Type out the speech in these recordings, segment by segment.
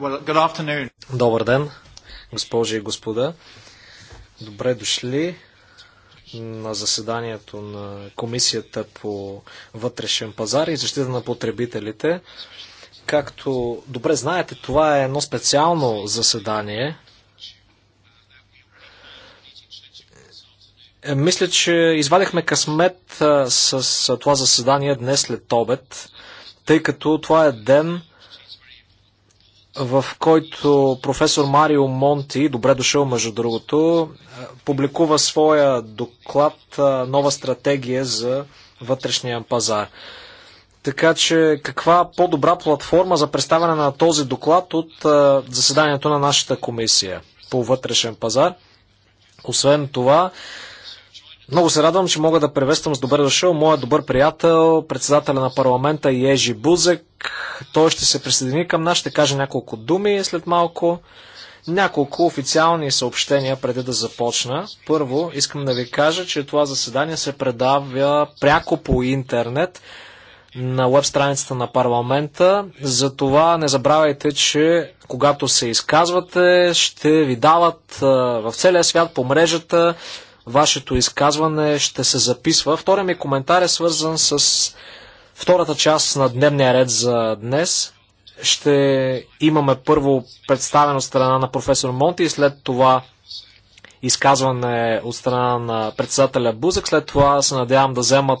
Well, Добър ден, госпожи и господа. Добре дошли на заседанието на Комисията по вътрешен пазар и защита на потребителите. Както добре знаете, това е едно специално заседание. Е, мисля, че извадихме късмет с това заседание днес след обед, тъй като това е ден, в който професор Марио Монти, добре дошъл между другото, е, публикува своя доклад е, Нова стратегия за вътрешния пазар. Така че каква по-добра платформа за представяне на този доклад от е, заседанието на нашата комисия по вътрешен пазар? Освен това, много се радвам, че мога да приветствам с добре дошъл моя добър приятел, председателя на парламента Ежи Бузек. Той ще се присъедини към нас, ще каже няколко думи след малко. Няколко официални съобщения преди да започна. Първо, искам да ви кажа, че това заседание се предава пряко по интернет на веб страницата на парламента. Затова не забравяйте, че когато се изказвате, ще ви дават в целия свят по мрежата Вашето изказване ще се записва. Втория ми коментар е свързан с втората част на дневния ред за днес. Ще имаме първо представено от страна на професор Монти и след това изказване от страна на председателя Бузък. След това се надявам да вземат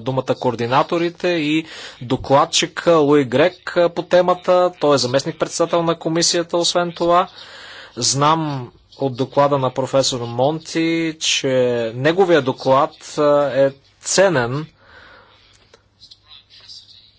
думата координаторите и докладчик Луи Грек по темата. Той е заместник председател на комисията, освен това. Знам от доклада на професор Монти, че неговия доклад е ценен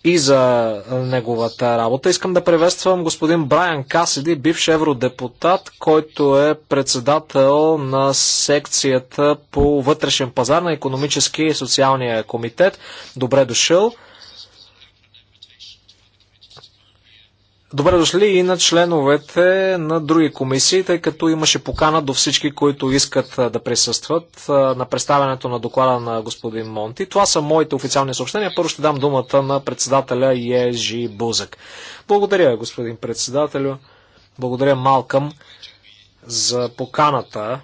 и за неговата работа. Искам да приветствам господин Брайан Касиди, бивш евродепутат, който е председател на секцията по вътрешен пазар на економически и социалния комитет. Добре дошъл! Добре дошли и на членовете на други комисии, тъй като имаше покана до всички, които искат да присъстват на представянето на доклада на господин Монти. Това са моите официални съобщения. Първо ще дам думата на председателя Ежи Бузък. Благодаря, господин председателю. Благодаря Малкам за поканата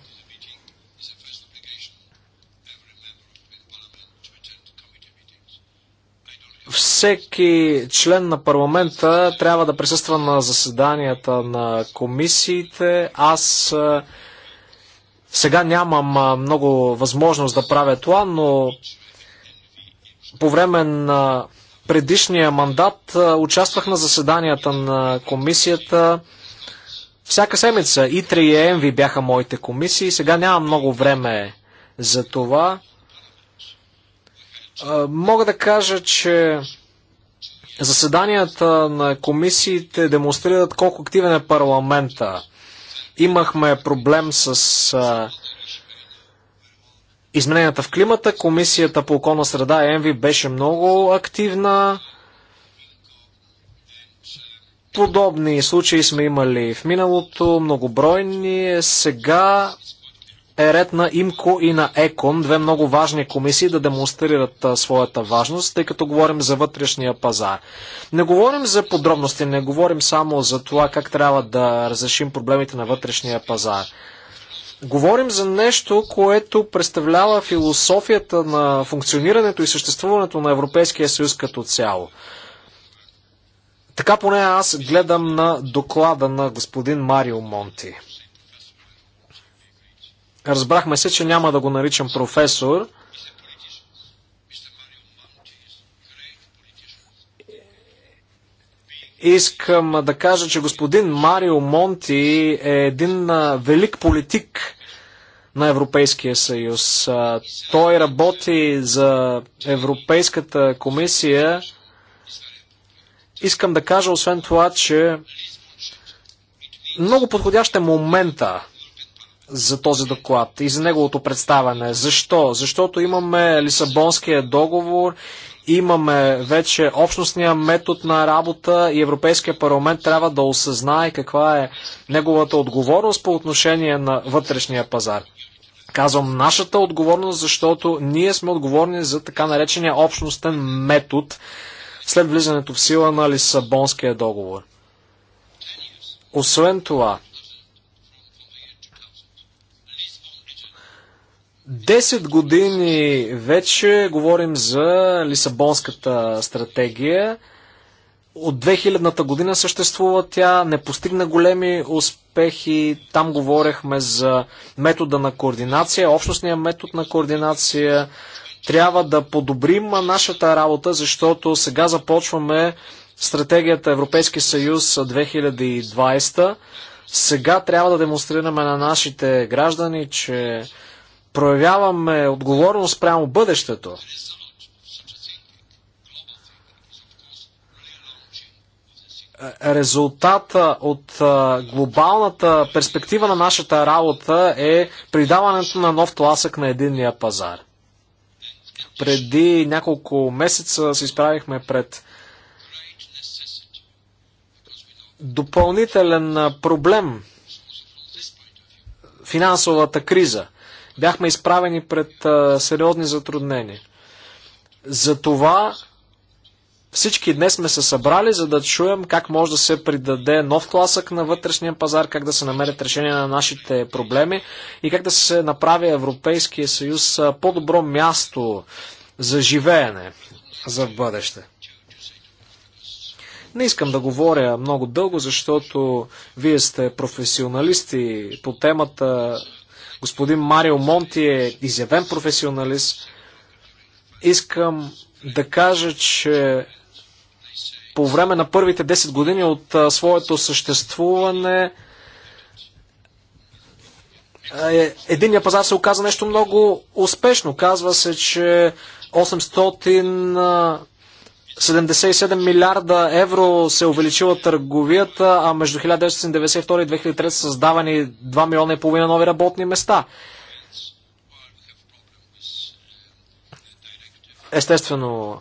всеки член на парламента трябва да присъства на заседанията на комисиите. Аз сега нямам много възможност да правя това, но по време на предишния мандат участвах на заседанията на комисията. Всяка седмица 3 и ви бяха моите комисии. Сега нямам много време за това. Мога да кажа, че заседанията на комисиите демонстрират колко активен е парламента. Имахме проблем с а, измененията в климата. Комисията по околна среда ЕМВИ беше много активна. Подобни случаи сме имали в миналото, многобройни. Сега е ред на ИМКО и на ЕКОН, две много важни комисии да демонстрират а, своята важност, тъй като говорим за вътрешния пазар. Не говорим за подробности, не говорим само за това как трябва да разрешим проблемите на вътрешния пазар. Говорим за нещо, което представлява философията на функционирането и съществуването на Европейския съюз като цяло. Така поне аз гледам на доклада на господин Марио Монти. Разбрахме се, че няма да го наричам професор. Искам да кажа, че господин Марио Монти е един велик политик на Европейския съюз. Той работи за Европейската комисия. Искам да кажа, освен това, че много подходящ е момента за този доклад и за неговото представяне. Защо? Защото имаме Лисабонския договор, имаме вече общностния метод на работа и Европейския парламент трябва да осъзнае каква е неговата отговорност по отношение на вътрешния пазар. Казвам нашата отговорност, защото ние сме отговорни за така наречения общностен метод след влизането в сила на Лисабонския договор. Освен това, Десет години вече говорим за Лисабонската стратегия. От 2000-та година съществува тя, не постигна големи успехи. Там говорехме за метода на координация, общностния метод на координация. Трябва да подобрим нашата работа, защото сега започваме стратегията Европейски съюз 2020. Сега трябва да демонстрираме на нашите граждани, че проявяваме отговорност прямо бъдещето. резултата от глобалната перспектива на нашата работа е придаването на нов тласък на единния пазар. Преди няколко месеца се изправихме пред допълнителен проблем финансовата криза бяхме изправени пред а, сериозни затруднения. Затова всички днес сме се събрали, за да чуем как може да се придаде нов класък на вътрешния пазар, как да се намерят решения на нашите проблеми и как да се направи Европейския съюз по-добро място за живеене за бъдеще. Не искам да говоря много дълго, защото вие сте професионалисти по темата, Господин Марио Монти е изявен професионалист. Искам да кажа, че по време на първите 10 години от своето съществуване е, единия пазар се оказа нещо много успешно. Казва се, че 800 77 милиарда евро се е увеличила търговията, а между 1992 и 2003 са създавани 2 милиона и половина нови работни места. Естествено,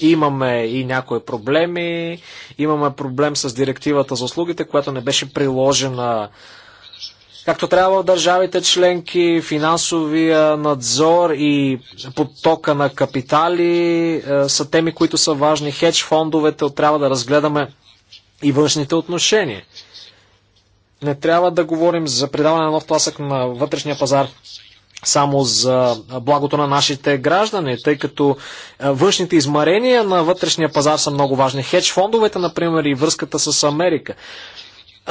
имаме и някои проблеми. Имаме проблем с директивата за услугите, която не беше приложена както трябва в държавите членки, финансовия надзор и потока на капитали е, са теми, които са важни. Хедж фондовете трябва да разгледаме и външните отношения. Не трябва да говорим за предаване на нов тласък на вътрешния пазар само за благото на нашите граждани, тъй като е, външните измерения на вътрешния пазар са много важни. Хедж фондовете, например, и връзката с Америка.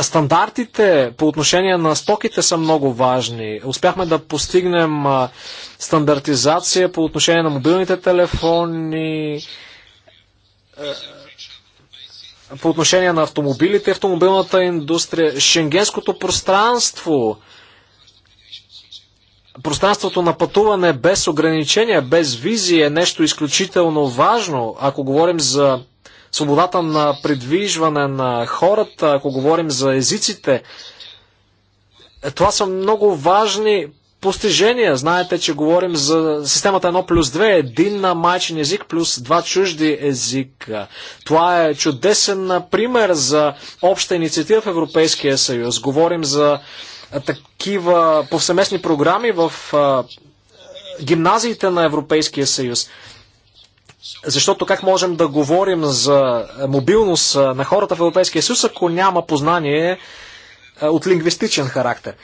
Стандартите по отношение на стоките са много важни. Успяхме да постигнем стандартизация по отношение на мобилните телефони, по отношение на автомобилите, автомобилната индустрия, шенгенското пространство, пространството на пътуване без ограничения, без визия е нещо изключително важно, ако говорим за свободата на придвижване на хората, ако говорим за езиците, е, това са много важни постижения. Знаете, че говорим за системата 1 плюс 2, един на майчин език плюс два чужди езика. Това е чудесен пример за обща инициатива в Европейския съюз. Говорим за такива повсеместни програми в гимназиите на Европейския съюз. Защото как можем да говорим за мобилност на хората в Европейския съюз, ако няма познание от лингвистичен характер?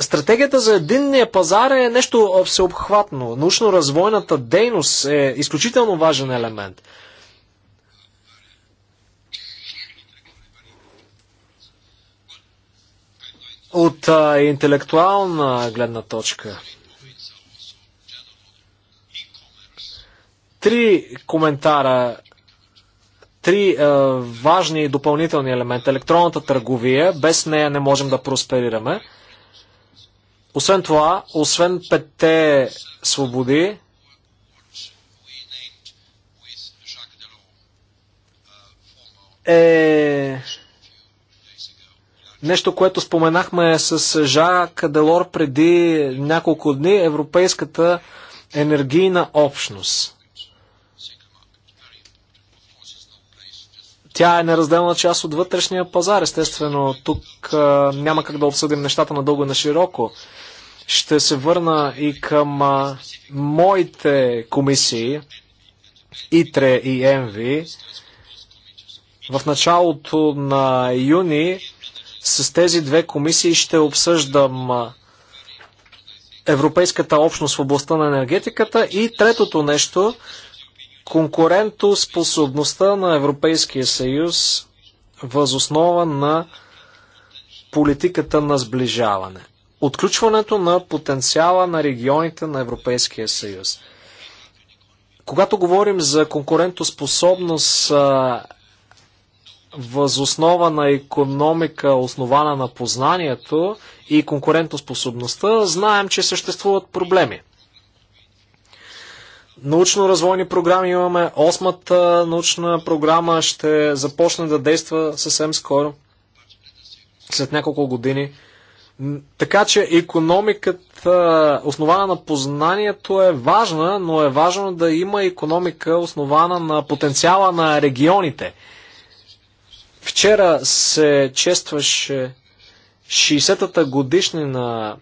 Стратегията за единния пазар е нещо всеобхватно. Научно-развойната дейност е изключително важен елемент. От а, интелектуална гледна точка Три коментара, три е, важни допълнителни елемента. Електронната търговия, без нея не можем да просперираме. Освен това, освен петте свободи, е нещо, което споменахме с Жак Делор преди няколко дни, Европейската енергийна общност. Тя е неразделна част от вътрешния пазар. Естествено, тук а, няма как да обсъдим нещата надълго и на широко. Ще се върна и към а, моите комисии, ИТРЕ и ЕНВИ. В началото на юни с тези две комисии ще обсъждам Европейската общност в областта на енергетиката и третото нещо – конкурентоспособността на Европейския съюз възоснова на политиката на сближаване. Отключването на потенциала на регионите на Европейския съюз. Когато говорим за конкурентоспособност възоснова на економика, основана на познанието и конкурентоспособността, знаем, че съществуват проблеми научно-развойни програми имаме. Осмата научна програма ще започне да действа съвсем скоро, след няколко години. Така че економиката, основана на познанието е важна, но е важно да има економика, основана на потенциала на регионите. Вчера се честваше 60-та годишнина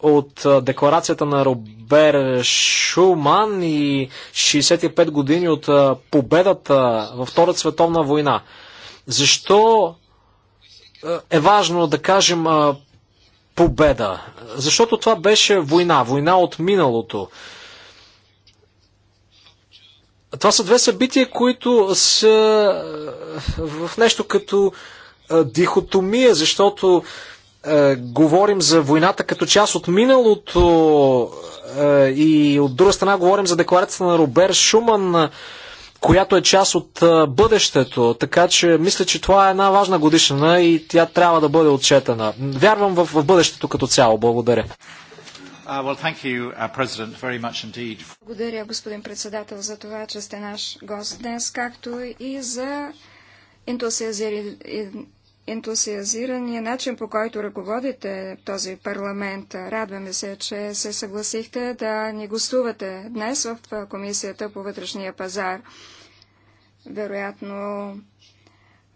от декларацията на Робер Шуман и 65 години от победата във Втората световна война. Защо е важно да кажем победа? Защото това беше война, война от миналото. Това са две събития, които са в нещо като дихотомия, защото е, говорим за войната като част от миналото е, и от друга страна говорим за декларацията на Робер Шуман, която е част от е, бъдещето. Така че мисля, че това е една важна годишна и тя трябва да бъде отчетена. Вярвам в, в бъдещето като цяло. Благодаря. Uh, well, you, uh, Благодаря, господин председател, за това, че сте наш гост днес, както и за ентусиазиран ентусиазирания начин, по който ръководите този парламент. Радваме се, че се съгласихте да ни гостувате днес в Комисията по вътрешния пазар. Вероятно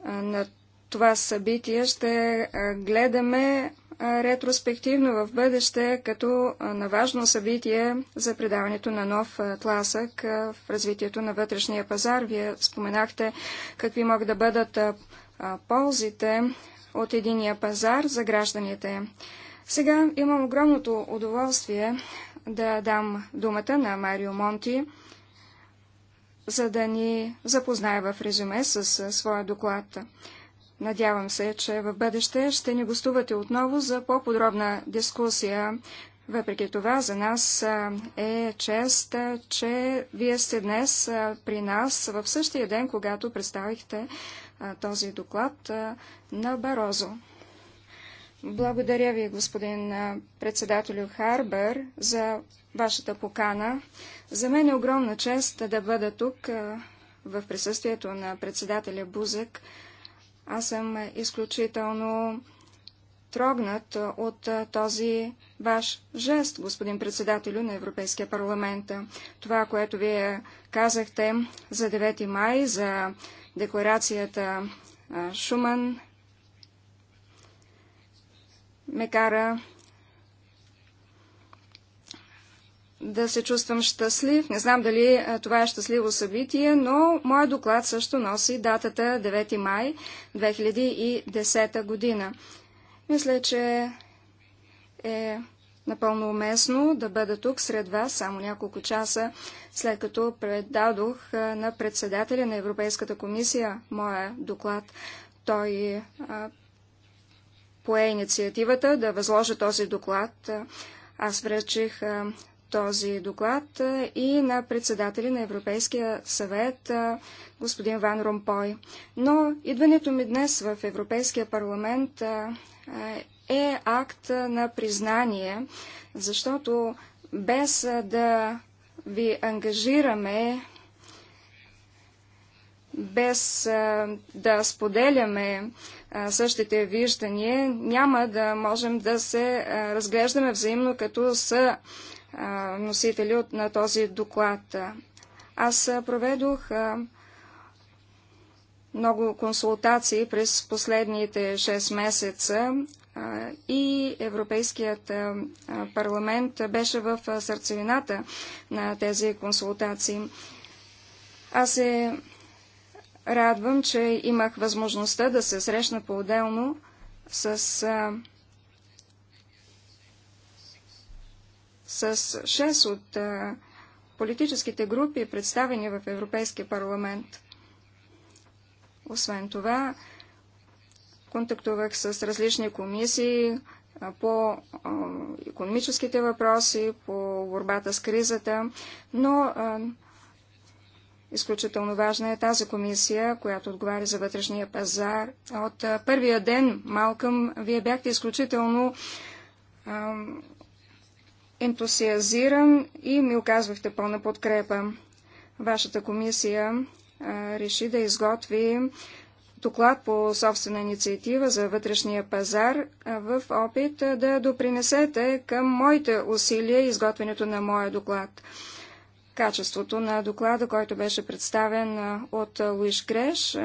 на това събитие ще гледаме ретроспективно в бъдеще като на важно събитие за предаването на нов тласък в развитието на вътрешния пазар. Вие споменахте какви могат да бъдат ползите от единия пазар за гражданите. Сега имам огромното удоволствие да дам думата на Марио Монти, за да ни запознае в резюме с своя доклад. Надявам се, че в бъдеще ще ни гостувате отново за по-подробна дискусия. Въпреки това, за нас е чест, че вие сте днес при нас в същия ден, когато представихте този доклад на Барозо. Благодаря ви, господин председателю Харбър, за вашата покана. За мен е огромна чест да бъда тук в присъствието на председателя Бузек. Аз съм изключително трогнат от този ваш жест, господин председателю на Европейския парламент. Това, което вие казахте за 9 май, за Декларацията Шуман ме кара да се чувствам щастлив. Не знам дали това е щастливо събитие, но моят доклад също носи датата 9 май 2010 година. Мисля, че е напълно уместно да бъда тук сред вас само няколко часа, след като предадох на председателя на Европейската комисия моя доклад. Той пое инициативата да възложа този доклад. Аз връчих този доклад и на председателя на Европейския съвет, господин Ван Ромпой. Но идването ми днес в Европейския парламент е акт на признание, защото без да ви ангажираме, без да споделяме същите виждания, няма да можем да се разглеждаме взаимно като са носители на този доклад. Аз проведох много консултации през последните 6 месеца и Европейският парламент беше в сърцевината на тези консултации. Аз се радвам, че имах възможността да се срещна по-отделно с с 6 от политическите групи, представени в Европейския парламент. Освен това, Контактувах с различни комисии по економическите въпроси, по борбата с кризата, но изключително важна е тази комисия, която отговаря за вътрешния пазар. От първия ден, Малкъм, вие бяхте изключително ентусиазиран и ми оказвахте пълна подкрепа. Вашата комисия реши да изготви доклад по собствена инициатива за вътрешния пазар в опит да допринесете към моите усилия и изготвянето на моя доклад. Качеството на доклада, който беше представен от Луиш Греш,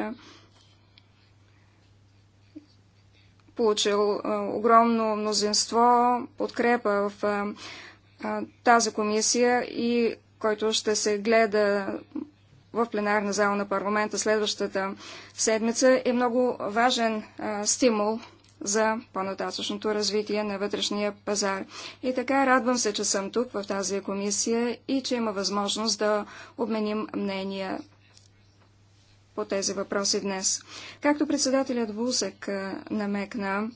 получил огромно мнозинство, подкрепа в тази комисия и който ще се гледа в пленарна зала на парламента следващата седмица е много важен а, стимул за по-нататъчното развитие на вътрешния пазар. И така радвам се, че съм тук в тази комисия и че има възможност да обменим мнения по тези въпроси днес. Както председателят Бусък намекна,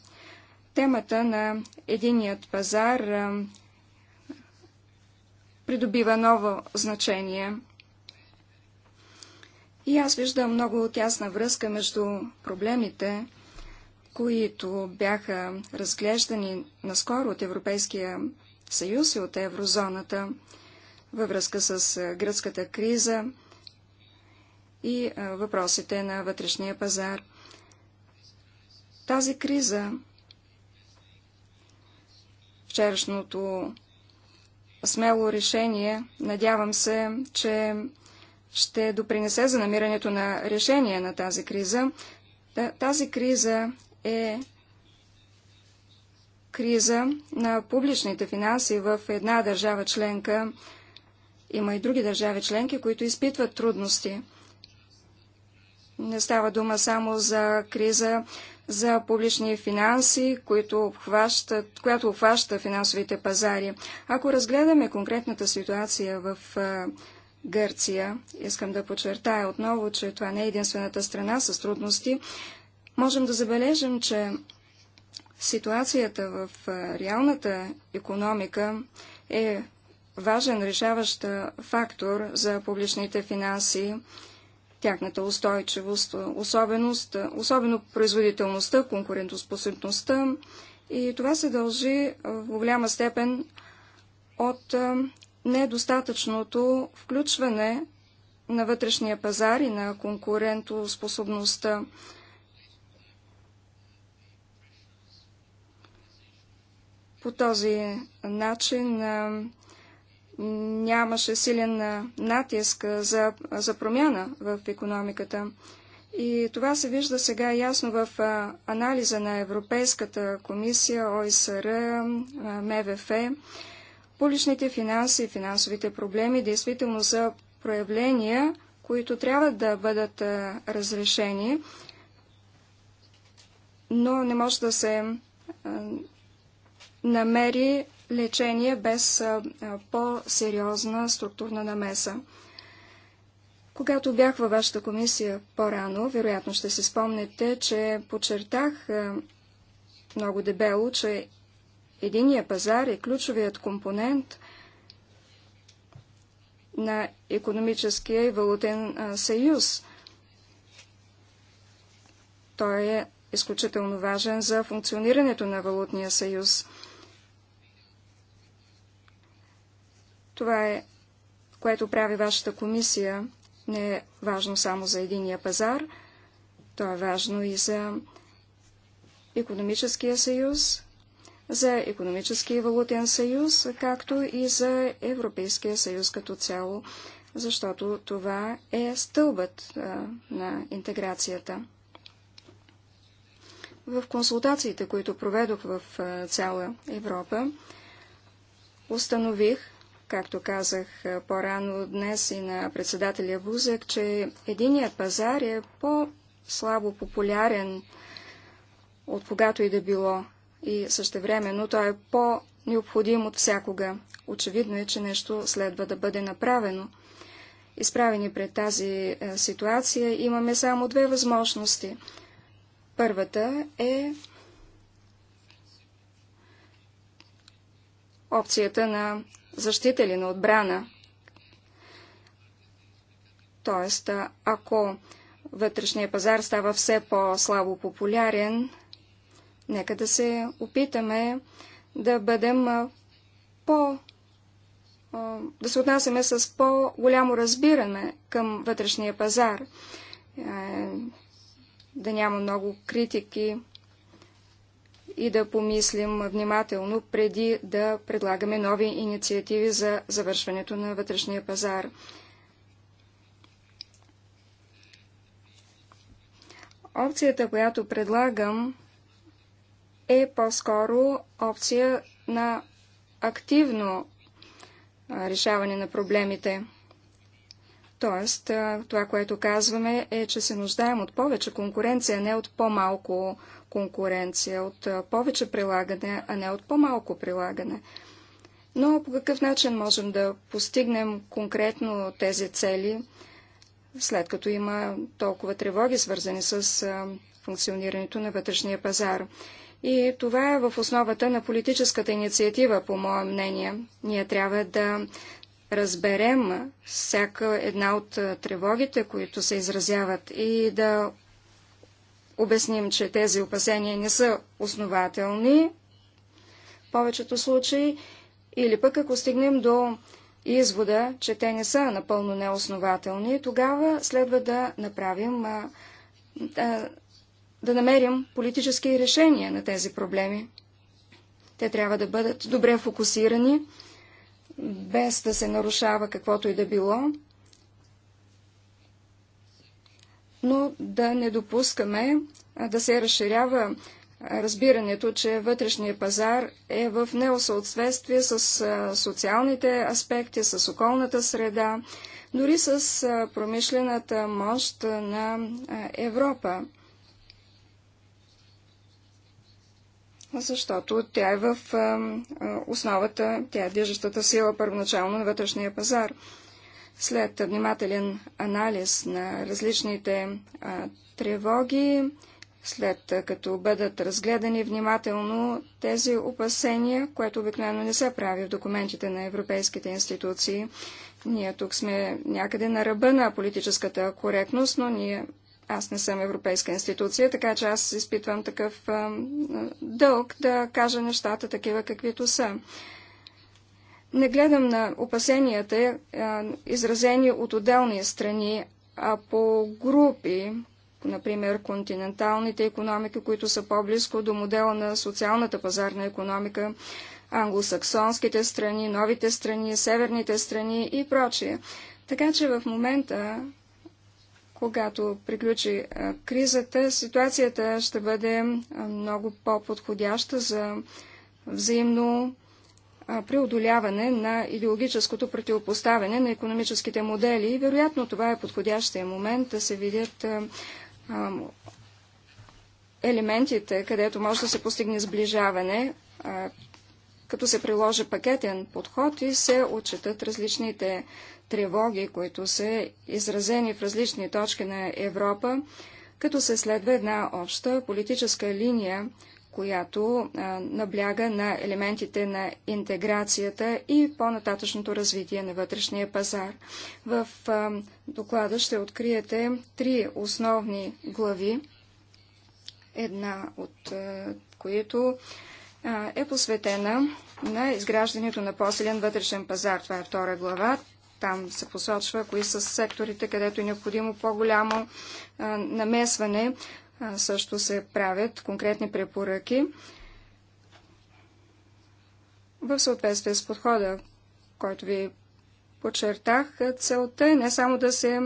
темата на единият пазар придобива ново значение – и аз виждам много тясна връзка между проблемите, които бяха разглеждани наскоро от Европейския съюз и от еврозоната във връзка с гръцката криза и въпросите на вътрешния пазар. Тази криза, вчерашното смело решение, надявам се, че ще допринесе за намирането на решение на тази криза. Тази криза е криза на публичните финанси в една държава членка. Има и други държави членки, които изпитват трудности. Не става дума само за криза за публични финанси, които обхващат, която обхваща финансовите пазари. Ако разгледаме конкретната ситуация в Гърция. Искам да подчертая отново, че това не е единствената страна с трудности. Можем да забележим, че ситуацията в реалната економика е важен решаващ фактор за публичните финанси, тяхната устойчивост, особеност, особено производителността, конкурентоспособността и това се дължи в голяма степен от недостатъчното включване на вътрешния пазар и на конкурентоспособността. По този начин нямаше силен натиск за, за промяна в економиката. И това се вижда сега ясно в анализа на Европейската комисия, ОИСР, МВФ. Публичните финанси и финансовите проблеми действително са проявления, които трябва да бъдат разрешени, но не може да се намери лечение без по-сериозна структурна намеса. Когато бях във вашата комисия по-рано, вероятно ще си спомнете, че подчертах много дебело, че Единият пазар е ключовият компонент на економическия и валутен съюз. Той е изключително важен за функционирането на валутния съюз. Това е, което прави вашата комисия. Не е важно само за единия пазар, то е важно и за економическия съюз, за економически и валутен съюз, както и за Европейския съюз като цяло, защото това е стълбът на интеграцията. В консултациите, които проведох в цяла Европа, установих, както казах по-рано днес и на председателя Бузък, че единият пазар е по-слабо популярен от когато и да било и същевременно той е по-необходим от всякога. Очевидно е, че нещо следва да бъде направено. Изправени пред тази е, ситуация имаме само две възможности. Първата е опцията на защита или на отбрана. Тоест, ако вътрешния пазар става все по-слабо популярен, Нека да се опитаме да бъдем по... да се отнасяме с по-голямо разбиране към вътрешния пазар. Е, да няма много критики и да помислим внимателно преди да предлагаме нови инициативи за завършването на вътрешния пазар. Опцията, която предлагам, е по-скоро опция на активно решаване на проблемите. Тоест, това, което казваме е, че се нуждаем от повече конкуренция, а не от по-малко конкуренция, от повече прилагане, а не от по-малко прилагане. Но по какъв начин можем да постигнем конкретно тези цели, след като има толкова тревоги, свързани с функционирането на вътрешния пазар? И това е в основата на политическата инициатива, по мое мнение. Ние трябва да разберем всяка една от тревогите, които се изразяват и да обясним, че тези опасения не са основателни в повечето случаи, или пък ако стигнем до извода, че те не са напълно неоснователни, тогава следва да направим а, а, да намерим политически решения на тези проблеми. Те трябва да бъдат добре фокусирани, без да се нарушава каквото и да било, но да не допускаме да се разширява разбирането, че вътрешния пазар е в неосъответствие с социалните аспекти, с околната среда, дори с промишлената мощ на Европа. защото тя е в основата, тя е движещата сила първоначално на вътрешния пазар. След внимателен анализ на различните а, тревоги, след като бъдат разгледани внимателно тези опасения, което обикновено не се прави в документите на европейските институции. Ние тук сме някъде на ръба на политическата коректност, но ние аз не съм европейска институция, така че аз изпитвам такъв дълг да кажа нещата такива, каквито са. Не гледам на опасенията, изразени от отделни страни, а по групи, например континенталните економики, които са по-близко до модела на социалната пазарна економика, англосаксонските страни, новите страни, северните страни и прочие. Така че в момента когато приключи кризата, ситуацията ще бъде много по-подходяща за взаимно преодоляване на идеологическото противопоставяне на економическите модели. И вероятно това е подходящия момент да се видят елементите, където може да се постигне сближаване, като се приложи пакетен подход и се отчитат различните тревоги, които са изразени в различни точки на Европа, като се следва една обща политическа линия, която набляга на елементите на интеграцията и по-нататъчното развитие на вътрешния пазар. В доклада ще откриете три основни глави, една от които е посветена на изграждането на по-силен вътрешен пазар. Това е втора глава. Там се посочва кои са секторите, където е необходимо по-голямо намесване. А, също се правят конкретни препоръки в съответствие с подхода, който ви подчертах. Целта е не само да се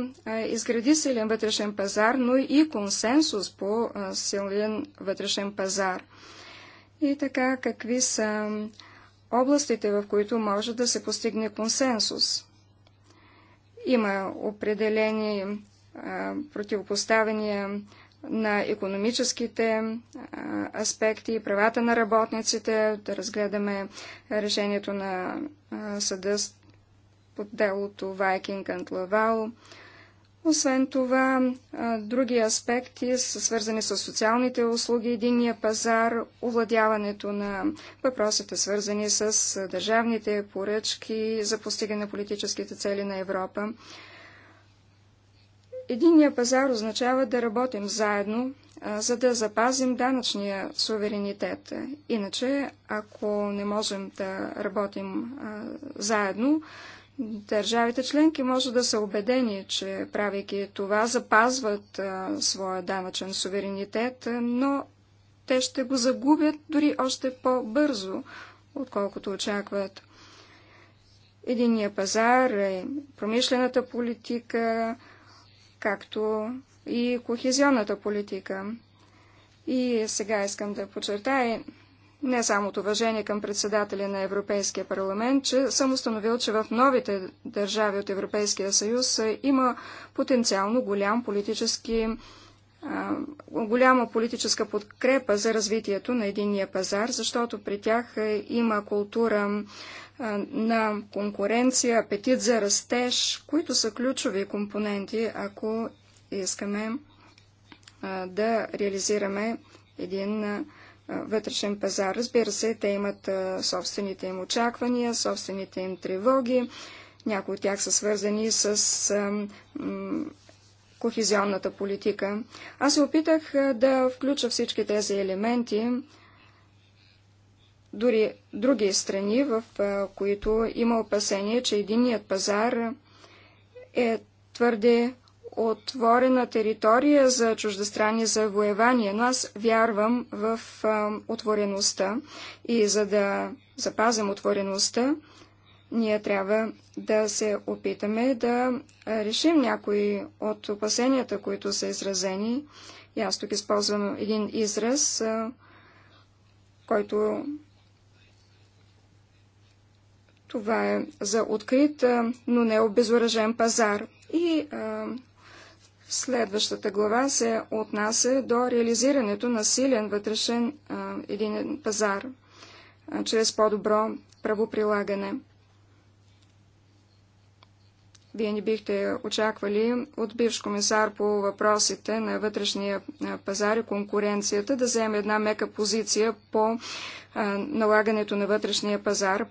изгради силен вътрешен пазар, но и консенсус по силен вътрешен пазар. И така, какви са областите, в които може да се постигне консенсус? Има определени а, противопоставения на економическите аспекти и правата на работниците, да разгледаме решението на съда по делото Viking and Laval. Освен това, други аспекти са свързани с социалните услуги, единния пазар, овладяването на въпросите, свързани с държавните поръчки за постигане на политическите цели на Европа. Единния пазар означава да работим заедно, за да запазим данъчния суверенитет. Иначе, ако не можем да работим заедно, Държавите членки може да са убедени, че правейки това запазват а, своя данъчен суверенитет, но те ще го загубят дори още по-бързо, отколкото очакват. Единия пазар, е промишлената политика, както и кохезионната политика. И сега искам да подчертая не само от уважение към председателя на Европейския парламент, че съм установил, че в новите държави от Европейския съюз има потенциално голям политически голяма политическа подкрепа за развитието на единния пазар, защото при тях има култура на конкуренция, апетит за растеж, които са ключови компоненти, ако искаме да реализираме един вътрешен пазар. Разбира се, те имат собствените им очаквания, собствените им тревоги. Някои от тях са свързани с кохезионната политика. Аз се опитах да включа всички тези елементи, дори други страни, в които има опасение, че единият пазар е твърде отворена територия за чуждестранни завоевания, но аз вярвам в а, отвореността и за да запазим отвореността, ние трябва да се опитаме да решим някои от опасенията, които са изразени. И аз тук използвам един израз, а, който това е за открит, а, но не обезоръжен пазар. И а, Следващата глава се отнася до реализирането на силен вътрешен а, един пазар а, чрез по-добро правоприлагане. Вие не бихте очаквали от бивш комисар по въпросите на вътрешния пазар и конкуренцията да вземе една мека позиция по а, налагането на вътрешния пазар.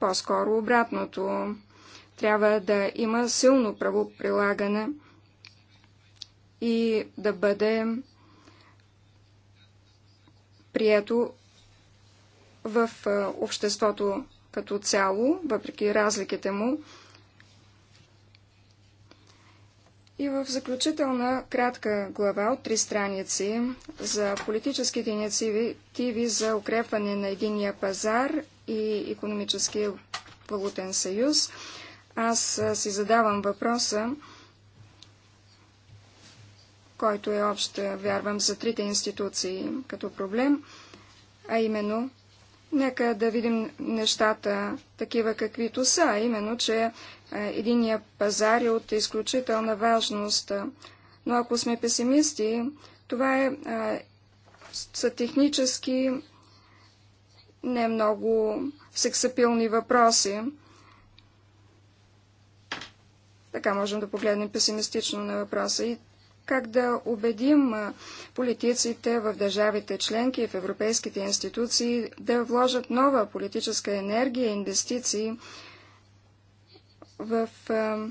По-скоро обратното. Трябва да има силно правоприлагане – и да бъде прието в обществото като цяло, въпреки разликите му. И в заключителна кратка глава от три страници за политическите инициативи за укрепване на единия пазар и економическия валутен съюз, аз си задавам въпроса който е общ, вярвам, за трите институции като проблем, а именно нека да видим нещата такива каквито са, а именно, че е, единия пазар е от изключителна важност. Но ако сме песимисти, това е, а, е, са технически не много сексапилни въпроси. Така можем да погледнем песимистично на въпроса. И как да убедим политиците в държавите членки и в европейските институции да вложат нова политическа енергия и инвестиции в а,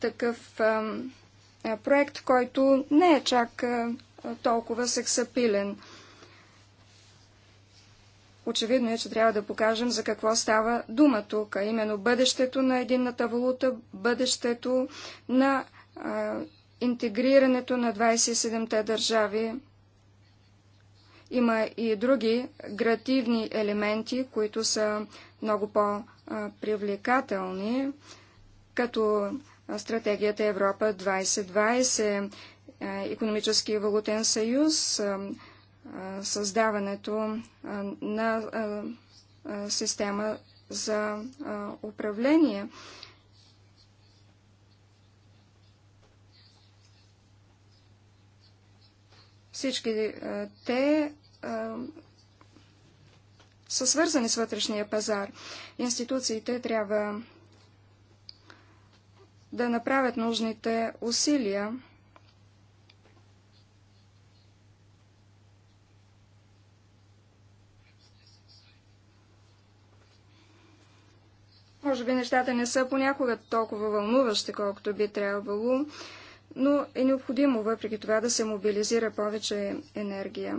такъв а, проект, който не е чак а, толкова сексапилен. Очевидно е, че трябва да покажем за какво става дума тук, а именно бъдещето на единната валута, бъдещето на а, интегрирането на 27-те държави. Има и други гративни елементи, които са много по-привлекателни, като стратегията Европа 2020, економически и валутен съюз, създаването на система за управление. Всички те са свързани с вътрешния пазар. Институциите трябва да направят нужните усилия Може би нещата не са понякога толкова вълнуващи, колкото би трябвало, но е необходимо въпреки това да се мобилизира повече енергия.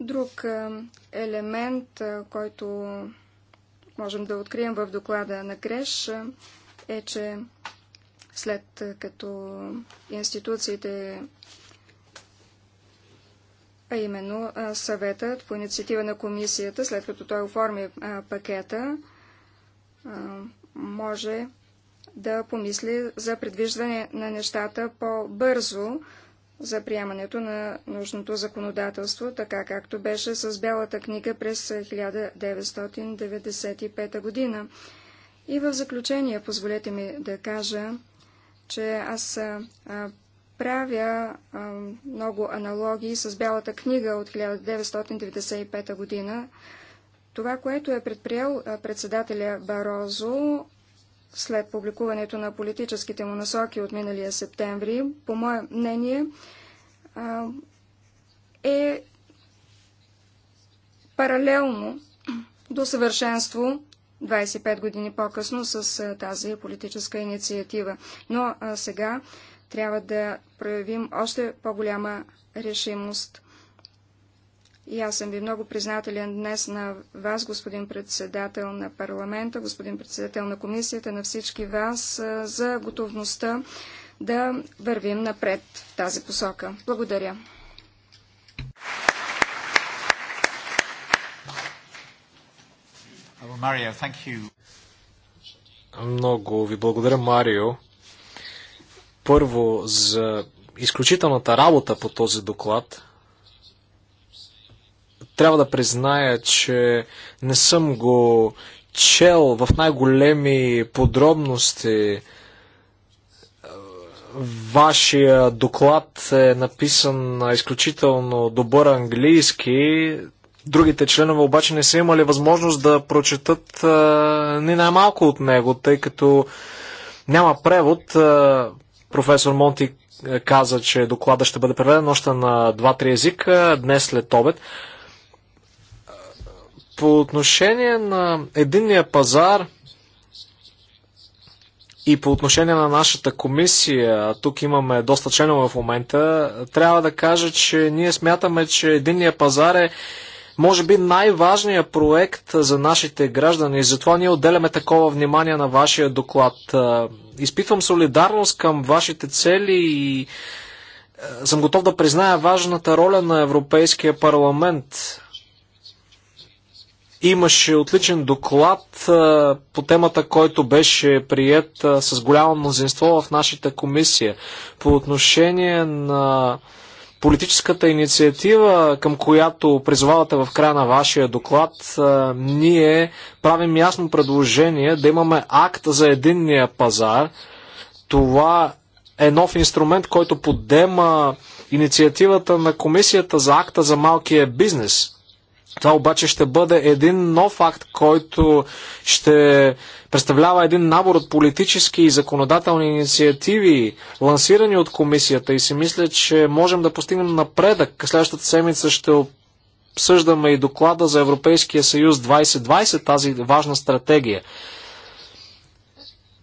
Друг елемент, който можем да открием в доклада на Креш, е, че след като институциите а именно съветът по инициатива на комисията, след като той оформи пакета, може да помисли за предвиждане на нещата по-бързо за приемането на нужното законодателство, така както беше с Бялата книга през 1995 година. И в заключение, позволете ми да кажа, че аз правя а, много аналогии с Бялата книга от 1995 година. Това, което е предприел председателя Барозо след публикуването на политическите му насоки от миналия септември, по мое мнение, а, е паралелно до съвършенство 25 години по-късно с тази политическа инициатива. Но а, сега трябва да проявим още по-голяма решимост. И аз съм ви много признателен днес на вас, господин председател на парламента, господин председател на комисията, на всички вас за готовността да вървим напред в тази посока. Благодаря. Много ви благодаря, Марио първо за изключителната работа по този доклад. Трябва да призная, че не съм го чел в най-големи подробности. Вашия доклад е написан на изключително добър английски. Другите членове обаче не са имали възможност да прочетат а, ни най-малко от него, тъй като няма превод. А, Професор Монти е, каза, че доклада ще бъде преведен още на 2-3 езика днес след обед. По отношение на единния пазар и по отношение на нашата комисия, тук имаме доста членове в момента, трябва да кажа, че ние смятаме, че единния пазар е може би най-важният проект за нашите граждани и затова ние отделяме такова внимание на вашия доклад. Изпитвам солидарност към вашите цели и съм готов да призная важната роля на Европейския парламент. Имаше отличен доклад по темата, който беше прият с голямо мнозинство в нашата комисия. По отношение на политическата инициатива, към която призовавате в края на вашия доклад, ние правим ясно предложение да имаме акт за единния пазар. Това е нов инструмент, който подема инициативата на комисията за акта за малкия бизнес. Това обаче ще бъде един нов акт, който ще представлява един набор от политически и законодателни инициативи, лансирани от комисията и си мисля, че можем да постигнем напредък. Следващата седмица ще обсъждаме и доклада за Европейския съюз 2020, тази важна стратегия.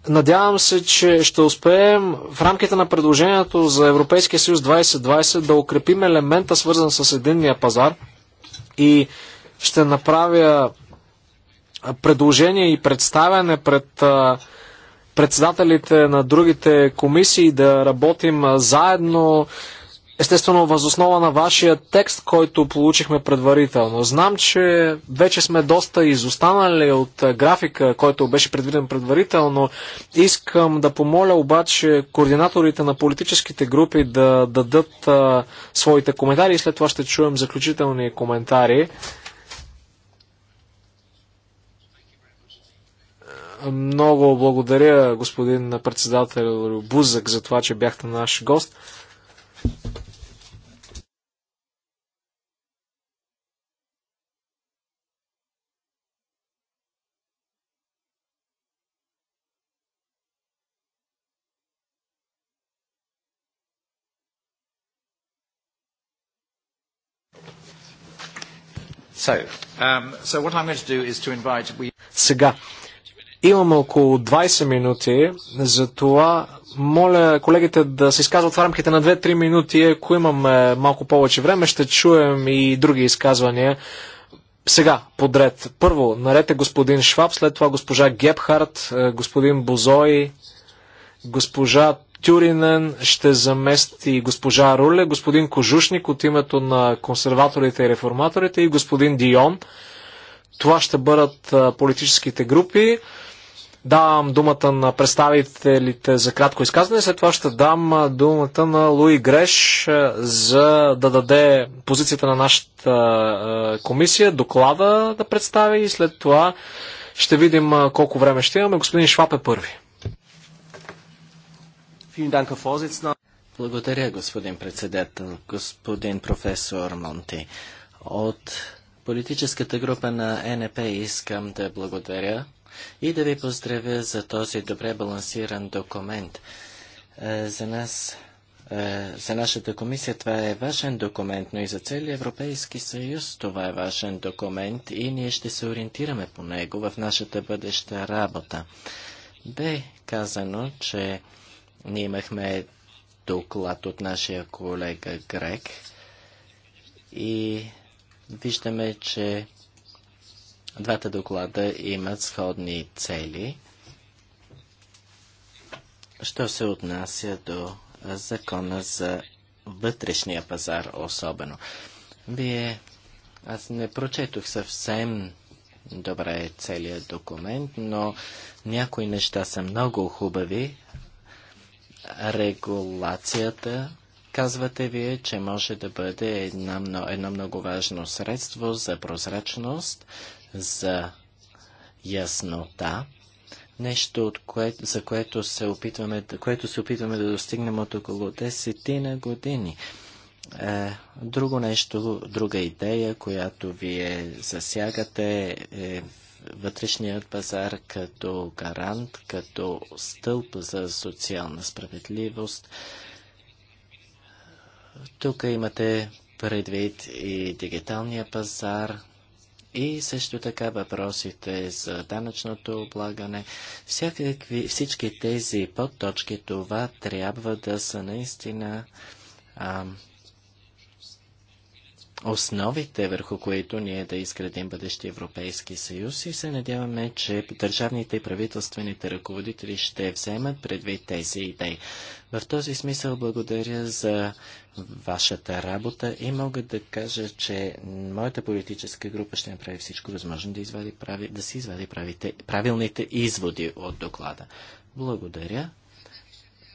Надявам се, че ще успеем в рамките на предложението за Европейския съюз 2020 да укрепим елемента, свързан с единния пазар – и ще направя предложение и представяне пред председателите на другите комисии да работим заедно естествено възоснова на вашия текст, който получихме предварително. Знам, че вече сме доста изостанали от графика, който беше предвиден предварително. Искам да помоля обаче координаторите на политическите групи да дадат а, своите коментари и след това ще чуем заключителни коментари. Много благодаря, господин председател Бузък, за това, че бяхте наш гост. Um, Сега, имаме около 20 минути, за това моля колегите да се изказват в рамките на 2-3 минути. Ако имаме малко повече време, ще чуем и други изказвания. Сега, подред. Първо, нарете господин Шваб, след това госпожа Гепхарт, е, господин Бозой, госпожа Тюринен ще замести госпожа Руле, господин Кожушник от името на консерваторите и реформаторите и господин Дион. Това ще бъдат политическите групи. Давам думата на представителите за кратко изказване, след това ще дам думата на Луи Греш за да даде позицията на нашата комисия, доклада да представи и след това ще видим колко време ще имаме. Господин Шваб е първи. Благодаря, господин председател, господин професор Монти. От политическата група на НП искам да благодаря и да ви поздравя за този добре балансиран документ. Е, за нас, е, за нашата комисия това е важен документ, но и за целия Европейски съюз това е важен документ и ние ще се ориентираме по него в нашата бъдеща работа. Бе казано, че ние имахме доклад от нашия колега Грек и виждаме, че двата доклада имат сходни цели. Що се отнася до закона за вътрешния пазар особено. Вие, аз не прочетох съвсем добре целият документ, но някои неща са много хубави, регулацията казвате вие, че може да бъде една, едно много важно средство за прозрачност, за яснота, нещо, от кое, за което се, опитваме, което се опитваме да достигнем от около 10 на години. Е, друго нещо, друга идея, която вие засягате е вътрешният пазар като гарант, като стълб за социална справедливост. Тук имате предвид и дигиталния пазар, и също така въпросите за данъчното облагане. Всякакви, всички тези подточки, това трябва да са наистина ам, основите, върху които ние да изградим бъдещи Европейски съюз и се надяваме, че държавните и правителствените ръководители ще вземат предвид тези идеи. В този смисъл благодаря за вашата работа и мога да кажа, че моята политическа група ще направи всичко възможно да, извади прави, да си извади правите, правилните изводи от доклада. Благодаря,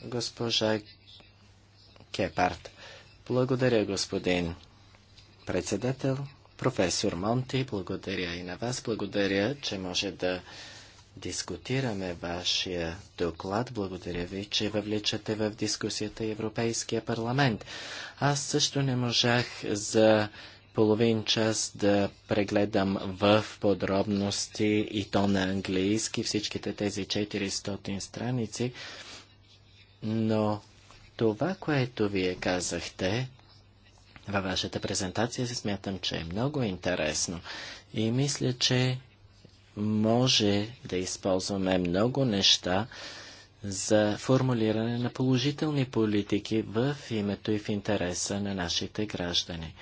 госпожа Кепарт, Благодаря, господин председател. Професор Монти, благодаря и на вас. Благодаря, че може да дискутираме вашия доклад. Благодаря ви, че въвличате в дискусията Европейския парламент. Аз също не можах за половин час да прегледам в подробности и то на английски всичките тези 400 страници, но това, което вие казахте, във вашата презентация. се Смятам, че е много интересно и мисля, че може да използваме много неща за формулиране на положителни политики в името и в интереса на нашите граждани.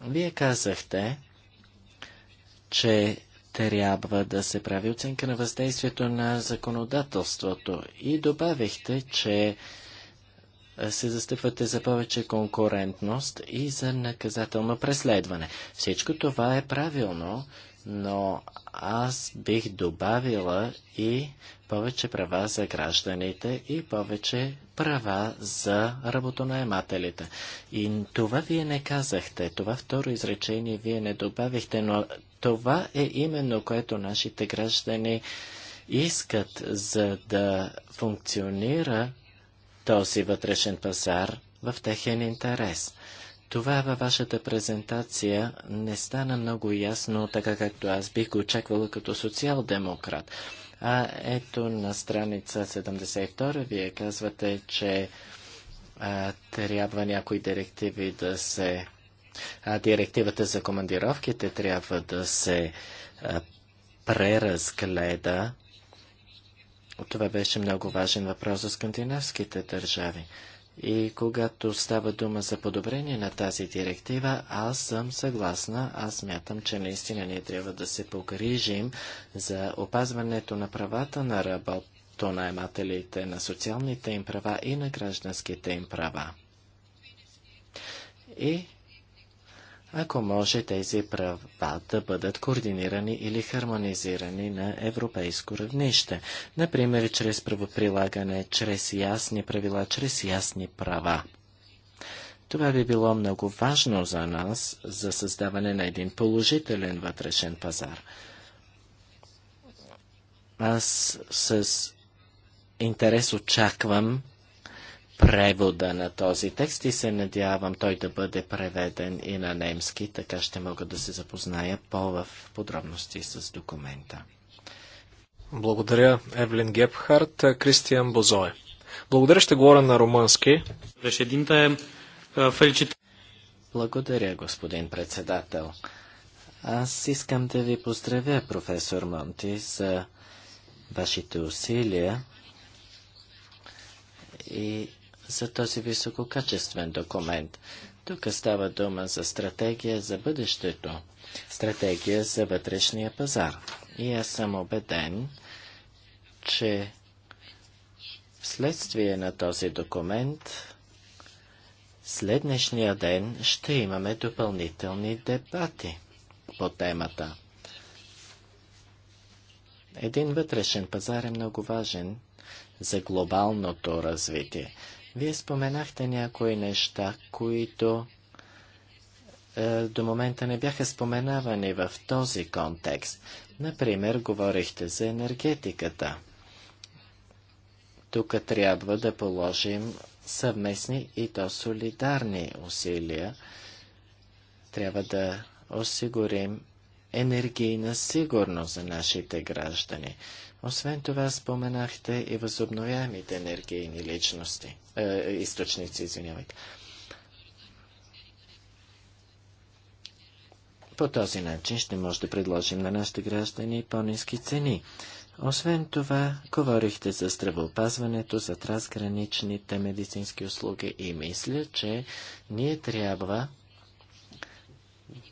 Вие казахте, че трябва да се прави оценка на въздействието на законодателството и добавихте, че се застъпвате за повече конкурентност и за наказателно преследване. Всичко това е правилно, но аз бих добавила и повече права за гражданите и повече права за работонаемателите. И това вие не казахте, това второ изречение вие не добавихте, но това е именно което нашите граждани искат, за да функционира този вътрешен пазар в техен интерес. Това във вашата презентация не стана много ясно, така както аз бих го очаквала като социал-демократ. А ето на страница 72 вие казвате, че а, трябва някои директиви да се... А, директивата за командировките трябва да се а, преразгледа това беше много важен въпрос за скандинавските държави. И когато става дума за подобрение на тази директива, аз съм съгласна, аз мятам, че наистина ние трябва да се погрижим за опазването на правата на работонаемателите, на социалните им права и на гражданските им права. И ако може тези права да бъдат координирани или хармонизирани на европейско равнище, например чрез правоприлагане, чрез ясни правила, чрез ясни права. Това би било много важно за нас за създаване на един положителен вътрешен пазар. Аз с интерес очаквам превода на този текст и се надявам той да бъде преведен и на немски, така ще мога да се запозная по-в подробности с документа. Благодаря, Евлин Гепхарт. Кристиан Бозое. Благодаря, ще говоря на румънски. Благодаря, господин председател. Аз искам да ви поздравя, професор Монти, за вашите усилия и за този висококачествен документ. Тук става дума за стратегия за бъдещето, стратегия за вътрешния пазар. И аз съм убеден, че вследствие на този документ след днешния ден ще имаме допълнителни дебати по темата. Един вътрешен пазар е много важен за глобалното развитие. Вие споменахте някои неща, които е, до момента не бяха споменавани в този контекст. Например, говорихте за енергетиката. Тук трябва да положим съвместни и то солидарни усилия. Трябва да осигурим енергийна сигурност за нашите граждани. Освен това споменахте и възобновяемите енергийни личности. Е, източници, извинявайте. По този начин ще може да предложим на нашите граждани по-низки цени. Освен това, говорихте за здравеопазването, за трансграничните медицински услуги и мисля, че ние трябва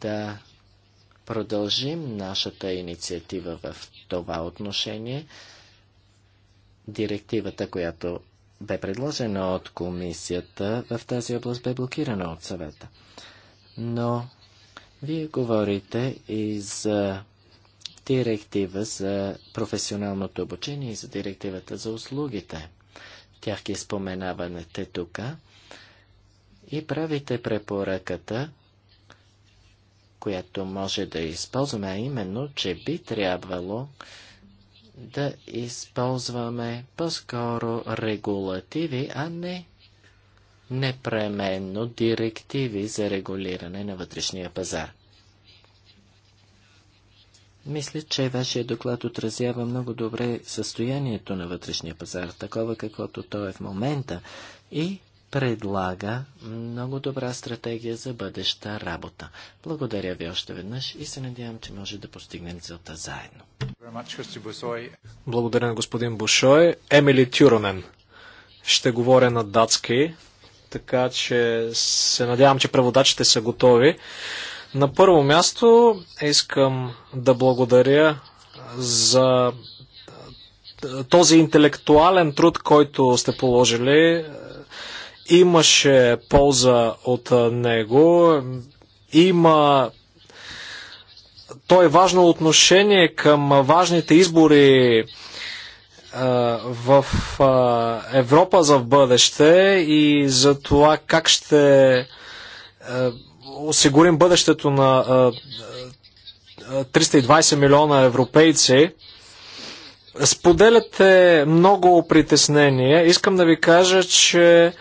да продължим нашата инициатива в това отношение. Директивата, която бе предложена от комисията в тази област, бе блокирана от съвета. Но вие говорите и за директива за професионалното обучение и за директивата за услугите. Тях ги споменавате тук и правите препоръката, която може да използваме, а именно, че би трябвало да използваме по-скоро регулативи, а не непременно директиви за регулиране на вътрешния пазар. Мисля, че вашия доклад отразява много добре състоянието на вътрешния пазар, такова каквото то е в момента и предлага много добра стратегия за бъдеща работа. Благодаря ви още веднъж и се надявам, че може да постигнем целта заедно. Благодаря на господин Бушой. Емили Тюронен. Ще говоря на датски, така че се надявам, че преводачите са готови. На първо място искам да благодаря за този интелектуален труд, който сте положили имаше полза от него. Има то е важно отношение към важните избори в Европа за в бъдеще и за това как ще осигурим бъдещето на 320 милиона европейци. Споделяте много притеснения. Искам да ви кажа, че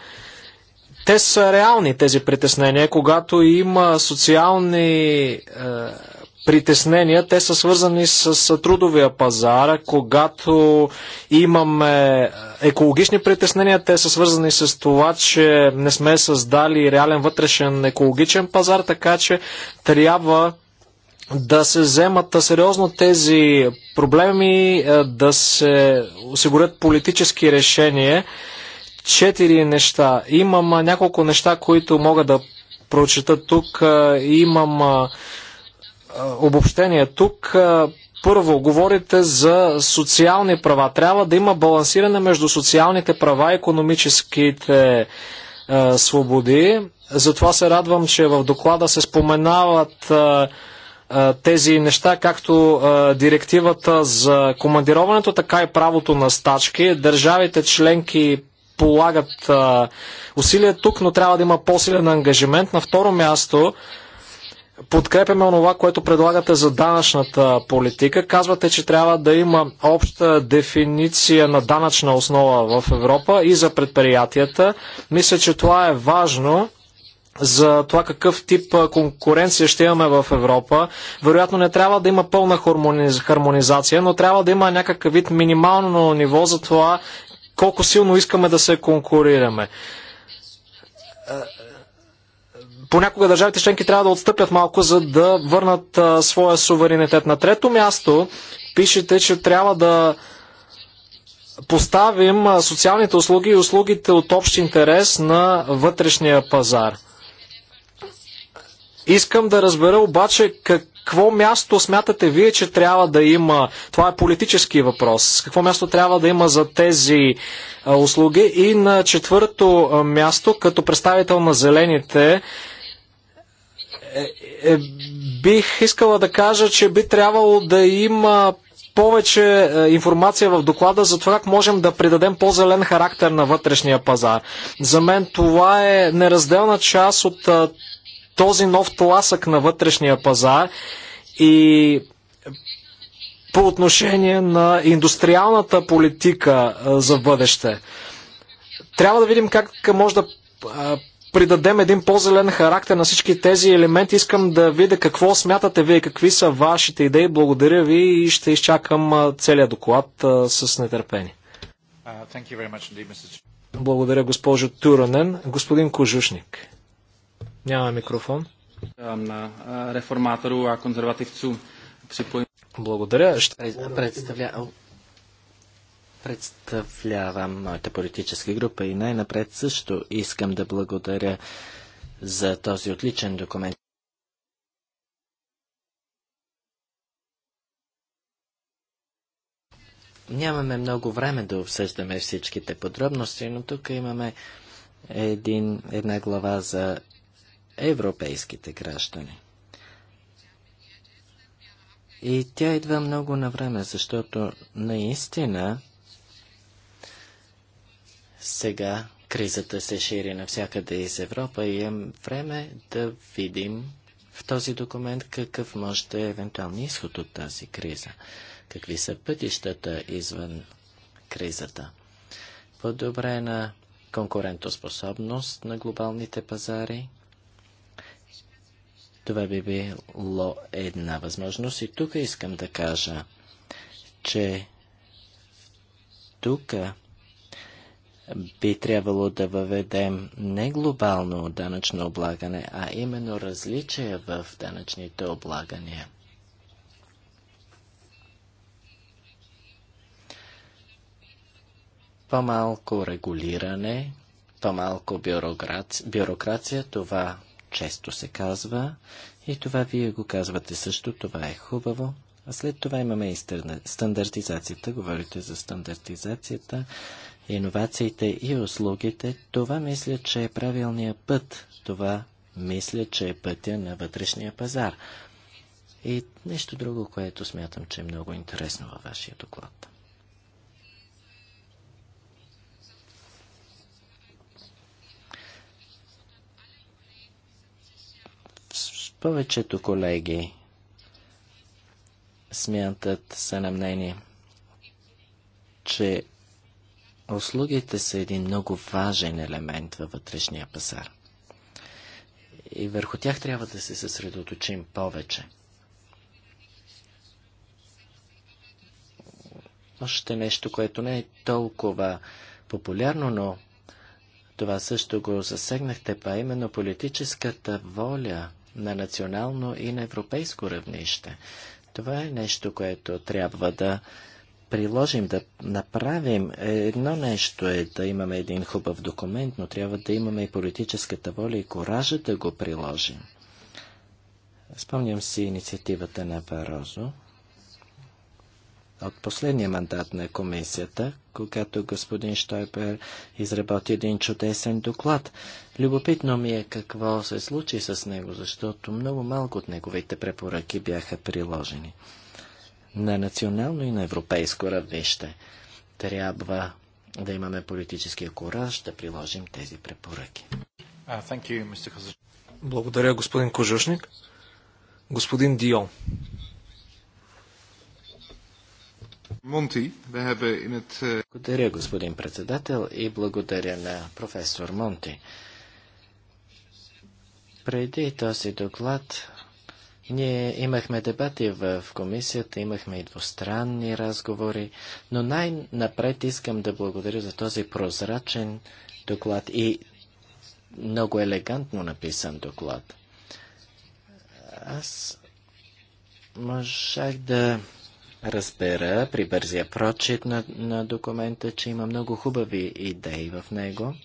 те са реални тези притеснения. Когато има социални е, притеснения, те са свързани с трудовия пазар. Когато имаме е, екологични притеснения, те са свързани с това, че не сме създали реален вътрешен екологичен пазар, така че трябва да се вземат сериозно тези проблеми, е, да се осигурят политически решения четири неща. Имам а, няколко неща, които мога да прочета тук. А, имам а, обобщение тук. Първо, говорите за социални права. Трябва да има балансиране между социалните права и економическите свободи. Затова се радвам, че в доклада се споменават тези неща, както директивата за командироването, така и правото на стачки. Държавите членки полагат а, усилия тук, но трябва да има по-силен ангажимент. На второ място, подкрепяме онова, което предлагате за данъчната политика. Казвате, че трябва да има обща дефиниция на данъчна основа в Европа и за предприятията. Мисля, че това е важно за това какъв тип конкуренция ще имаме в Европа. Вероятно не трябва да има пълна хармонизация, но трябва да има някакъв вид минимално ниво за това колко силно искаме да се конкурираме. Е, понякога държавите членки трябва да отстъпят малко, за да върнат а, е, своя суверенитет. На трето място пишете, че трябва да поставим е, социалните услуги и услугите от общ интерес на вътрешния пазар. Искам да разбера обаче какво място смятате вие, че трябва да има, това е политически въпрос, какво място трябва да има за тези услуги и на четвърто място, като представител на зелените, е, е, е, бих искала да кажа, че би трябвало да има повече информация в доклада за това как можем да придадем по-зелен характер на вътрешния пазар. За мен това е неразделна част от този нов тласък на вътрешния пазар и по отношение на индустриалната политика за бъдеще. Трябва да видим как може да придадем един по-зелен характер на всички тези елементи. Искам да видя какво смятате вие, какви са вашите идеи. Благодаря ви и ще изчакам целият доклад с нетърпение. Uh, Благодаря, госпожо Туранен. Господин Кожушник. Няма микрофон. На реформатору а конзервативцу припоим. Благодаря. Ще... Представля... Представлявам моята политическа група и най-напред също искам да благодаря за този отличен документ. Нямаме много време да обсъждаме всичките подробности, но тук имаме един, една глава за европейските граждани. И тя идва много на време, защото наистина сега кризата се шири навсякъде из Европа и е време да видим в този документ какъв може да е евентуалния изход от тази криза, какви са пътищата извън кризата. Подобрена конкурентоспособност на глобалните пазари – това би било една възможност. И тук искам да кажа, че тук би трябвало да въведем не глобално данъчно облагане, а именно различия в данъчните облагания. По-малко регулиране, по-малко бюрокрация, това често се казва и това вие го казвате също, това е хубаво. А след това имаме и стандартизацията, говорите за стандартизацията, иновациите и услугите. Това мисля, че е правилният път. Това мисля, че е пътя на вътрешния пазар. И нещо друго, което смятам, че е много интересно във вашия доклад. Повечето колеги смятат са на мнение, че услугите са един много важен елемент във вътрешния пазар. И върху тях трябва да се съсредоточим повече. Още нещо, което не е толкова популярно, но това също го засегнахте, па именно политическата воля – на национално и на европейско равнище. Това е нещо, което трябва да приложим, да направим. Едно нещо е да имаме един хубав документ, но трябва да имаме и политическата воля и коража да го приложим. Спомням си инициативата на Варозо от последния мандат на комисията, когато господин Штойпер изработи един чудесен доклад. Любопитно ми е какво се случи с него, защото много малко от неговите препоръки бяха приложени. На национално и на европейско равнище трябва да имаме политическия кораж да приложим тези препоръки. Uh, Благодаря, господин Кожушник. Господин Дион. Монти, eh, Благодаря, господин председател, и благодаря на професор Монти. Преди този доклад ние имахме дебати в комисията, имахме и двустранни разговори, но най-напред искам да благодаря за този прозрачен доклад и много елегантно написан доклад. Аз можах да разбера при бързия прочит на, на документа, че има много хубави идеи в него.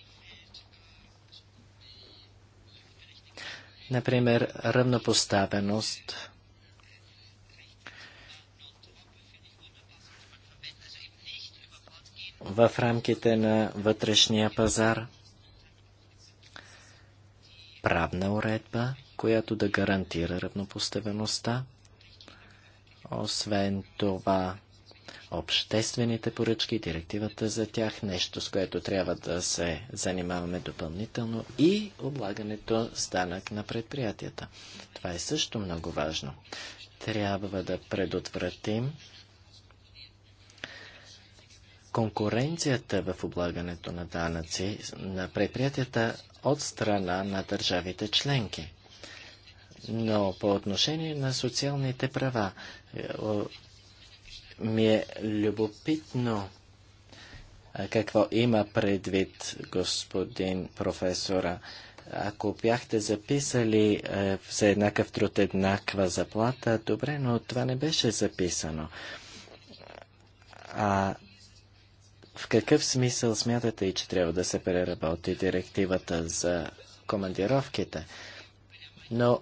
Например, равнопоставеност. в рамките на вътрешния пазар, правна уредба, която да гарантира равнопоставеността. Освен това, обществените поръчки, директивата за тях, нещо с което трябва да се занимаваме допълнително и облагането с данък на предприятията. Това е също много важно. Трябва да предотвратим конкуренцията в облагането на данъци на предприятията от страна на държавите членки. Но по отношение на социалните права е, ми е любопитно какво има предвид господин професора. Ако бяхте записали е, за еднакъв труд еднаква заплата, добре, но това не беше записано. А в какъв смисъл смятате и че трябва да се преработи директивата за командировките? Но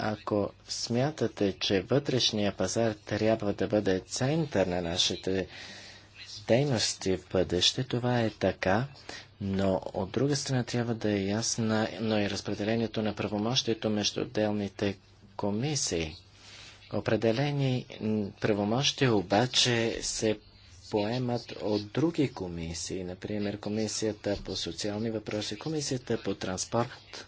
ако смятате, че вътрешния пазар трябва да бъде център на нашите дейности в бъдеще, това е така, но от друга страна трябва да е ясна, но и разпределението на правомощието между отделните комисии. Определени правомощи обаче се поемат от други комисии, например Комисията по социални въпроси, Комисията по транспорт,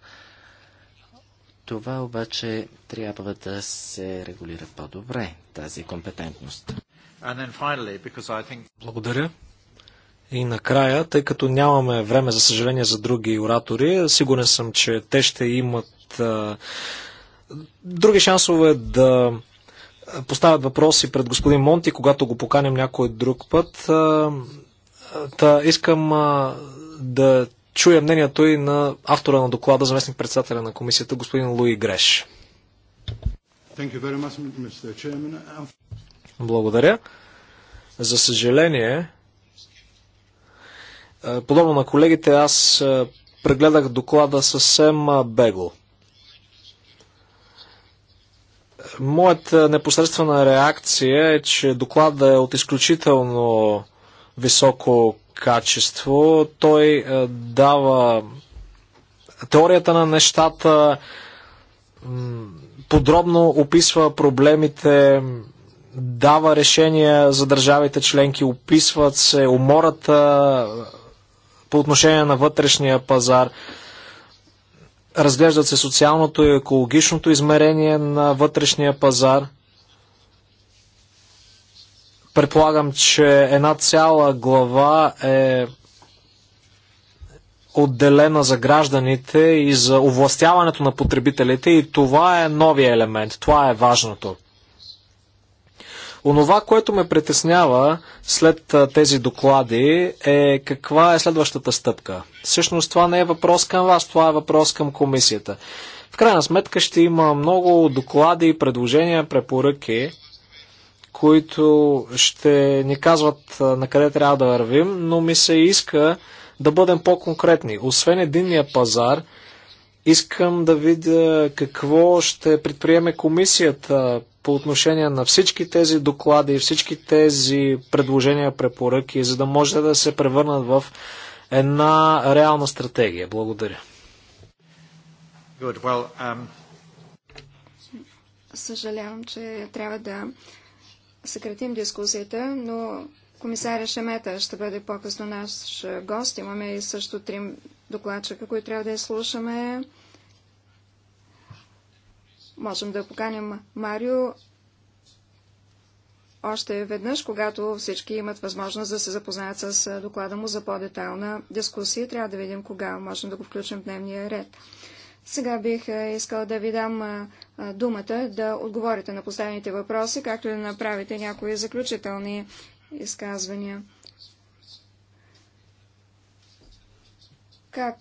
това обаче трябва да се регулира по-добре, тази компетентност. Finally, think... Благодаря. И накрая, тъй като нямаме време, за съжаление, за други оратори, сигурен съм, че те ще имат а, други шансове да поставят въпроси пред господин Монти, когато го поканим някой друг път. А, та, искам а, да чуя мнението и на автора на доклада, заместник председателя на комисията, господин Луи Греш. Благодаря. За съжаление, е, подобно на колегите, аз е, прегледах доклада съвсем е, бегло. Моята непосредствена реакция е, че доклада е от изключително високо качество. Той е, дава теорията на нещата, подробно описва проблемите, дава решения за държавите членки, описват се умората е, по отношение на вътрешния пазар, разглеждат се социалното и екологичното измерение на вътрешния пазар – Предполагам, че една цяла глава е отделена за гражданите и за овластяването на потребителите и това е новия елемент, това е важното. Онова, което ме притеснява след тези доклади е каква е следващата стъпка. Всъщност това не е въпрос към вас, това е въпрос към комисията. В крайна сметка ще има много доклади, предложения, препоръки, които ще ни казват на къде трябва да вървим, но ми се иска да бъдем по-конкретни. Освен единния пазар, искам да видя какво ще предприеме комисията по отношение на всички тези доклади и всички тези предложения, препоръки, за да може да се превърнат в една реална стратегия. Благодаря. Good. Well, um... Съжалявам, че трябва да съкратим дискусията, но комисаря Шемета ще бъде по-късно наш гост. Имаме и също три докладчика, които трябва да изслушаме. Можем да поканим Марио още веднъж, когато всички имат възможност да се запознаят с доклада му за по-детална дискусия. Трябва да видим кога можем да го включим в дневния ред. Сега бих искал да ви дам думата да отговорите на последните въпроси, както и да направите някои заключителни изказвания. Как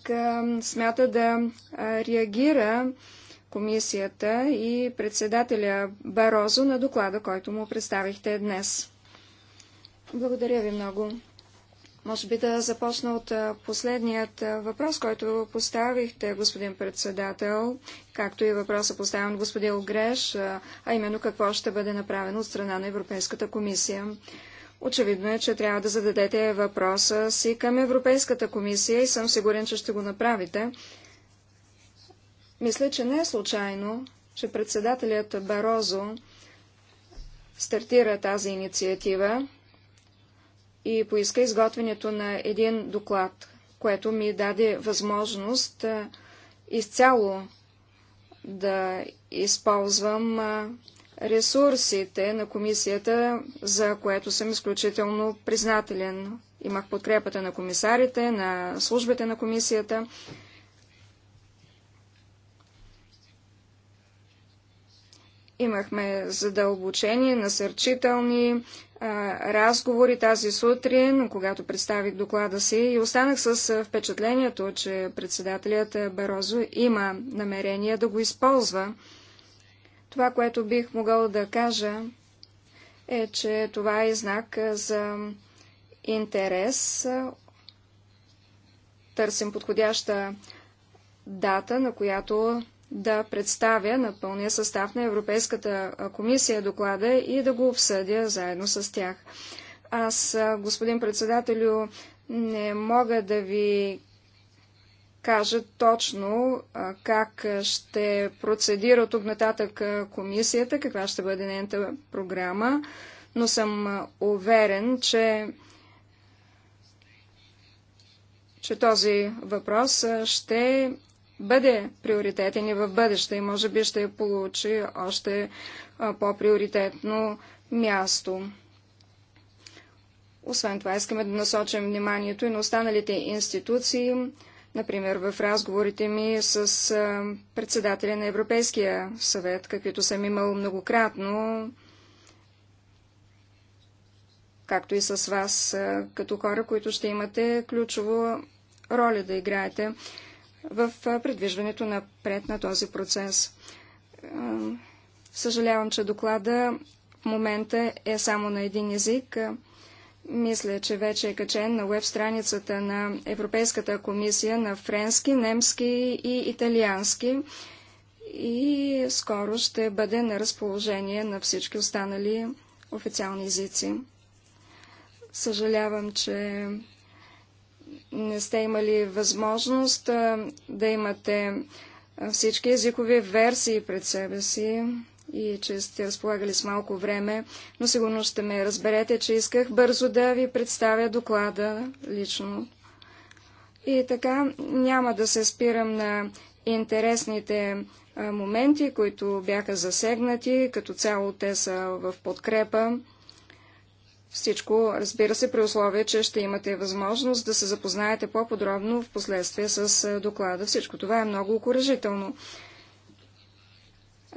смята да реагира комисията и председателя Барозо на доклада, който му представихте днес? Благодаря ви много. Може би да започна от последният въпрос, който поставихте, господин председател, както и въпроса поставен господин Греш, а именно какво ще бъде направено от страна на Европейската комисия. Очевидно е, че трябва да зададете въпроса си към Европейската комисия и съм сигурен, че ще го направите. Мисля, че не е случайно, че председателят Барозо стартира тази инициатива и поиска изготвянето на един доклад, което ми даде възможност изцяло да използвам ресурсите на комисията, за което съм изключително признателен. Имах подкрепата на комисарите, на службите на комисията. Имахме задълбочени, насърчителни разговори тази сутрин, когато представих доклада си и останах с впечатлението, че председателят Барозо има намерение да го използва. Това, което бих могъл да кажа, е, че това е знак за интерес. Търсим подходяща дата, на която да представя на пълния състав на Европейската комисия доклада и да го обсъдя заедно с тях. Аз, господин председателю, не мога да ви кажа точно как ще процедира от тук нататък комисията, каква ще бъде нейната програма, но съм уверен, че че този въпрос ще бъде приоритетен и в бъдеще и може би ще получи още по-приоритетно място. Освен това, искаме да насочим вниманието и на останалите институции, например в разговорите ми с председателя на Европейския съвет, каквито съм имал многократно, както и с вас като хора, които ще имате ключово роля да играете в предвижването напред на този процес. Съжалявам, че доклада в момента е само на един език. Мисля, че вече е качен на веб страницата на Европейската комисия на френски, немски и италиански и скоро ще бъде на разположение на всички останали официални езици. Съжалявам, че не сте имали възможност да имате всички езикови версии пред себе си и че сте разполагали с малко време, но сигурно ще ме разберете, че исках бързо да ви представя доклада лично. И така няма да се спирам на интересните моменти, които бяха засегнати, като цяло те са в подкрепа всичко, разбира се, при условие, че ще имате възможност да се запознаете по-подробно в последствие с е, доклада. Всичко това е много окоръжително.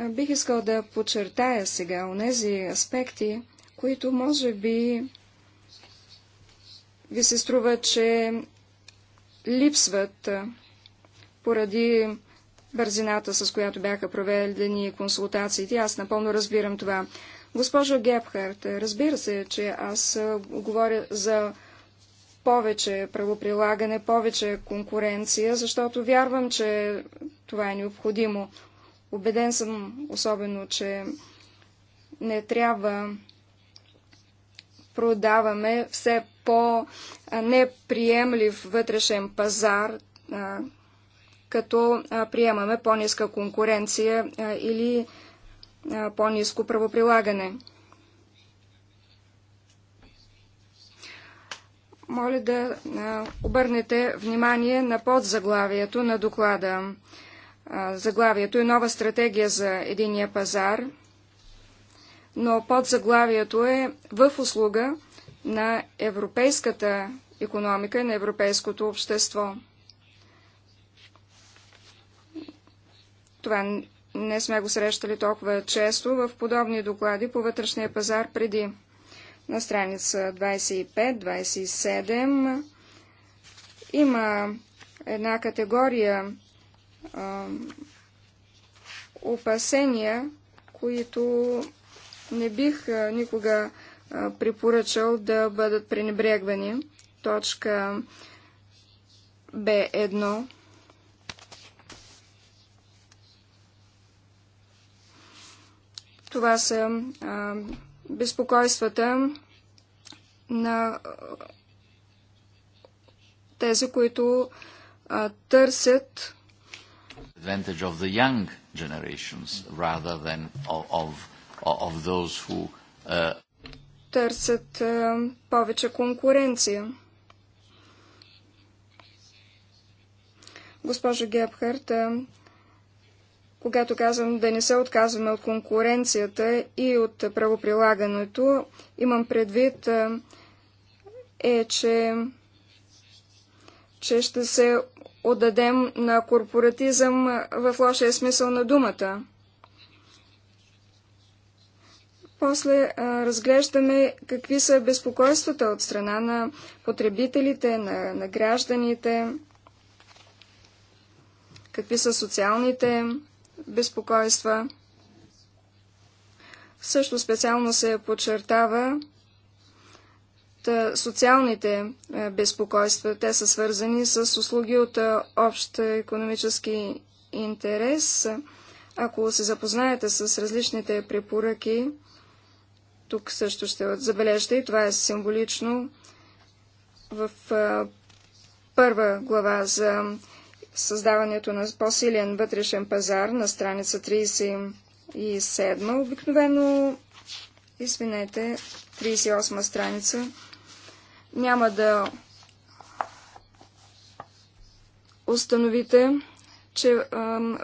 Бих искал да подчертая сега онези аспекти, които може би ви се струва, че липсват поради бързината, с която бяха проведени консултациите. Аз напълно разбирам това. Госпожо Гепхарт, разбира се, че аз говоря за повече правоприлагане, повече конкуренция, защото вярвам, че това е необходимо. Обеден съм особено, че не трябва продаваме все по-неприемлив вътрешен пазар, като приемаме по-ниска конкуренция или по-низко правоприлагане. Моля да обърнете внимание на подзаглавието на доклада. Заглавието е нова стратегия за единия пазар, но подзаглавието е в услуга на европейската економика и на европейското общество. Това не сме го срещали толкова често в подобни доклади по вътрешния пазар преди. На страница 25-27 има една категория а, опасения, които не бих а, никога а, препоръчал да бъдат пренебрегвани. Точка Б1 Това са а, безпокойствата на тези, които а, търсят advantage of the young generations rather than of, of, of those who uh... търсят а, повече конкуренция. Госпожо Гебхарт, когато казвам да не се отказваме от конкуренцията и от правоприлагането, имам предвид е, че, че ще се отдадем на корпоратизъм в лошия смисъл на думата. После а, разглеждаме какви са безпокойствата от страна на потребителите, на, на гражданите, какви са социалните безпокойства. Също специално се подчертава социалните е, безпокойства. Те са свързани с услуги от е, общ економически интерес. Ако се запознаете с различните препоръки, тук също ще забележите, и това е символично в е, първа глава за създаването на по-силен вътрешен пазар на страница 37, обикновено, извинете, 38 страница. Няма да установите, че ам,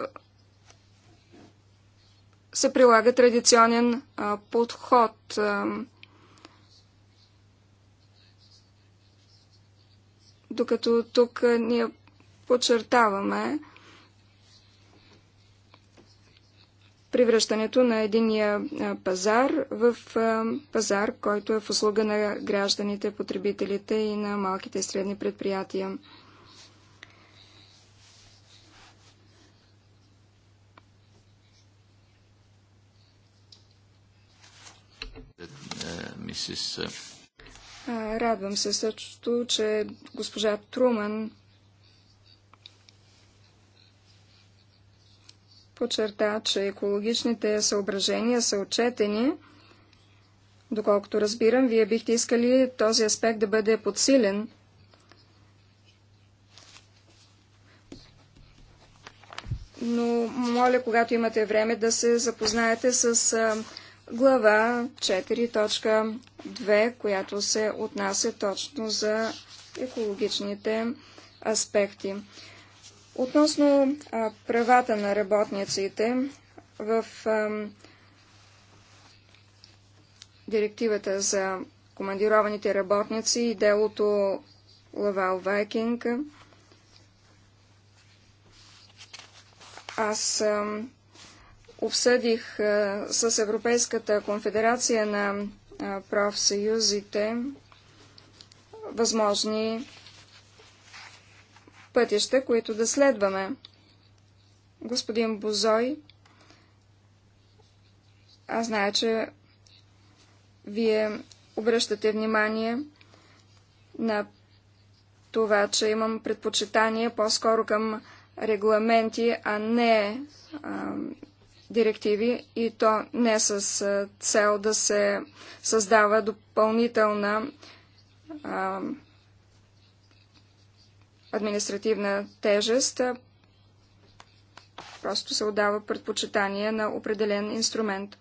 се прилага традиционен а, подход. Ам, докато тук ние подчертаваме превръщането на единия пазар в пазар, който е в услуга на гражданите, потребителите и на малките и средни предприятия. Радвам се също, че госпожа Труман подчерта, че екологичните съображения са отчетени. Доколкото разбирам, вие бихте искали този аспект да бъде подсилен. Но моля, когато имате време, да се запознаете с глава 4.2, която се отнася точно за екологичните аспекти. Относно а, правата на работниците в а, директивата за командированите работници и делото Лавал Вайкинг, аз а, обсъдих а, с Европейската конфедерация на а, профсъюзите възможни пътища, които да следваме. Господин Бозой, аз зная, че вие обръщате внимание на това, че имам предпочитание по-скоро към регламенти, а не а, директиви и то не с цел да се създава допълнителна а, административна тежест, просто се отдава предпочитание на определен инструмент.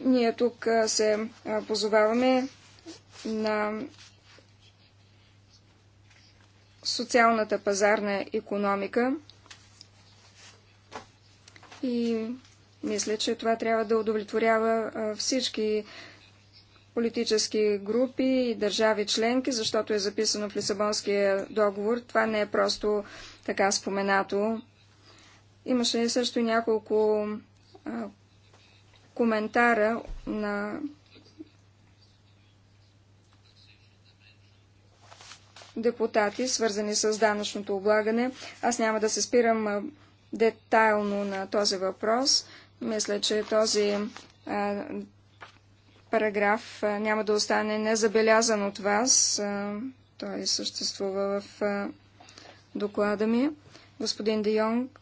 Ние тук се позоваваме на социалната пазарна економика и мисля, че това трябва да удовлетворява всички политически групи и държави членки, защото е записано в Лисабонския договор. Това не е просто така споменато. Имаше също няколко а, коментара на депутати, свързани с данъчното облагане. Аз няма да се спирам детайлно на този въпрос. Мисля, че този параграф няма да остане незабелязан от вас. Той съществува в доклада ми. Господин Де Йонг,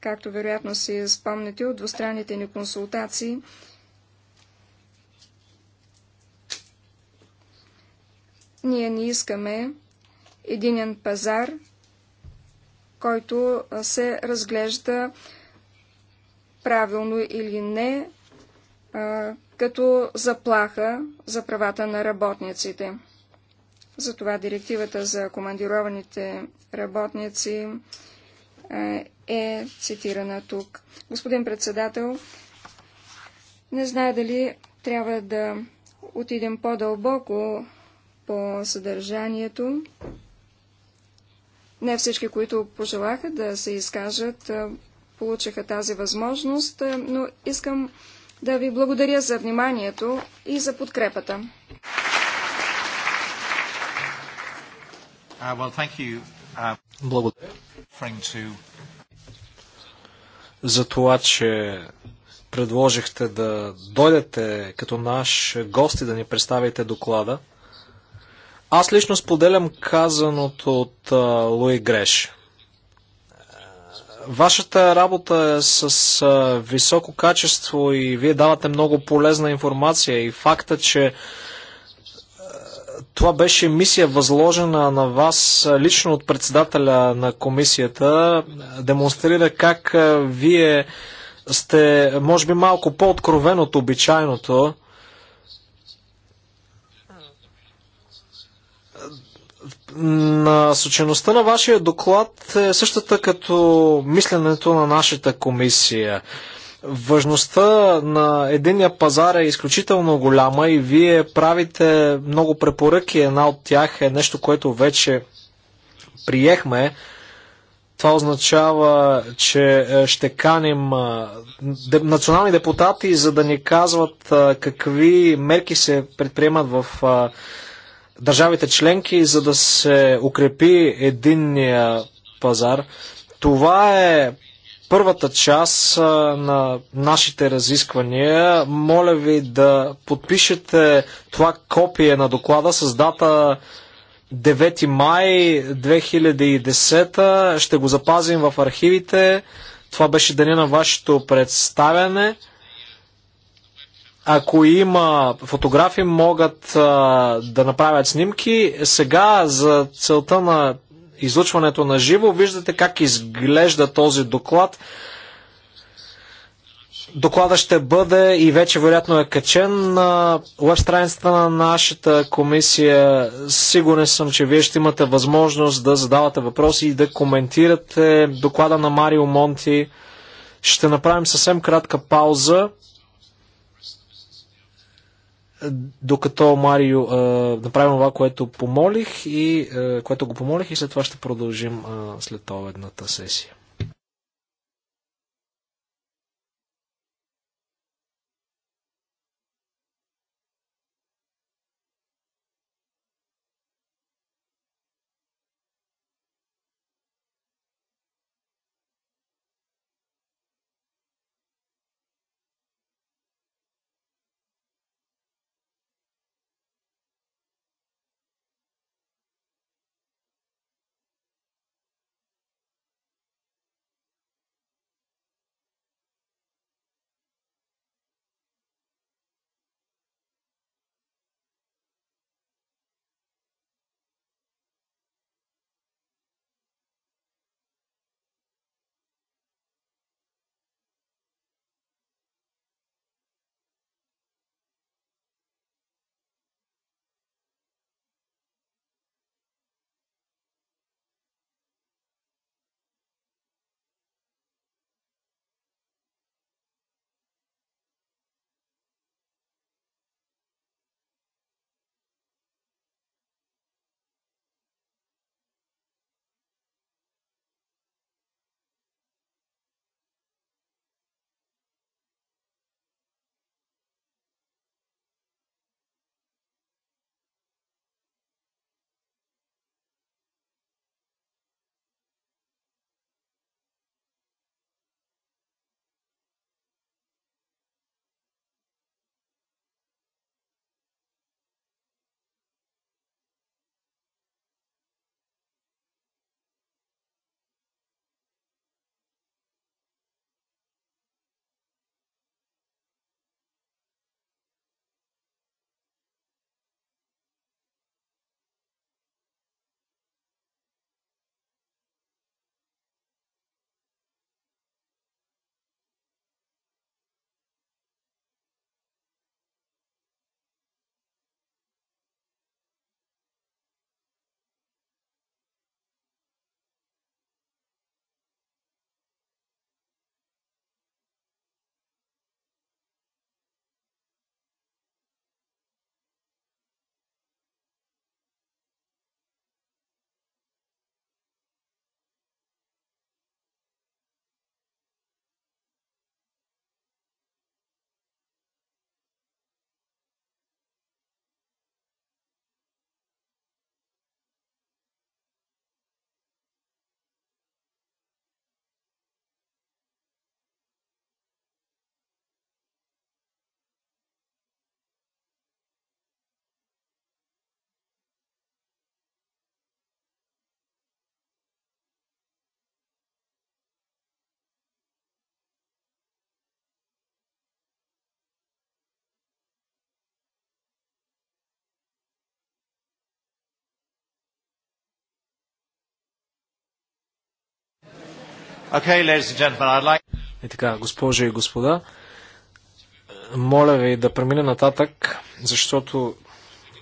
както вероятно си спомняте от двустранните ни консултации, ние не искаме единен пазар, който се разглежда правилно или не, като заплаха за правата на работниците. Затова директивата за командированите работници е, е цитирана тук. Господин председател, не знае дали трябва да отидем по-дълбоко по съдържанието. Не всички, които пожелаха да се изкажат, получиха тази възможност, но искам да ви благодаря за вниманието и за подкрепата. Uh, uh, благодаря. За това, че предложихте да дойдете като наш гост и да ни представите доклада. Аз лично споделям казаното от uh, Луи Греш. Вашата работа е с а, високо качество и вие давате много полезна информация и факта, че това беше мисия възложена на вас лично от председателя на комисията. Демонстрира как вие сте, може би, малко по-откровен от обичайното. Насочеността на вашия доклад е същата като мисленето на нашата комисия. Важността на единия пазар е изключително голяма и вие правите много препоръки. Една от тях е нещо, което вече приехме. Това означава, че е, ще каним е, национални депутати, за да ни казват е, какви мерки се предприемат в държавите членки, за да се укрепи единния пазар. Това е първата част на нашите разисквания. Моля ви да подпишете това копие на доклада с дата 9 май 2010. Ще го запазим в архивите. Това беше деня на вашето представяне ако има фотографи, могат а, да направят снимки. Сега за целта на излъчването на живо, виждате как изглежда този доклад. Доклада ще бъде и вече вероятно е качен на веб страницата на нашата комисия. Сигурен съм, че вие ще имате възможност да задавате въпроси и да коментирате доклада на Марио Монти. Ще направим съвсем кратка пауза докато Марио направим това, което помолих и което го помолих и след това ще продължим след това едната сесия. Okay, ladies and gentlemen, I'd like... И така, госпожи и господа, моля ви да премина нататък, защото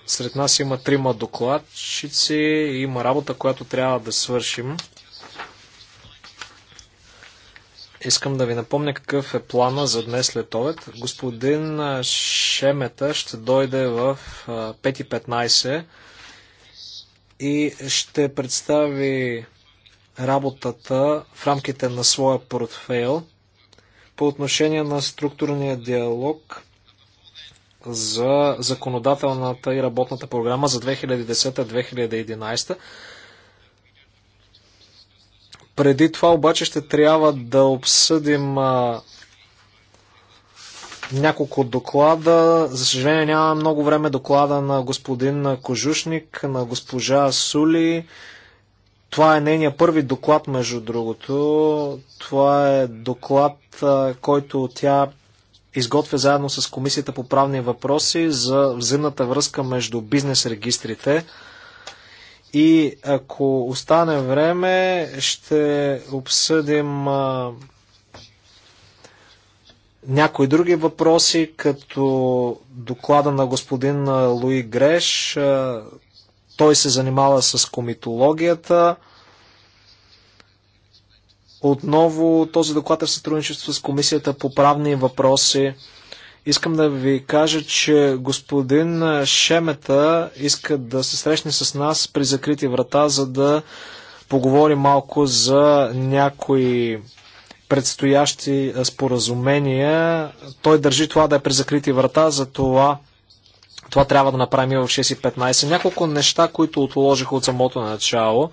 сред нас има трима докладчици и има работа, която трябва да свършим. Искам да ви напомня какъв е плана за днес след обед. Господин Шемета ще дойде в 5.15 и ще представи работата в рамките на своя портфейл по отношение на структурния диалог за законодателната и работната програма за 2010-2011. Преди това обаче ще трябва да обсъдим а, няколко доклада. За съжаление няма много време доклада на господин Кожушник, на госпожа Сули, това е нейният първи доклад, между другото. Това е доклад, който тя изготвя заедно с Комисията по правни въпроси за взаимната връзка между бизнес регистрите. И ако остане време, ще обсъдим а, някои други въпроси, като доклада на господин Луи Греш. А, той се занимава с комитологията. Отново този доклад е в сътрудничество с Комисията по правни въпроси. Искам да ви кажа, че господин Шемета иска да се срещне с нас при закрити врата, за да поговори малко за някои предстоящи споразумения. Той държи това да е при закрити врата, за това това трябва да направим и в 6.15. Няколко неща, които отложих от самото начало.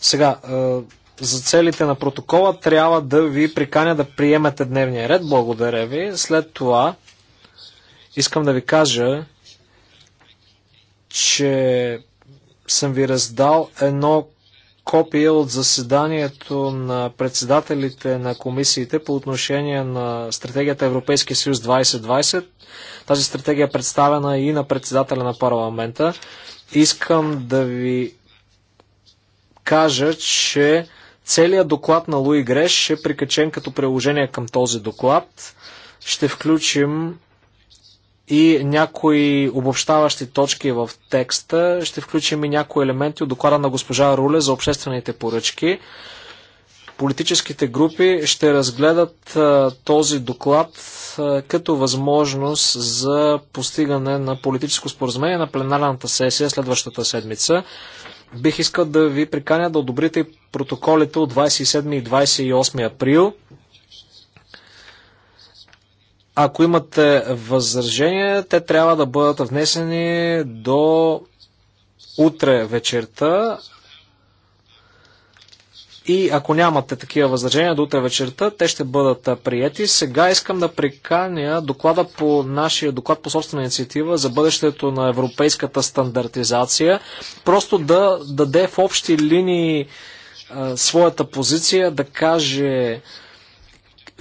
Сега, е, за целите на протокола трябва да ви приканя да приемете дневния ред. Благодаря ви. След това искам да ви кажа, че съм ви раздал едно Копия от заседанието на председателите на комисиите по отношение на стратегията Европейския съюз 2020. Тази стратегия е представена и на председателя на парламента. Искам да ви кажа, че целият доклад на Луи Греш е прикачен като приложение към този доклад. Ще включим и някои обобщаващи точки в текста. Ще включим и някои елементи от доклада на госпожа Руле за обществените поръчки. Политическите групи ще разгледат а, този доклад а, като възможност за постигане на политическо споразумение на пленарната сесия следващата седмица. Бих искал да ви приканя да одобрите протоколите от 27 и 28 април. Ако имате възражения, те трябва да бъдат внесени до утре вечерта. И ако нямате такива възражения до утре вечерта, те ще бъдат приети. Сега искам да приканя доклада по нашия доклад по собствена инициатива за бъдещето на европейската стандартизация. Просто да даде в общи линии а, своята позиция, да каже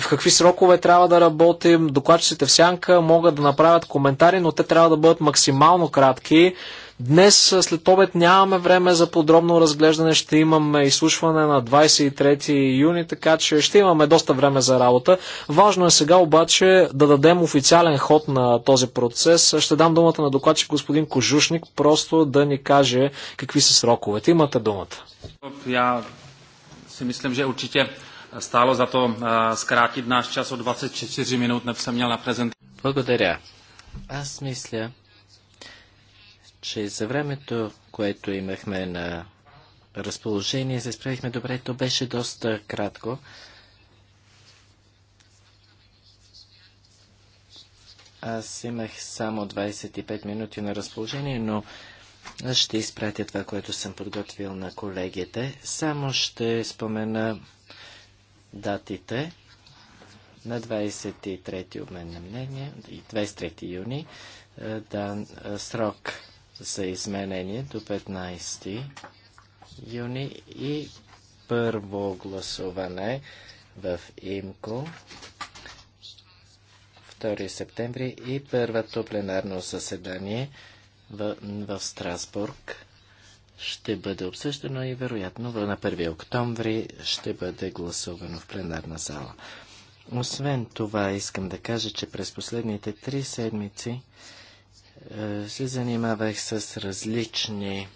в какви срокове трябва да работим. Докладчиците в сянка могат да направят коментари, но те трябва да бъдат максимално кратки. Днес след обед нямаме време за подробно разглеждане. Ще имаме изслушване на 23 юни, така че ще имаме доста време за работа. Важно е сега обаче да дадем официален ход на този процес. Ще дам думата на докладчик господин Кожушник, просто да ни каже какви са сроковете. Имате думата. Я си мислям, че очите е Stálo za to eh, zkrátit náš čas o 24 minut, neb jsem měl na prezentaci. Благодаря. Аз мисля, че за времето, което имахме на разположение, се справихме добре. То беше доста кратко. Аз имах само 25 минути на разположение, но ще изпратя това, което съм подготвил на колегите. Само ще спомена датите на 23 обмен на мнение и 23 юни е, да, е, срок за изменение до 15 юни и първо гласуване в ИМКО 2 септември и първото пленарно заседание в, в Страсбург ще бъде обсъждано и вероятно на 1 октомври ще бъде гласувано в пленарна зала. Освен това, искам да кажа, че през последните три седмици е, се занимавах с различни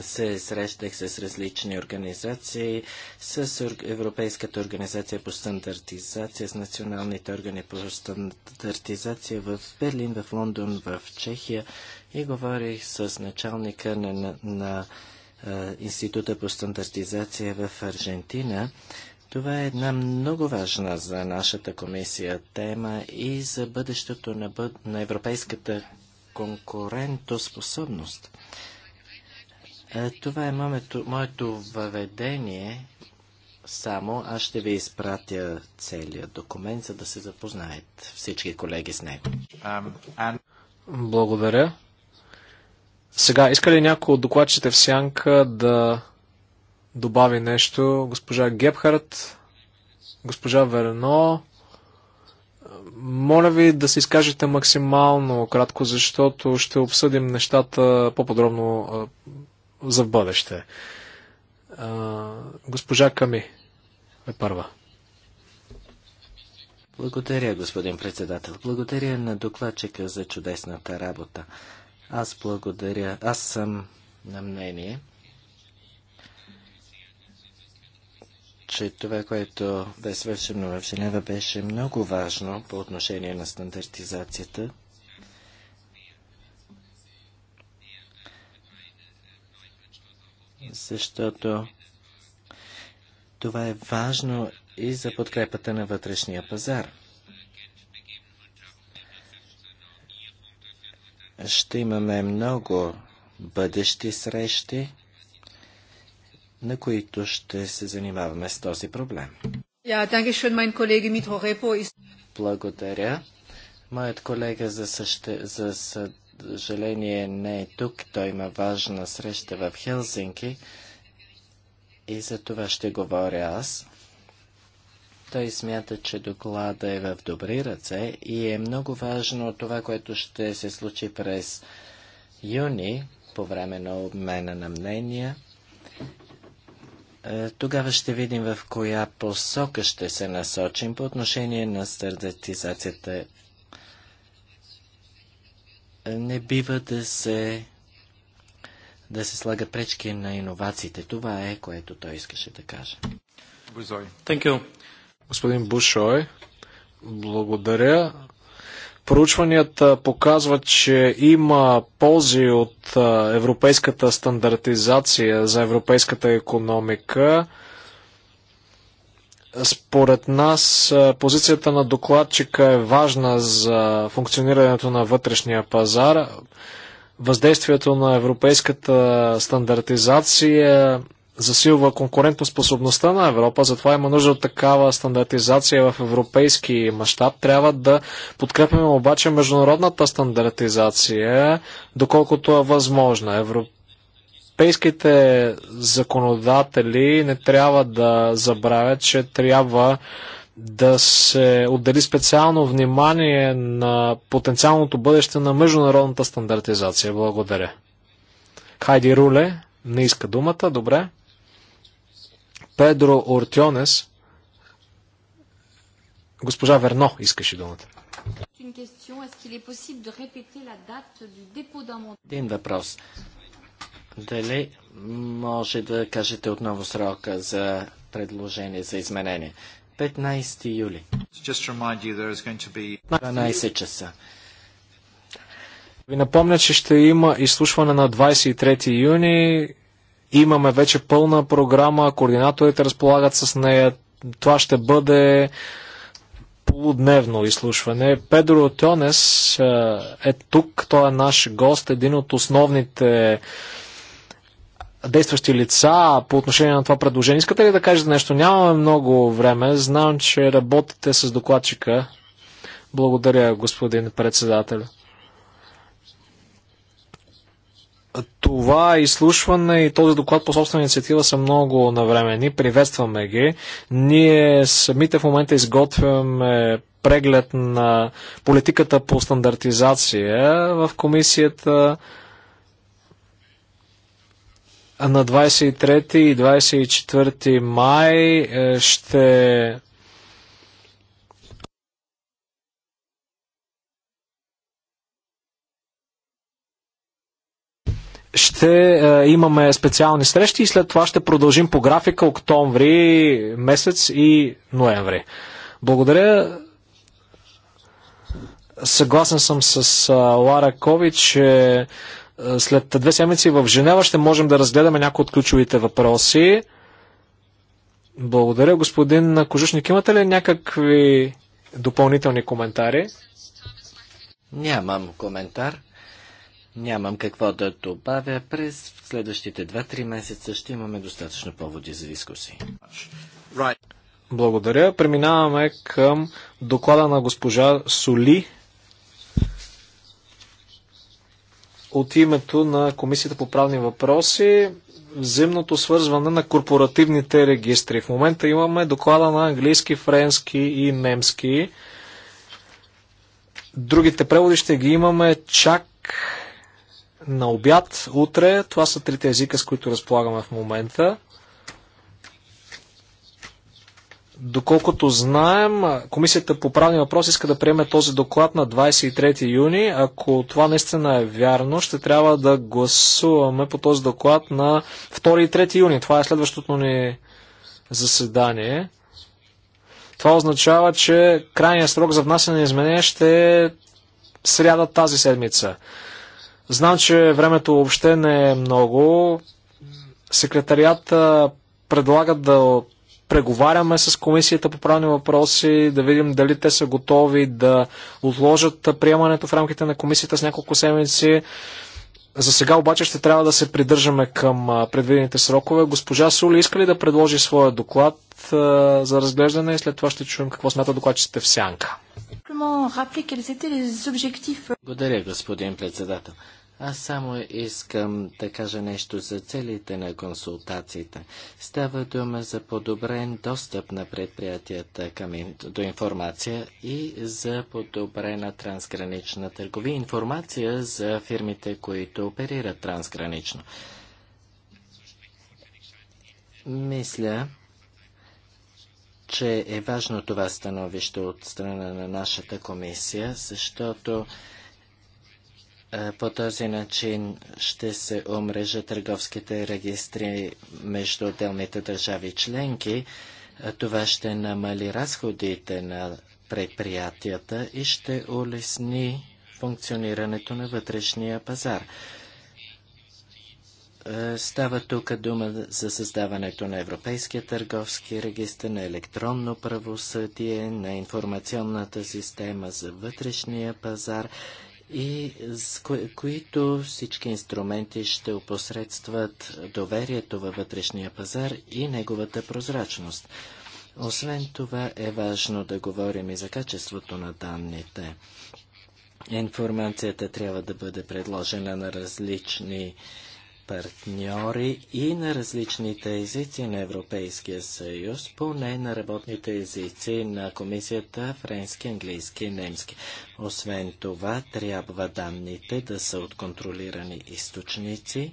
се срещах с различни организации, с Европейската организация по стандартизация, с националните органи по стандартизация в Берлин, в Лондон, в Чехия и говорих с началника на, на, на Института по стандартизация в Аржентина. Това е една много важна за нашата комисия тема и за бъдещето на, бъд... на европейската конкурентоспособност. Е, това е моето, моето въведение. Само аз ще ви изпратя целият документ, за да се запознаят всички колеги с него. Благодаря. Сега, иска ли някой от докладчите в сянка да добави нещо? Госпожа Гепхарт, госпожа Верно, моля ви да се изкажете максимално кратко, защото ще обсъдим нещата по-подробно за в бъдеще. А, госпожа Ками е първа. Благодаря, господин председател. Благодаря на докладчика за чудесната работа. Аз благодаря. Аз съм на мнение, че това, което бе свършено в Женева, беше много важно по отношение на стандартизацията защото това е важно и за подкрепата на вътрешния пазар. Ще имаме много бъдещи срещи, на които ще се занимаваме с този проблем. Благодаря. Моят колега за, съще... за, съ съжаление не е тук. Той има важна среща в Хелзинки и за това ще говоря аз. Той смята, че доклада е в добри ръце и е много важно това, което ще се случи през юни по време на обмена на мнения. Е, тогава ще видим в коя посока ще се насочим по отношение на стандартизацията не бива да се да се слага пречки на иновациите. Това е, което той искаше да каже. Господин Бушой, благодаря. Проучванията показват, че има ползи от европейската стандартизация за европейската економика. Според нас позицията на докладчика е важна за функционирането на вътрешния пазар. Въздействието на европейската стандартизация засилва конкурентоспособността на Европа, затова има нужда от такава стандартизация в европейски мащаб. Трябва да подкрепяме обаче международната стандартизация, доколкото е възможна. Европ европейските законодатели не трябва да забравят, че трябва да се отдели специално внимание на потенциалното бъдеще на международната стандартизация. Благодаря. Хайди Руле не иска думата, добре. Педро Ортионес. Госпожа Верно искаше думата. Един въпрос. Дали може да кажете отново срока за предложение за изменение? 15 юли. 12 часа. Ви напомня, че ще има изслушване на 23 юни. Имаме вече пълна програма, координаторите разполагат с нея. Това ще бъде полудневно изслушване. Педро Тонес е, е тук, той е наш гост, един от основните действащи лица по отношение на това предложение. Искате ли да кажете нещо? Нямаме много време. Знам, че работите с докладчика. Благодаря, господин председател. Това изслушване и този доклад по собствена инициатива са много навремени. Приветстваме ги. Ние самите в момента изготвяме преглед на политиката по стандартизация в комисията на 23 и 24 май е, ще ще е, имаме специални срещи и след това ще продължим по графика октомври, месец и ноември. Благодаря. Съгласен съм с а, е, Лара Кович, че е, след две седмици в Женева ще можем да разгледаме някои от ключовите въпроси. Благодаря, господин Кожушник. Имате ли някакви допълнителни коментари? Нямам коментар. Нямам какво да добавя. През следващите 2-3 месеца ще имаме достатъчно поводи за дискусии. Right. Благодаря. Преминаваме към доклада на госпожа Соли от името на Комисията по правни въпроси взаимното свързване на корпоративните регистри. В момента имаме доклада на английски, френски и немски. Другите преводи ще ги имаме чак на обяд утре. Това са трите езика, с които разполагаме в момента. Доколкото знаем, Комисията по правни въпроси иска да приеме този доклад на 23 юни. Ако това наистина е вярно, ще трябва да гласуваме по този доклад на 2 и 3 юни. Това е следващото ни заседание. Това означава, че крайният срок за внасяне на изменения ще е сряда тази седмица. Знам, че времето въобще не е много. Секретарията предлага да преговаряме с комисията по правни въпроси, да видим дали те са готови да отложат приемането в рамките на комисията с няколко седмици. За сега обаче ще трябва да се придържаме към предвидените срокове. Госпожа Сули иска ли да предложи своя доклад за разглеждане и след това ще чуем какво смята докладчите в сянка. Благодаря, господин председател. Аз само искам да кажа нещо за целите на консултациите. Става дума за подобрен достъп на предприятията към, до информация и за подобрена трансгранична търговия. Информация за фирмите, които оперират трансгранично. Мисля, че е важно това становище от страна на нашата комисия, защото по този начин ще се омрежа търговските регистри между отделните държави членки. Това ще намали разходите на предприятията и ще улесни функционирането на вътрешния пазар. Става тук дума за създаването на Европейския търговски регистр, на електронно правосъдие, на информационната система за вътрешния пазар и с кои, които всички инструменти ще опосредстват доверието във вътрешния пазар и неговата прозрачност. Освен това е важно да говорим и за качеството на данните. Информацията трябва да бъде предложена на различни партньори и на различните езици на Европейския съюз, поне на работните езици на комисията френски, английски и немски. Освен това, трябва данните да са от контролирани източници.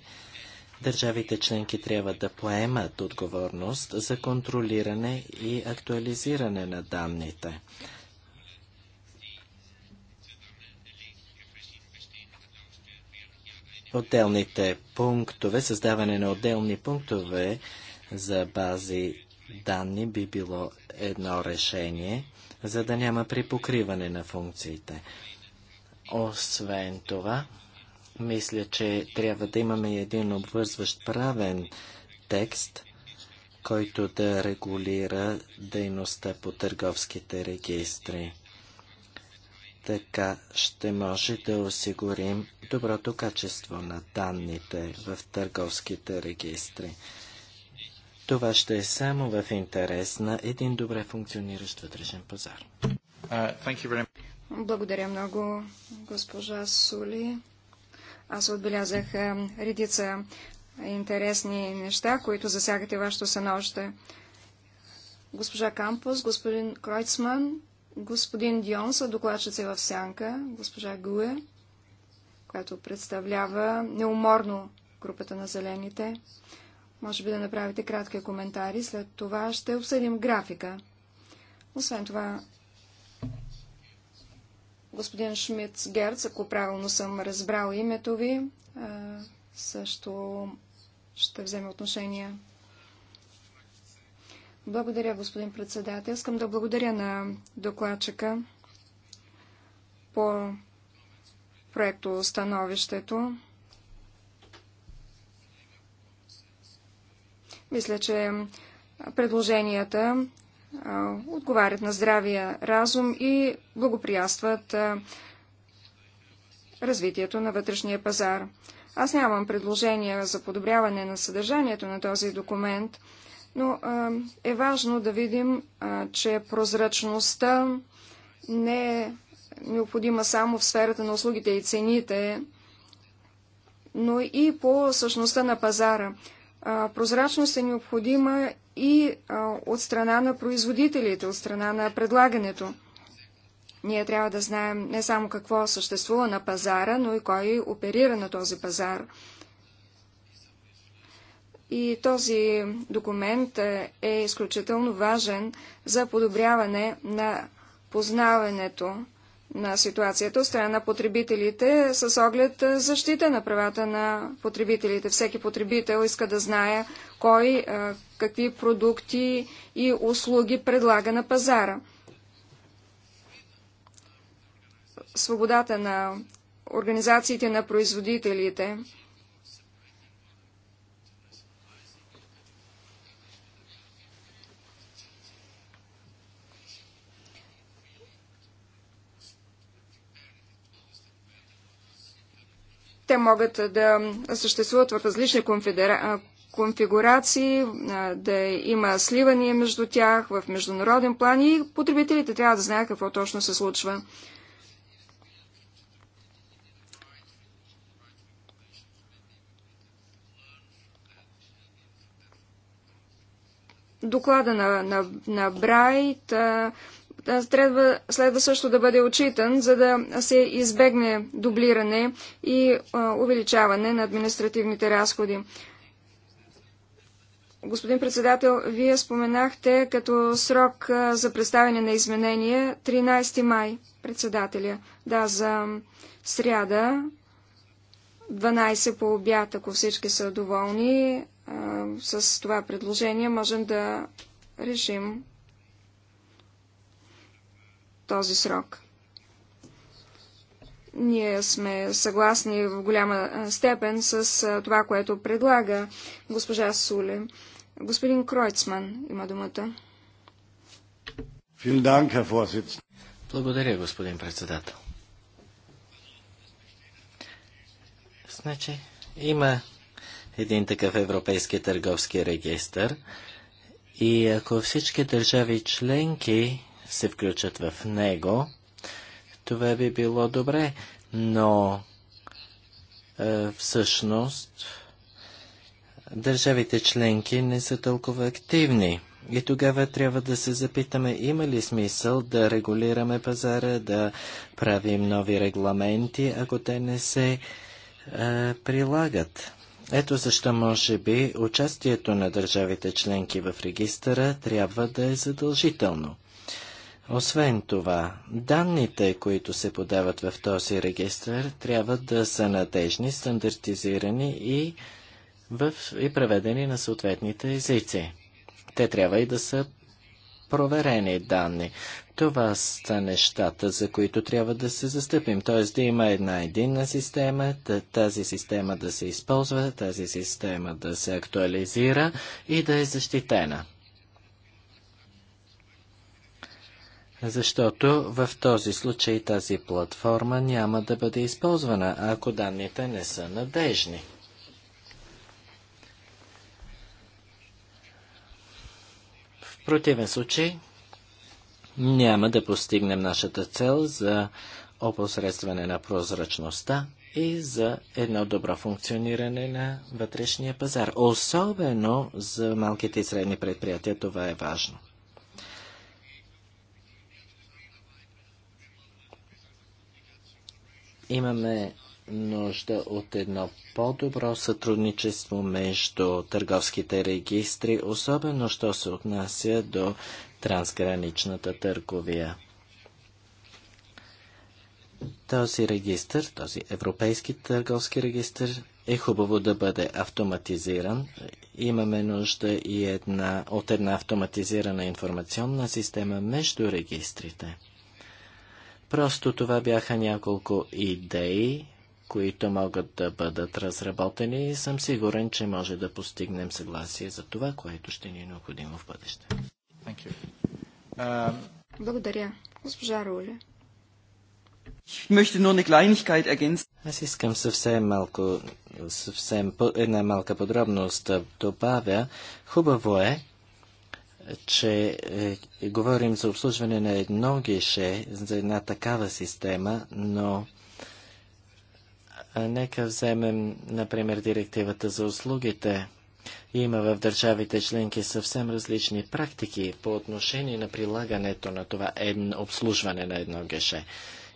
Държавите членки трябва да поемат отговорност за контролиране и актуализиране на данните. отделните пунктове, създаване на отделни пунктове за бази данни би било едно решение, за да няма припокриване на функциите. Освен това, мисля, че трябва да имаме един обвързващ правен текст, който да регулира дейността по търговските регистри. Така ще може да осигурим доброто качество на данните в търговските регистри. Това ще е само в интерес на един добре функциониращ вътрешен пазар. Uh, Благодаря много, госпожа Сули. Аз отбелязах редица интересни неща, които засягате вашето съноще. Госпожа Кампус, господин Кройцман, господин Дион са докладчици в сянка, госпожа Гуе която представлява неуморно групата на зелените. Може би да направите кратки коментари, след това ще обсъдим графика. Освен това, господин Шмидт Герц, ако правилно съм разбрал името ви, също ще вземе отношение. Благодаря, господин председател. Искам да благодаря на докладчика по проекто становището. Мисля, че предложенията отговарят на здравия разум и благоприятстват развитието на вътрешния пазар. Аз нямам предложения за подобряване на съдържанието на този документ, но е важно да видим, че прозрачността не е необходима само в сферата на услугите и цените, но и по същността на пазара. Прозрачност е необходима и от страна на производителите, от страна на предлагането. Ние трябва да знаем не само какво съществува на пазара, но и кой оперира на този пазар. И този документ е, е изключително важен за подобряване на познаването на ситуацията от страна на потребителите с оглед защита на правата на потребителите. Всеки потребител иска да знае кой какви продукти и услуги предлага на пазара. Свободата на организациите на производителите – Те могат да съществуват в различни конфедера... конфигурации, да има сливания между тях в международен план и потребителите трябва да знаят какво точно се случва. доклада на, на, на Брайт а, трябва, следва също да бъде отчитан, за да се избегне дублиране и а, увеличаване на административните разходи. Господин председател, вие споменахте като срок за представяне на изменения 13 май, председателя. Да, за сряда, 12 по обяд, ако всички са доволни с това предложение, можем да решим този срок. Ние сме съгласни в голяма степен с това, което предлага госпожа Суле. Господин Кройцман има думата. Благодаря, господин председател. Значи, има един такъв европейски търговски регистр и ако всички държави членки се включат в него, това би било добре, но е, всъщност държавите членки не са толкова активни. И тогава трябва да се запитаме, има ли смисъл да регулираме пазара, да правим нови регламенти, ако те не се е, прилагат. Ето защо може би участието на държавите членки в регистъра трябва да е задължително. Освен това, данните, които се подават в този регистр, трябва да са надежни, стандартизирани и, в, и преведени на съответните езици. Те трябва и да са проверени данни. Това са нещата, за които трябва да се застъпим. Т.е. да има една единна система, тази система да се използва, тази система да се актуализира и да е защитена. защото в този случай тази платформа няма да бъде използвана, ако данните не са надежни. В противен случай няма да постигнем нашата цел за опосредстване на прозрачността и за едно добро функциониране на вътрешния пазар. Особено за малките и средни предприятия това е важно. Имаме нужда от едно по-добро сътрудничество между търговските регистри, особено що се отнася до трансграничната търговия. Този регистр, този европейски търговски регистр е хубаво да бъде автоматизиран. Имаме нужда и една, от една автоматизирана информационна система между регистрите. Просто това бяха няколко идеи, които могат да бъдат разработени и съм сигурен, че може да постигнем съгласие за това, което ще ни е необходимо в бъдеще. Um, Благодаря. Госпожа Руле. Аз искам съвсем малко, съвсем една малка подробност да добавя. Хубаво е, че е, говорим за обслужване на едно гише, за една такава система, но нека вземем, например, директивата за услугите. Има в държавите членки съвсем различни практики по отношение на прилагането на това обслужване на едно геше.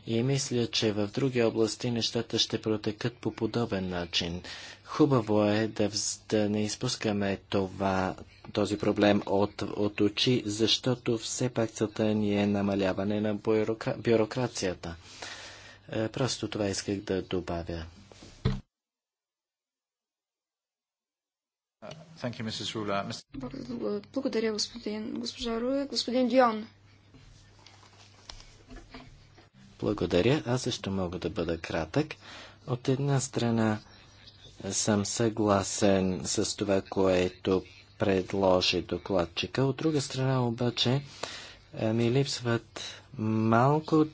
И мисля, че в други области нещата ще протекат по подобен начин. Хубаво е да, да не изпускаме това, този проблем от, от очи, защото все пак целта ни е намаляване на бюрокра... бюрокрацията. Е, просто това исках да добавя. Благодаря, господин, госпожа Руе. Господин Дион. Благодаря. Аз също мога да бъда кратък. От една страна съм съгласен с това, което предложи докладчика. От друга страна обаче е, ми липсват малко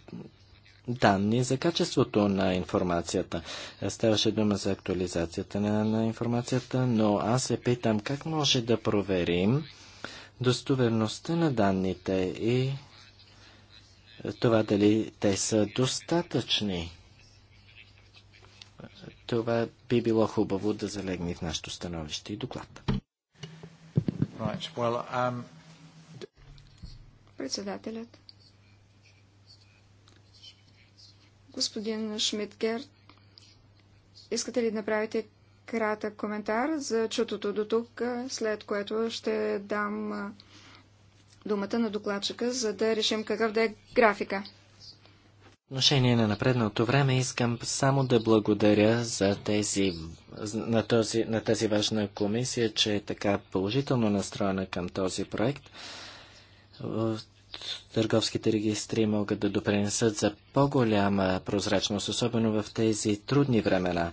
данни за качеството на информацията. Ставаше дума за актуализацията на, на информацията, но аз се питам как може да проверим достоверността на данните и това дали те са достатъчни. Това би било хубаво да залегне в нашето становище и доклад. Um, Председателят. Господин Шмидгер, искате ли да направите кратък коментар за чутото до тук, след което ще дам думата на докладчика, за да решим какъв да е графика. В отношение на напредналото време искам само да благодаря за тези, на, този, на тази важна комисия, че е така положително настроена към този проект. Търговските регистри могат да допринесат за по-голяма прозрачност, особено в тези трудни времена.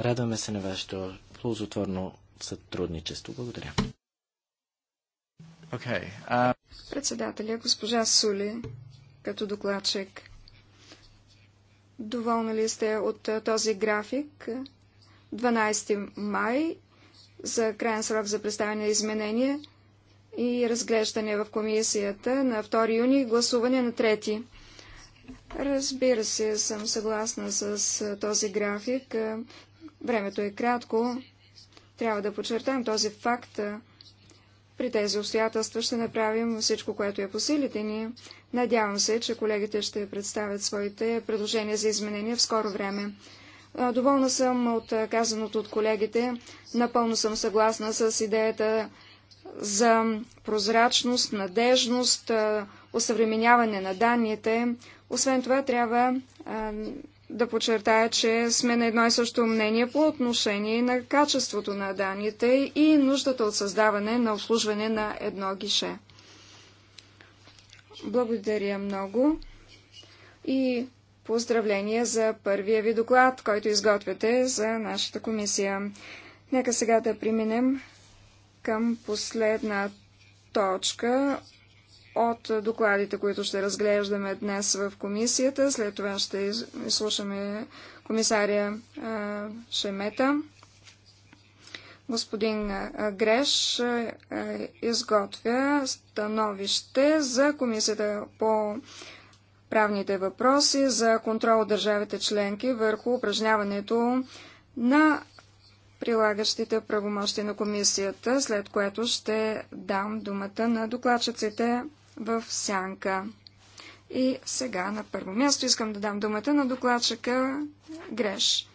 Радваме се на вашето ползотворно сътрудничество. Благодаря. Okay. Uh... Председателя, госпожа Сули, като докладчик. Доволна ли сте от този график? 12 май за крайен срок за представяне на изменения и разглеждане в комисията на 2 юни и гласуване на 3. Разбира се, съм съгласна с този график. Времето е кратко. Трябва да подчертаем този факт. При тези обстоятелства ще направим всичко, което е по силите ни. Надявам се, че колегите ще представят своите предложения за изменения в скоро време. Доволна съм от казаното от колегите. Напълно съм съгласна с идеята за прозрачност, надежност, осъвременяване на данните. Освен това, трябва да подчертая, че сме на едно и също мнение по отношение на качеството на данните и нуждата от създаване на обслужване на едно гише. Благодаря много и поздравления за първия ви доклад, който изготвяте за нашата комисия. Нека сега да преминем към последна точка от докладите, които ще разглеждаме днес в комисията. След това ще изслушаме комисария Шемета. Господин Греш изготвя становище за комисията по правните въпроси за контрол от държавите членки върху упражняването на прилагащите правомощи на комисията, след което ще дам думата на докладчиците в сянка. И сега на първо място искам да дам думата на докладчика Греш.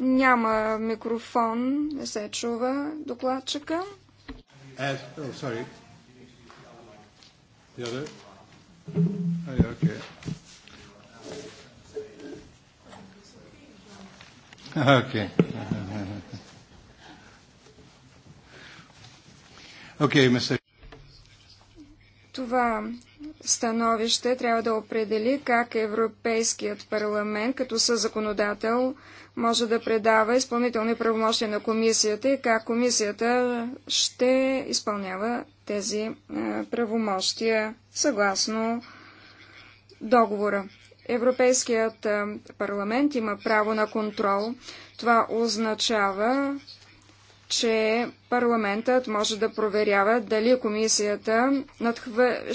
Няма микрофон, не се чува докладчика. Е, okay. Uh-huh. Okay, Mr. Това становище трябва да определи как Европейският парламент като съзаконодател може да предава изпълнителни правомощия на комисията и как комисията ще изпълнява тези е, правомощия съгласно договора. Европейският е, парламент има право на контрол. Това означава че парламентът може да проверява дали комисията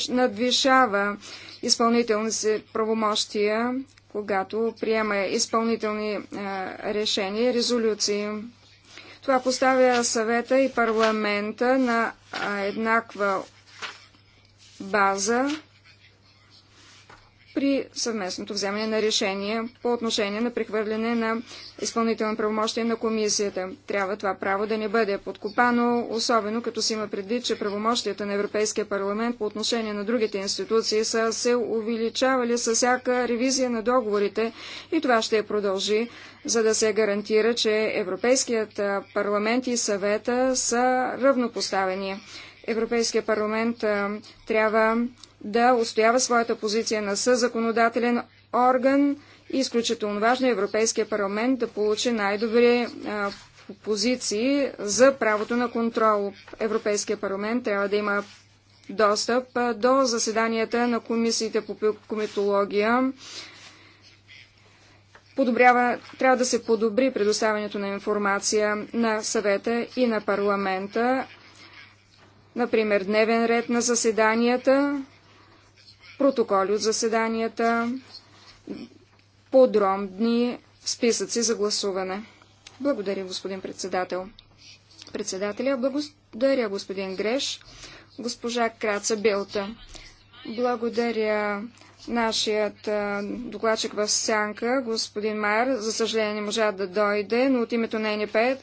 надвишава изпълнителни си правомощия, когато приема изпълнителни решения и резолюции. Това поставя съвета и парламента на еднаква база при съвместното вземане на решение по отношение на прехвърляне на изпълнително правомощия на комисията. Трябва това право да не бъде подкопано, особено като се има предвид, че правомощията на Европейския парламент по отношение на другите институции са се увеличавали с всяка ревизия на договорите и това ще продължи, за да се гарантира, че Европейският парламент и съвета са равнопоставени. Европейския парламент трябва да устоява своята позиция на съзаконодателен орган. и изключително важно е Европейския парламент да получи най-добри позиции за правото на контрол. Европейския парламент трябва да има достъп до заседанията на комисиите по кометология. Подобрява, трябва да се подобри предоставянето на информация на съвета и на парламента. Например, дневен ред на заседанията, протоколи от заседанията, подробни списъци за гласуване. Благодаря, господин председател. Председателя, благодаря, господин Греш, госпожа Краца Билта. Благодаря нашият докладчик в Сянка, господин Майер, за съжаление не можа да дойде, но от името на НП е,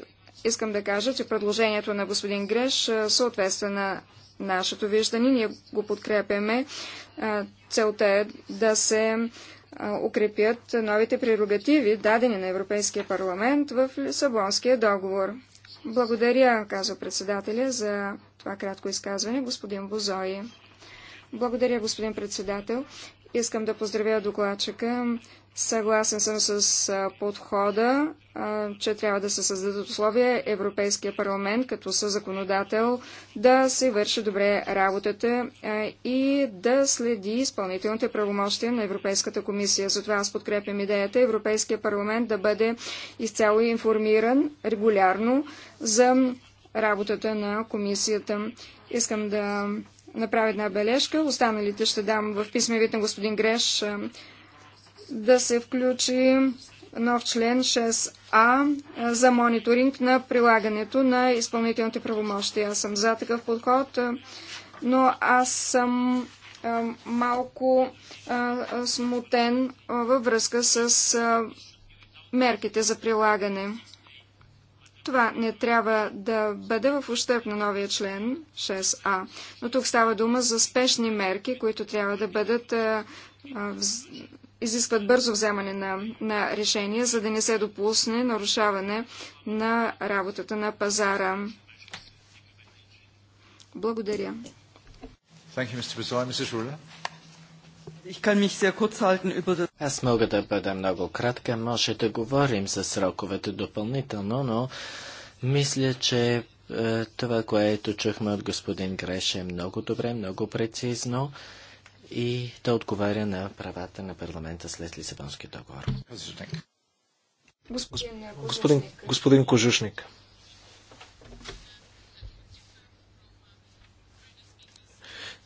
искам да кажа, че предложението на господин Греш съответства на нашето виждане. Ние го подкрепяме. Целта е да се укрепят новите прерогативи, дадени на Европейския парламент в Лисабонския договор. Благодаря, казва председателя, за това кратко изказване, господин Бозои. Благодаря, господин председател. Искам да поздравя докладчика Съгласен съм с подхода, че трябва да се създадат условия Европейския парламент като съзаконодател да се върши добре работата и да следи изпълнителните правомощия на Европейската комисия. Затова аз подкрепям идеята Европейския парламент да бъде изцяло информиран регулярно за работата на комисията. Искам да направя една бележка. Останалите ще дам в писмевите на господин Греш да се включи нов член 6А за мониторинг на прилагането на изпълнителните правомощи. Аз съм за такъв подход, но аз съм малко смутен във връзка с мерките за прилагане. Това не трябва да бъде в ущърп на новия член 6А, но тук става дума за спешни мерки, които трябва да бъдат изискват бързо вземане на, на решение, за да не се допусне нарушаване на работата на пазара. Благодаря. Аз мога да бъда много кратка. Може да говорим за сроковете допълнително, но мисля, че е, това, което чухме от господин Греш е много добре, много прецизно и да отговаря на правата на парламента след Лисабонския договор. Господин, господин, господин Кожушник.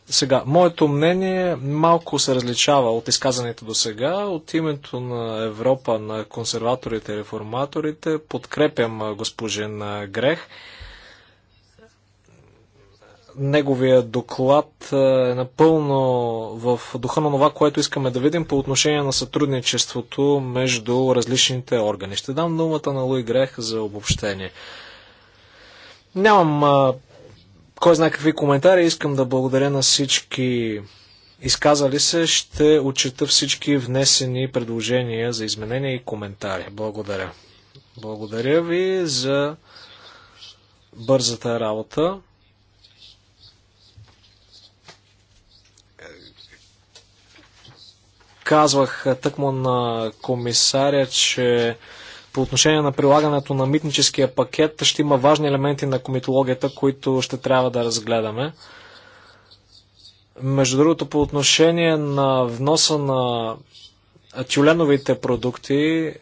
Сега, моето мнение малко се различава от изказаните до сега. От името на Европа, на консерваторите и реформаторите, подкрепям госпожин Грех неговия доклад е, е напълно в духа на това, което искаме да видим по отношение на сътрудничеството между различните органи. Ще дам думата на Луи Грех за обобщение. Нямам а, е, кой знае какви коментари. Искам да благодаря на всички изказали се. Ще отчита всички внесени предложения за изменения и коментари. Благодаря. Благодаря ви за бързата работа. казвах е, тъкмо на комисаря, че по отношение на прилагането на митническия пакет ще има важни елементи на комитологията, които ще трябва да разгледаме. Между другото, по отношение на вноса на тюленовите продукти, е,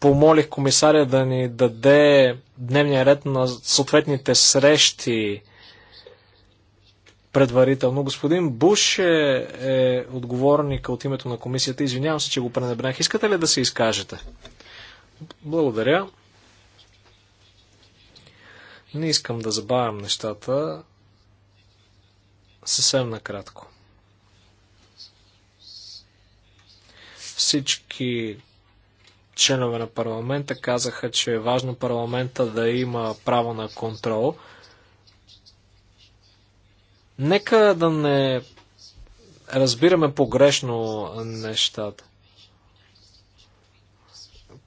помолих комисаря да ни даде дневния ред на съответните срещи предварително. Господин Буш е, е отговорника от името на комисията. Извинявам се, че го пренебрях. Искате ли да се изкажете? Благодаря. Не искам да забавям нещата. Съвсем накратко. Всички членове на парламента казаха, че е важно парламента да има право на контрол – Нека да не разбираме погрешно нещата.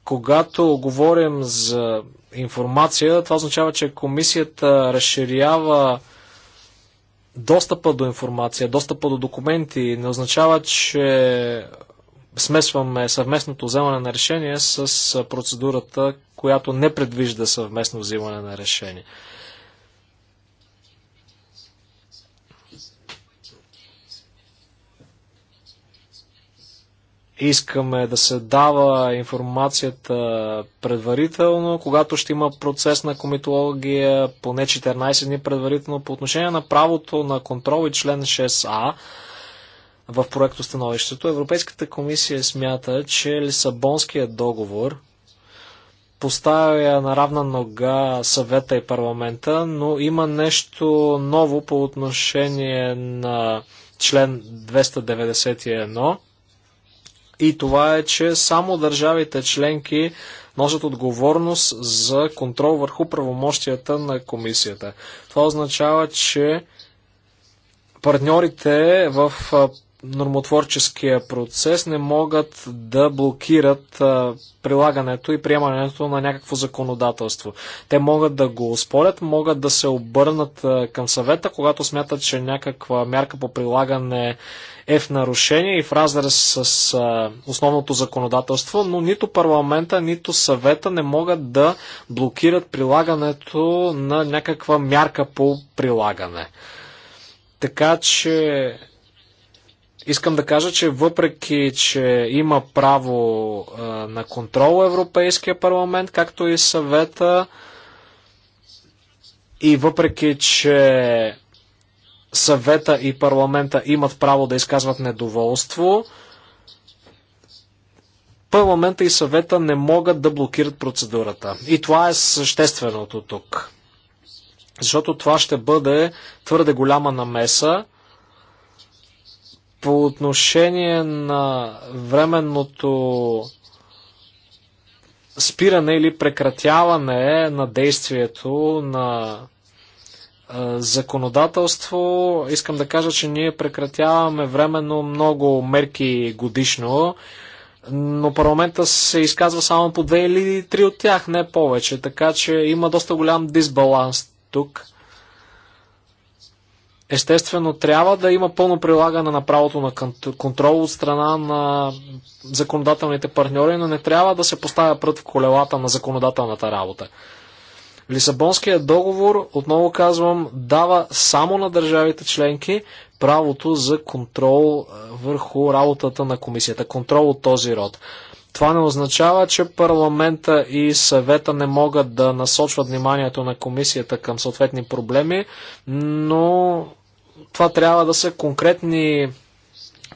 Когато говорим за информация, това означава, че комисията разширява достъпа до информация, достъпа до документи. Не означава, че смесваме съвместното вземане на решение с процедурата, която не предвижда съвместно взимане на решение. искаме да се дава информацията предварително, когато ще има процес на комитология поне 14 дни предварително по отношение на правото на контрол и член 6а в проекто становището. Европейската комисия смята, че Лисабонският договор поставя на равна нога съвета и парламента, но има нещо ново по отношение на член 291 и това е, че само държавите членки носят отговорност за контрол върху правомощията на комисията. Това означава, че партньорите в нормотворческия процес не могат да блокират прилагането и приемането на някакво законодателство. Те могат да го спорят, могат да се обърнат към съвета, когато смятат, че някаква мярка по прилагане е в нарушение и в разрез с а, основното законодателство, но нито парламента, нито съвета не могат да блокират прилагането на някаква мярка по прилагане. Така че искам да кажа, че въпреки, че има право а, на контрол Европейския парламент, както и съвета, и въпреки, че съвета и парламента имат право да изказват недоволство, парламента и съвета не могат да блокират процедурата. И това е същественото тук. Защото това ще бъде твърде голяма намеса по отношение на временното спиране или прекратяване на действието на законодателство, искам да кажа, че ние прекратяваме временно много мерки годишно, но парламента се изказва само по две или три от тях, не повече, така че има доста голям дисбаланс тук. Естествено, трябва да има пълно прилагане на правото на контрол от страна на законодателните партньори, но не трябва да се поставя прът в колелата на законодателната работа. Лисабонският договор, отново казвам, дава само на държавите членки правото за контрол върху работата на комисията. Контрол от този род. Това не означава, че парламента и съвета не могат да насочват вниманието на комисията към съответни проблеми, но това трябва да са конкретни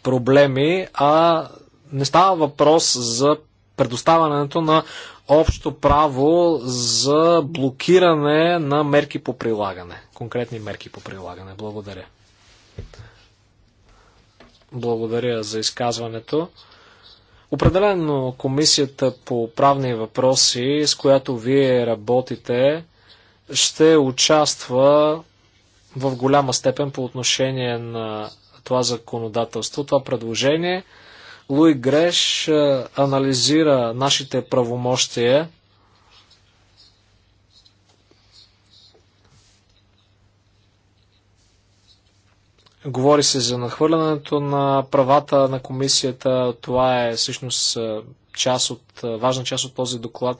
проблеми, а не става въпрос за предоставянето на общо право за блокиране на мерки по прилагане. Конкретни мерки по прилагане. Благодаря. Благодаря за изказването. Определено комисията по правни въпроси, с която вие работите, ще участва в голяма степен по отношение на това законодателство, това предложение – Луи Греш е, анализира нашите правомощия. Говори се за нахвърлянето на правата на комисията. Това е всъщност е, част от, е, важна част от този доклад.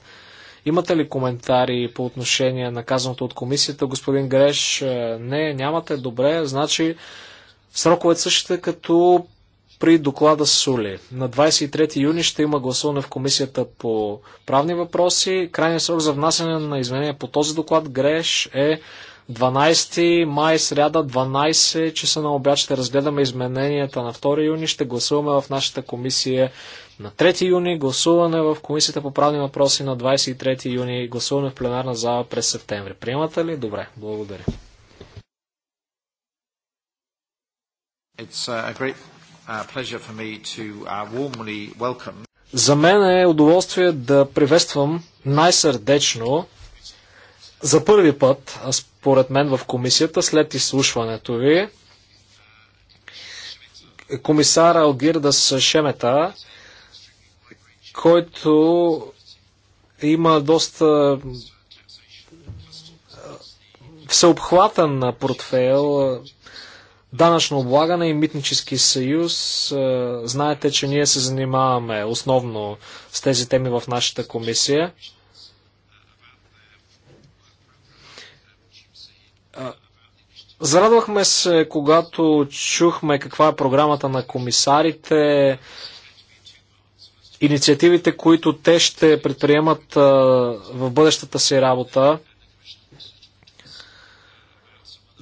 Имате ли коментари по отношение на казаното от комисията, господин Греш? Не, нямате. Добре, значи сроковете същите като при доклада Сули. На 23 юни ще има гласуване в комисията по правни въпроси. Крайният срок за внасяне на изменения по този доклад Греш е 12 май, сряда, 12 часа на обяд ще разгледаме измененията на 2 юни, ще гласуваме в нашата комисия на 3 юни, гласуване в комисията по правни въпроси на 23 юни, гласуване в пленарна зала през септември. Приемате ли? Добре, благодаря. It's uh, a great Uh, за мен е удоволствие да приветствам най-сърдечно за първи път, според мен, в комисията след изслушването ви комисара Алгирдас Шемета, който има доста всеобхватен портфейл, данъчно облагане и митнически съюз. Е, знаете, че ние се занимаваме основно с тези теми в нашата комисия. Е, зарадвахме се, когато чухме каква е програмата на комисарите, инициативите, които те ще предприемат е, в бъдещата си работа.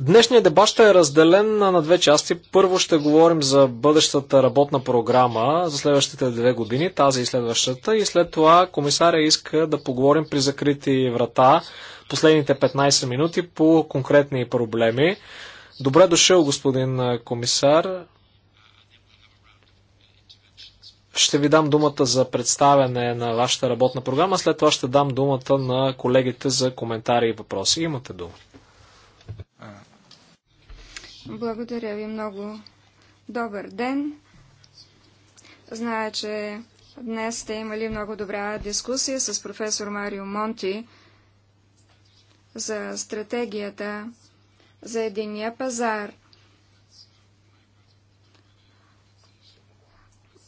Днешният дебат ще е разделен на две части. Първо ще говорим за бъдещата работна програма за следващите две години, тази и следващата. И след това комисаря иска да поговорим при закрити врата последните 15 минути по конкретни проблеми. Добре дошъл, господин комисар. Ще ви дам думата за представяне на вашата работна програма, след това ще дам думата на колегите за коментари и въпроси. Имате думата. Благодаря ви много. Добър ден. Зная, че днес сте имали много добра дискусия с професор Марио Монти за стратегията за единия пазар.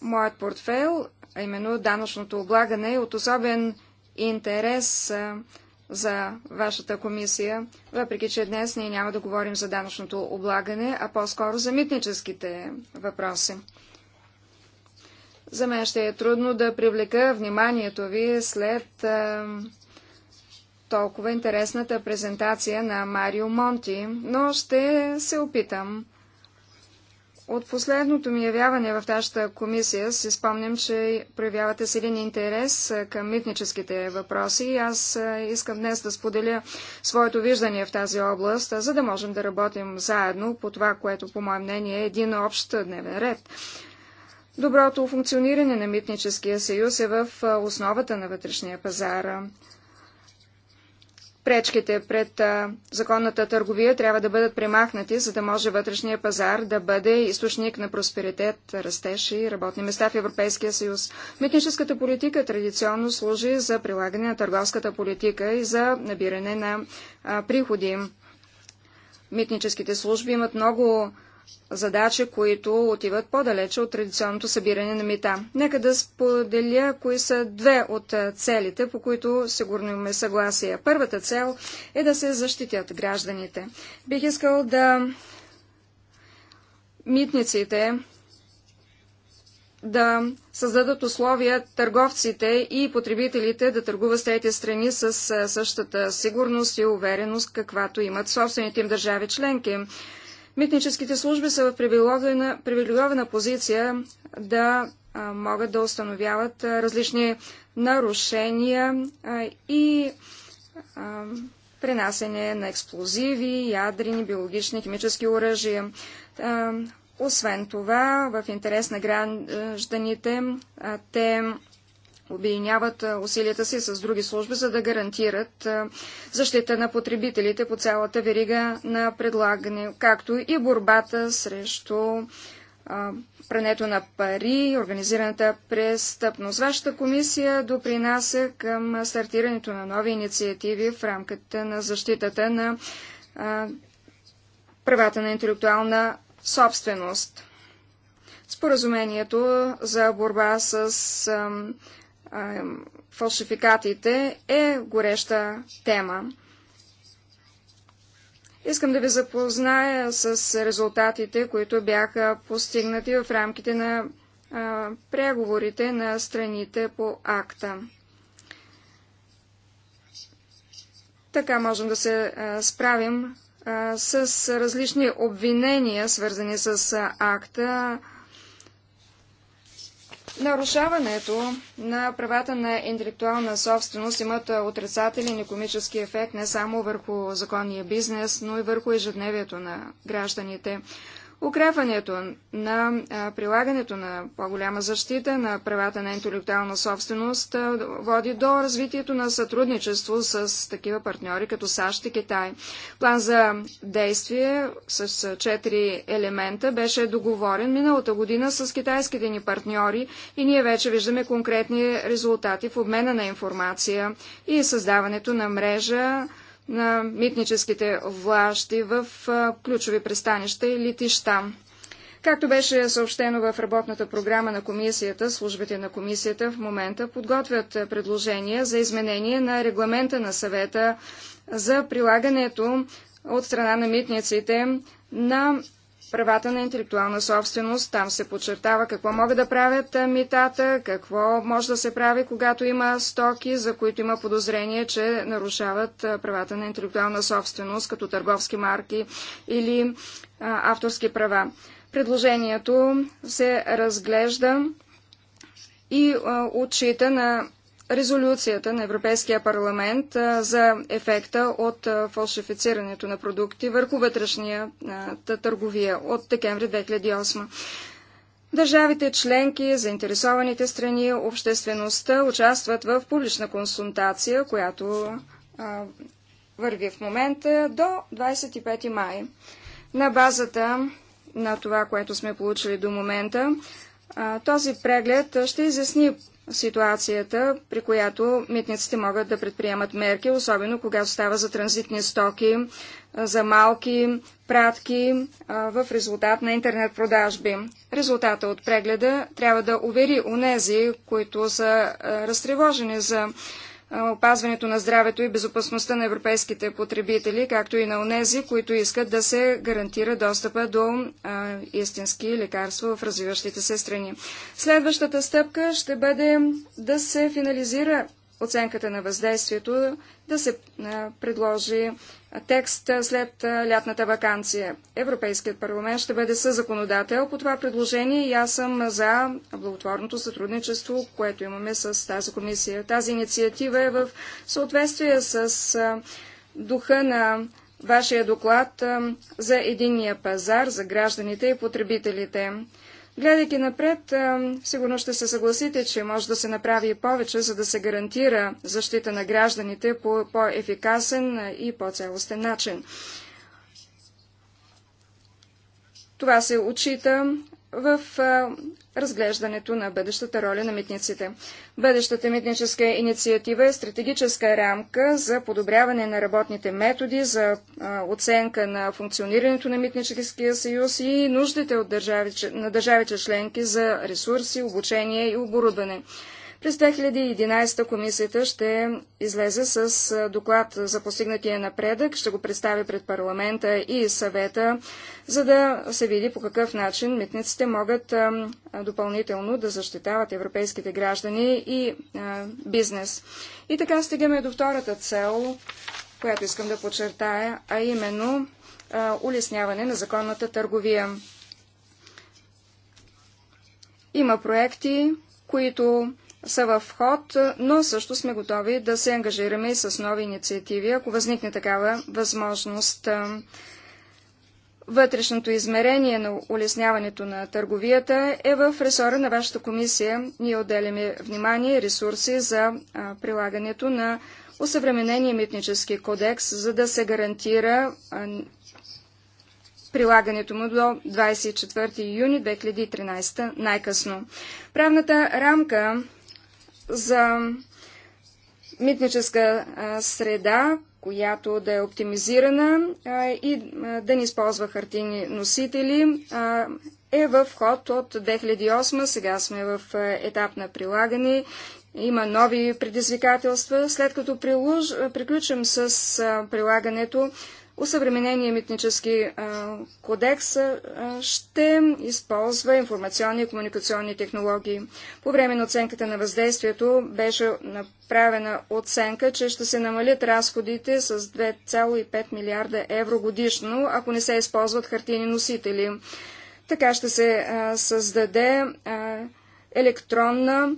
Моят портфел, а именно данъчното облагане, е от особен интерес за вашата комисия, въпреки че днес ние няма да говорим за данъчното облагане, а по-скоро за митническите въпроси. За мен ще е трудно да привлека вниманието ви след а, толкова интересната презентация на Марио Монти, но ще се опитам. От последното ми явяване в нашата комисия си спомням, че проявявате един интерес към митническите въпроси и аз искам днес да споделя своето виждане в тази област, за да можем да работим заедно по това, което по мое мнение е един общ дневен ред. Доброто функциониране на митническия съюз е в основата на вътрешния пазар. Пречките пред законната търговия трябва да бъдат премахнати, за да може вътрешния пазар да бъде източник на просперитет, растеж и работни места в Европейския съюз. Митническата политика традиционно служи за прилагане на търговската политика и за набиране на а, приходи. Митническите служби имат много задачи, които отиват по-далече от традиционното събиране на мита. Нека да споделя кои са две от целите, по които сигурно имаме съгласие. Първата цел е да се защитят гражданите. Бих искал да митниците да създадат условия търговците и потребителите да търгуват с трети страни с същата сигурност и увереност, каквато имат собствените им държави членки. Митническите служби са в привилегирована, позиция да а, могат да установяват а, различни нарушения а, и а, пренасене на експлозиви, ядрени, биологични, химически оръжия. Освен това, в интерес на гражданите, те обединяват усилията си с други служби, за да гарантират защита на потребителите по цялата верига на предлагане, както и борбата срещу прането на пари, организираната престъпност. Вашата комисия допринася към стартирането на нови инициативи в рамката на защитата на правата на интелектуална собственост. Споразумението за борба с фалшификатите е гореща тема. Искам да ви запозная с резултатите, които бяха постигнати в рамките на а, преговорите на страните по акта. Така можем да се а, справим а, с различни обвинения, свързани с акта, Нарушаването на правата на интелектуална собственост имат отрицателен економически ефект не само върху законния бизнес, но и върху ежедневието на гражданите. Укрепването на прилагането на по-голяма защита на правата на интелектуална собственост води до развитието на сътрудничество с такива партньори като САЩ и Китай. План за действие с четири елемента беше договорен миналата година с китайските ни партньори и ние вече виждаме конкретни резултати в обмена на информация и създаването на мрежа на митническите власти в ключови пристанища и летища. Както беше съобщено в работната програма на комисията, службите на комисията в момента подготвят предложения за изменение на регламента на съвета за прилагането от страна на митниците на правата на интелектуална собственост. Там се подчертава какво могат да правят митата, какво може да се прави, когато има стоки, за които има подозрение, че нарушават правата на интелектуална собственост, като търговски марки или а, авторски права. Предложението се разглежда и а, отчита на резолюцията на Европейския парламент за ефекта от фалшифицирането на продукти върху вътрешната търговия от декември 2008. Държавите членки, заинтересованите страни, обществеността участват в публична консултация, която а, върви в момента до 25 май. На базата на това, което сме получили до момента, а, този преглед ще изясни ситуацията, при която митниците могат да предприемат мерки, особено когато става за транзитни стоки, за малки пратки в резултат на интернет продажби. Резултата от прегледа трябва да увери унези, които са разтревожени за опазването на здравето и безопасността на европейските потребители, както и на онези, които искат да се гарантира достъпа до а, истински лекарства в развиващите се страни. Следващата стъпка ще бъде да се финализира оценката на въздействието, да се а, предложи текст след лятната вакансия. Европейският парламент ще бъде със законодател по това предложение и аз съм за благотворното сътрудничество, което имаме с тази комисия. Тази инициатива е в съответствие с духа на вашия доклад за единния пазар за гражданите и потребителите. Гледайки напред, сигурно ще се съгласите, че може да се направи и повече, за да се гарантира защита на гражданите по по-ефикасен и по-цялостен начин. Това се отчита в а, разглеждането на бъдещата роля на митниците. Бъдещата митническа инициатива е стратегическа рамка за подобряване на работните методи, за а, оценка на функционирането на митническия съюз и нуждите от държави, на държавите членки за ресурси, обучение и оборудване. През 2011 комисията ще излезе с доклад за постигнатия напредък, ще го представи пред парламента и съвета, за да се види по какъв начин митниците могат допълнително да защитават европейските граждани и бизнес. И така стигаме до втората цел, която искам да подчертая, а именно улесняване на законната търговия. Има проекти, които са в ход, но също сме готови да се ангажираме и с нови инициативи, ако възникне такава възможност. Вътрешното измерение на улесняването на търговията е в ресора на вашата комисия. Ние отделяме внимание и ресурси за прилагането на усъвременения митнически кодекс, за да се гарантира прилагането му до 24 юни 2013 най-късно. Правната рамка за митническа среда, която да е оптимизирана и да не използва хартини носители, е в ход от 2008. Сега сме в етап на прилагане. Има нови предизвикателства. След като приключим с прилагането, усъвременения митнически кодекс ще използва информационни и комуникационни технологии. По време на оценката на въздействието беше направена оценка, че ще се намалят разходите с 2,5 милиарда евро годишно, ако не се използват хартини носители. Така ще се създаде електронна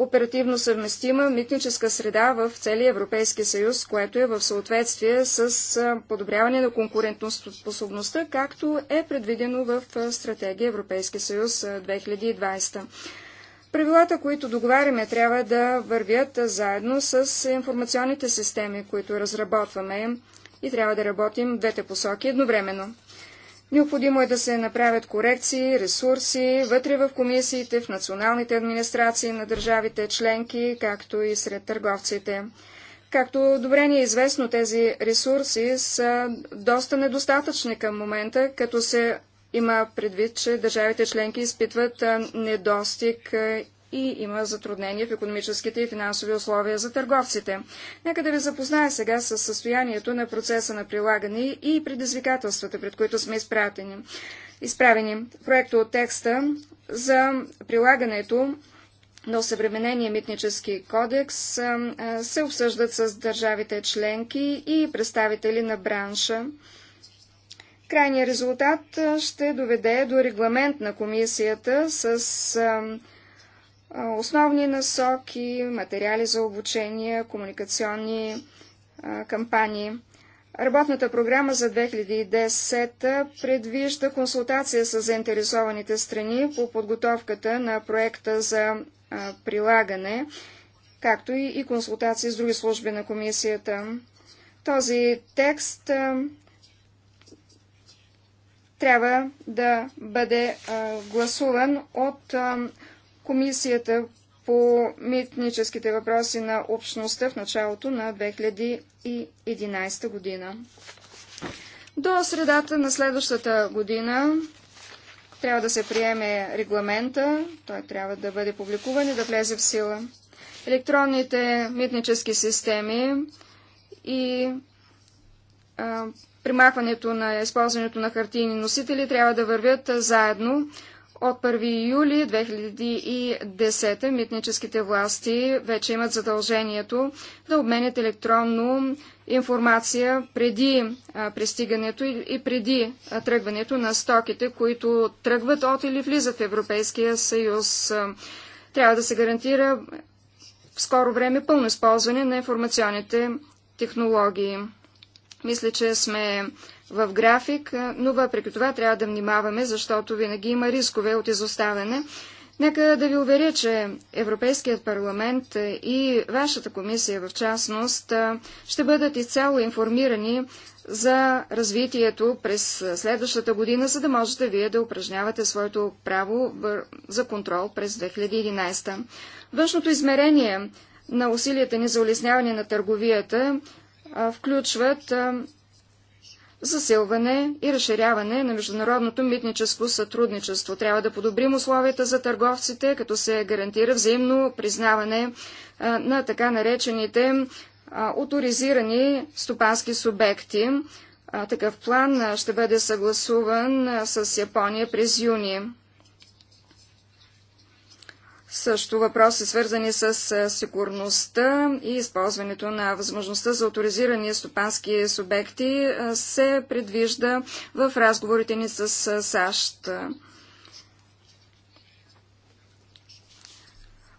оперативно съвместима митническа среда в целия Европейски съюз, което е в съответствие с подобряване на конкурентоспособността, както е предвидено в стратегия Европейски съюз 2020. Правилата, които договаряме, трябва да вървят заедно с информационните системи, които разработваме и трябва да работим в двете посоки едновременно. Необходимо е да се направят корекции, ресурси вътре в комисиите, в националните администрации на държавите членки, както и сред търговците. Както добре ни е известно, тези ресурси са доста недостатъчни към момента, като се има предвид, че държавите членки изпитват недостиг и има затруднения в економическите и финансови условия за търговците. Нека да ви запозная сега с състоянието на процеса на прилагане и предизвикателствата, пред които сме изпратени. изправени. Проекто от текста за прилагането на съвременения митнически кодекс се обсъждат с държавите членки и представители на бранша. Крайният резултат ще доведе до регламент на комисията с основни насоки, материали за обучение, комуникационни кампании. Работната програма за 2010 предвижда консултация с заинтересованите страни по подготовката на проекта за прилагане, както и, консултации с други служби на комисията. Този текст трябва да бъде гласуван от Комисията по митническите въпроси на общността в началото на 2011 година. До средата на следващата година трябва да се приеме регламента, той трябва да бъде публикуван и да влезе в сила. Електронните митнически системи и а, примахването на използването на хартийни носители трябва да вървят заедно. От 1 юли 2010 митническите власти вече имат задължението да обменят електронно информация преди пристигането и, преди тръгването на стоките, които тръгват от или влизат в Европейския съюз. трябва да се гарантира в скоро време пълно използване на информационните технологии. Мисля, че сме в график, но въпреки това трябва да внимаваме, защото винаги има рискове от изоставяне. Нека да ви уверя, че Европейският парламент и вашата комисия в частност ще бъдат изцяло информирани за развитието през следващата година, за да можете вие да упражнявате своето право за контрол през 2011. Външното измерение на усилията ни за улесняване на търговията включват засилване и разширяване на международното митническо сътрудничество. Трябва да подобрим условията за търговците, като се гарантира взаимно признаване на така наречените авторизирани стопански субекти. такъв план ще бъде съгласуван с Япония през юни. Също въпроси свързани с е, сигурността и използването на възможността за авторизирани стопански субекти е, се предвижда в разговорите ни с е, САЩ.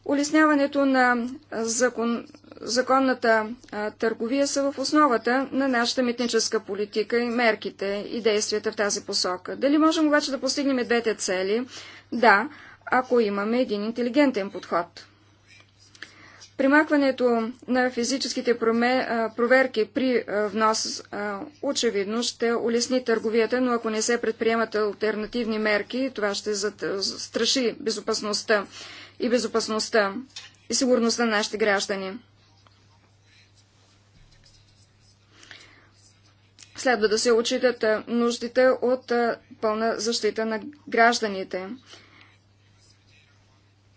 Улесняването на закон, законната търговия са в основата на нашата митническа политика и мерките и действията в тази посока. Дали можем обаче да постигнем двете цели? Да, ако имаме един интелигентен подход. Примахването на физическите проверки при внос очевидно ще улесни търговията, но ако не се предприемат альтернативни мерки, това ще застраши безопасността и безопасността и сигурността на нашите граждани. Следва да се отчитат нуждите от пълна защита на гражданите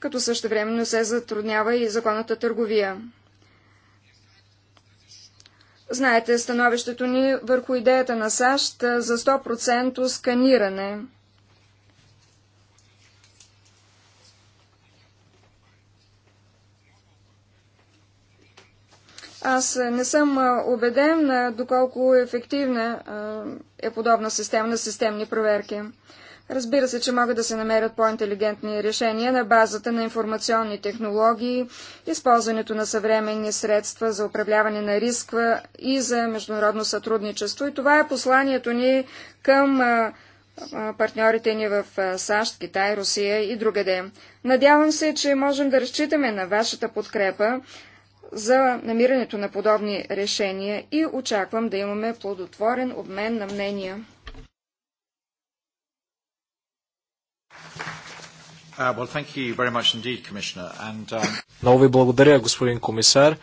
като същевременно се затруднява и законната търговия. Знаете становището ни върху идеята на САЩ за 100% сканиране. Аз не съм убеден доколко ефективна е подобна система на системни проверки. Разбира се, че могат да се намерят по-интелигентни решения на базата на информационни технологии, използването на съвременни средства за управляване на риска и за международно сътрудничество. И това е посланието ни към партньорите ни в САЩ, Китай, Русия и другаде. Надявам се, че можем да разчитаме на вашата подкрепа за намирането на подобни решения и очаквам да имаме плодотворен обмен на мнения. Uh, um, много ви благодаря, господин комисар.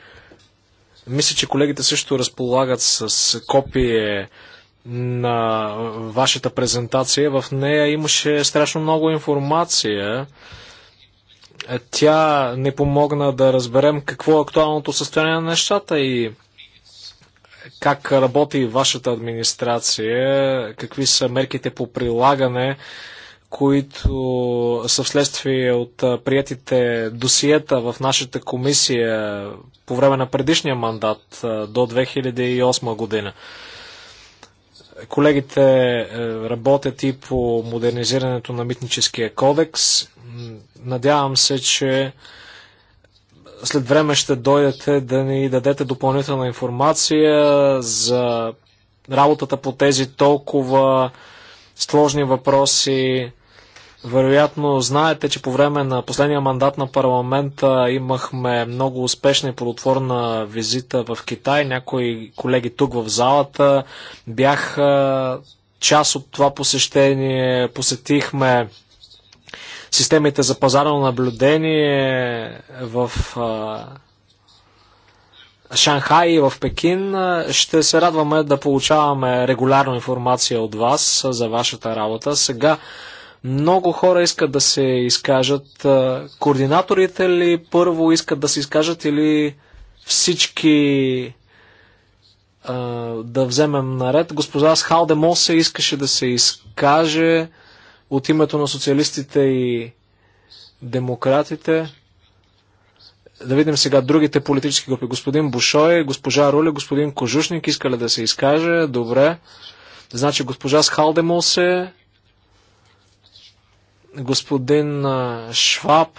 Мисля, че колегите също разполагат с копие на вашата презентация. В нея имаше страшно много информация. Тя не помогна да разберем какво е актуалното състояние на нещата и как работи вашата администрация, какви са мерките по прилагане които са вследствие от приятите досиета в нашата комисия по време на предишния мандат до 2008 година. Колегите е, работят и по модернизирането на митническия кодекс. Надявам се, че след време ще дойдете да ни дадете допълнителна информация за работата по тези толкова сложни въпроси. Вероятно знаете, че по време на последния мандат на парламента имахме много успешна и плодотворна визита в Китай. Някои колеги тук в залата бяха част от това посещение. Посетихме системите за пазарно наблюдение в Шанхай и в Пекин. Ще се радваме да получаваме регулярно информация от вас за вашата работа. Сега много хора искат да се изкажат. Координаторите ли първо искат да се изкажат или всички да вземем наред? Госпожа Схалде Мосе искаше да се изкаже от името на социалистите и демократите. Да видим сега другите политически групи. Господин Бушой, госпожа Руля, господин Кожушник искали да се изкаже. Добре. Значи госпожа Схалде Мосе Господин Шваб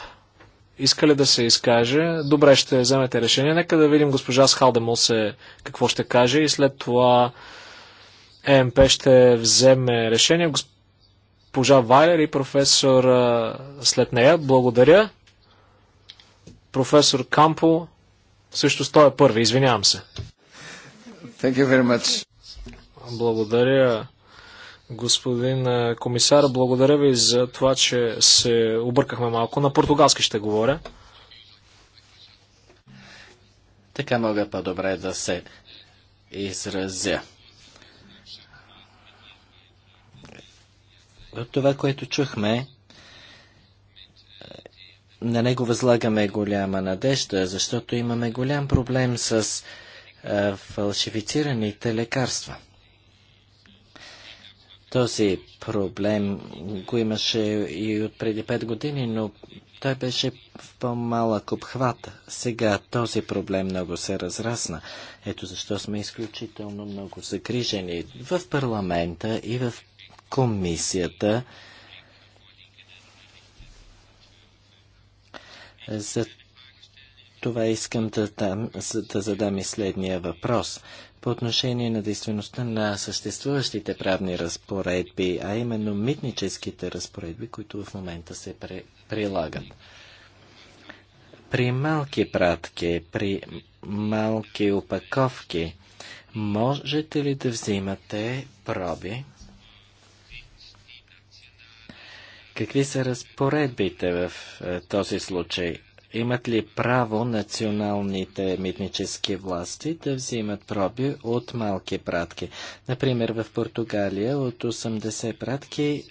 иска ли да се изкаже? Добре, ще вземете решение. Нека да видим госпожа Схалдемосе какво ще каже и след това ЕМП ще вземе решение. Госпожа Вайлер и професор след нея. Благодаря. Професор Кампо също той е първи. Извинявам се. Благодаря, Господин комисар, благодаря ви за това, че се объркахме малко. На португалски ще говоря. Така мога по-добре да се изразя. От това, което чухме, на него възлагаме голяма надежда, защото имаме голям проблем с фалшифицираните лекарства. Този проблем го имаше и от преди 5 години, но той беше в по-малък обхват. Сега този проблем много се разрасна. Ето защо сме изключително много загрижени в парламента и в комисията за това искам да, дам, да задам и следния въпрос по отношение на действеността на съществуващите правни разпоредби, а именно митническите разпоредби, които в момента се прилагат. При малки пратки, при малки опаковки, можете ли да взимате проби? Какви са разпоредбите в е, този случай? Имат ли право националните митнически власти да взимат проби от малки пратки? Например, в Португалия от 80 пратки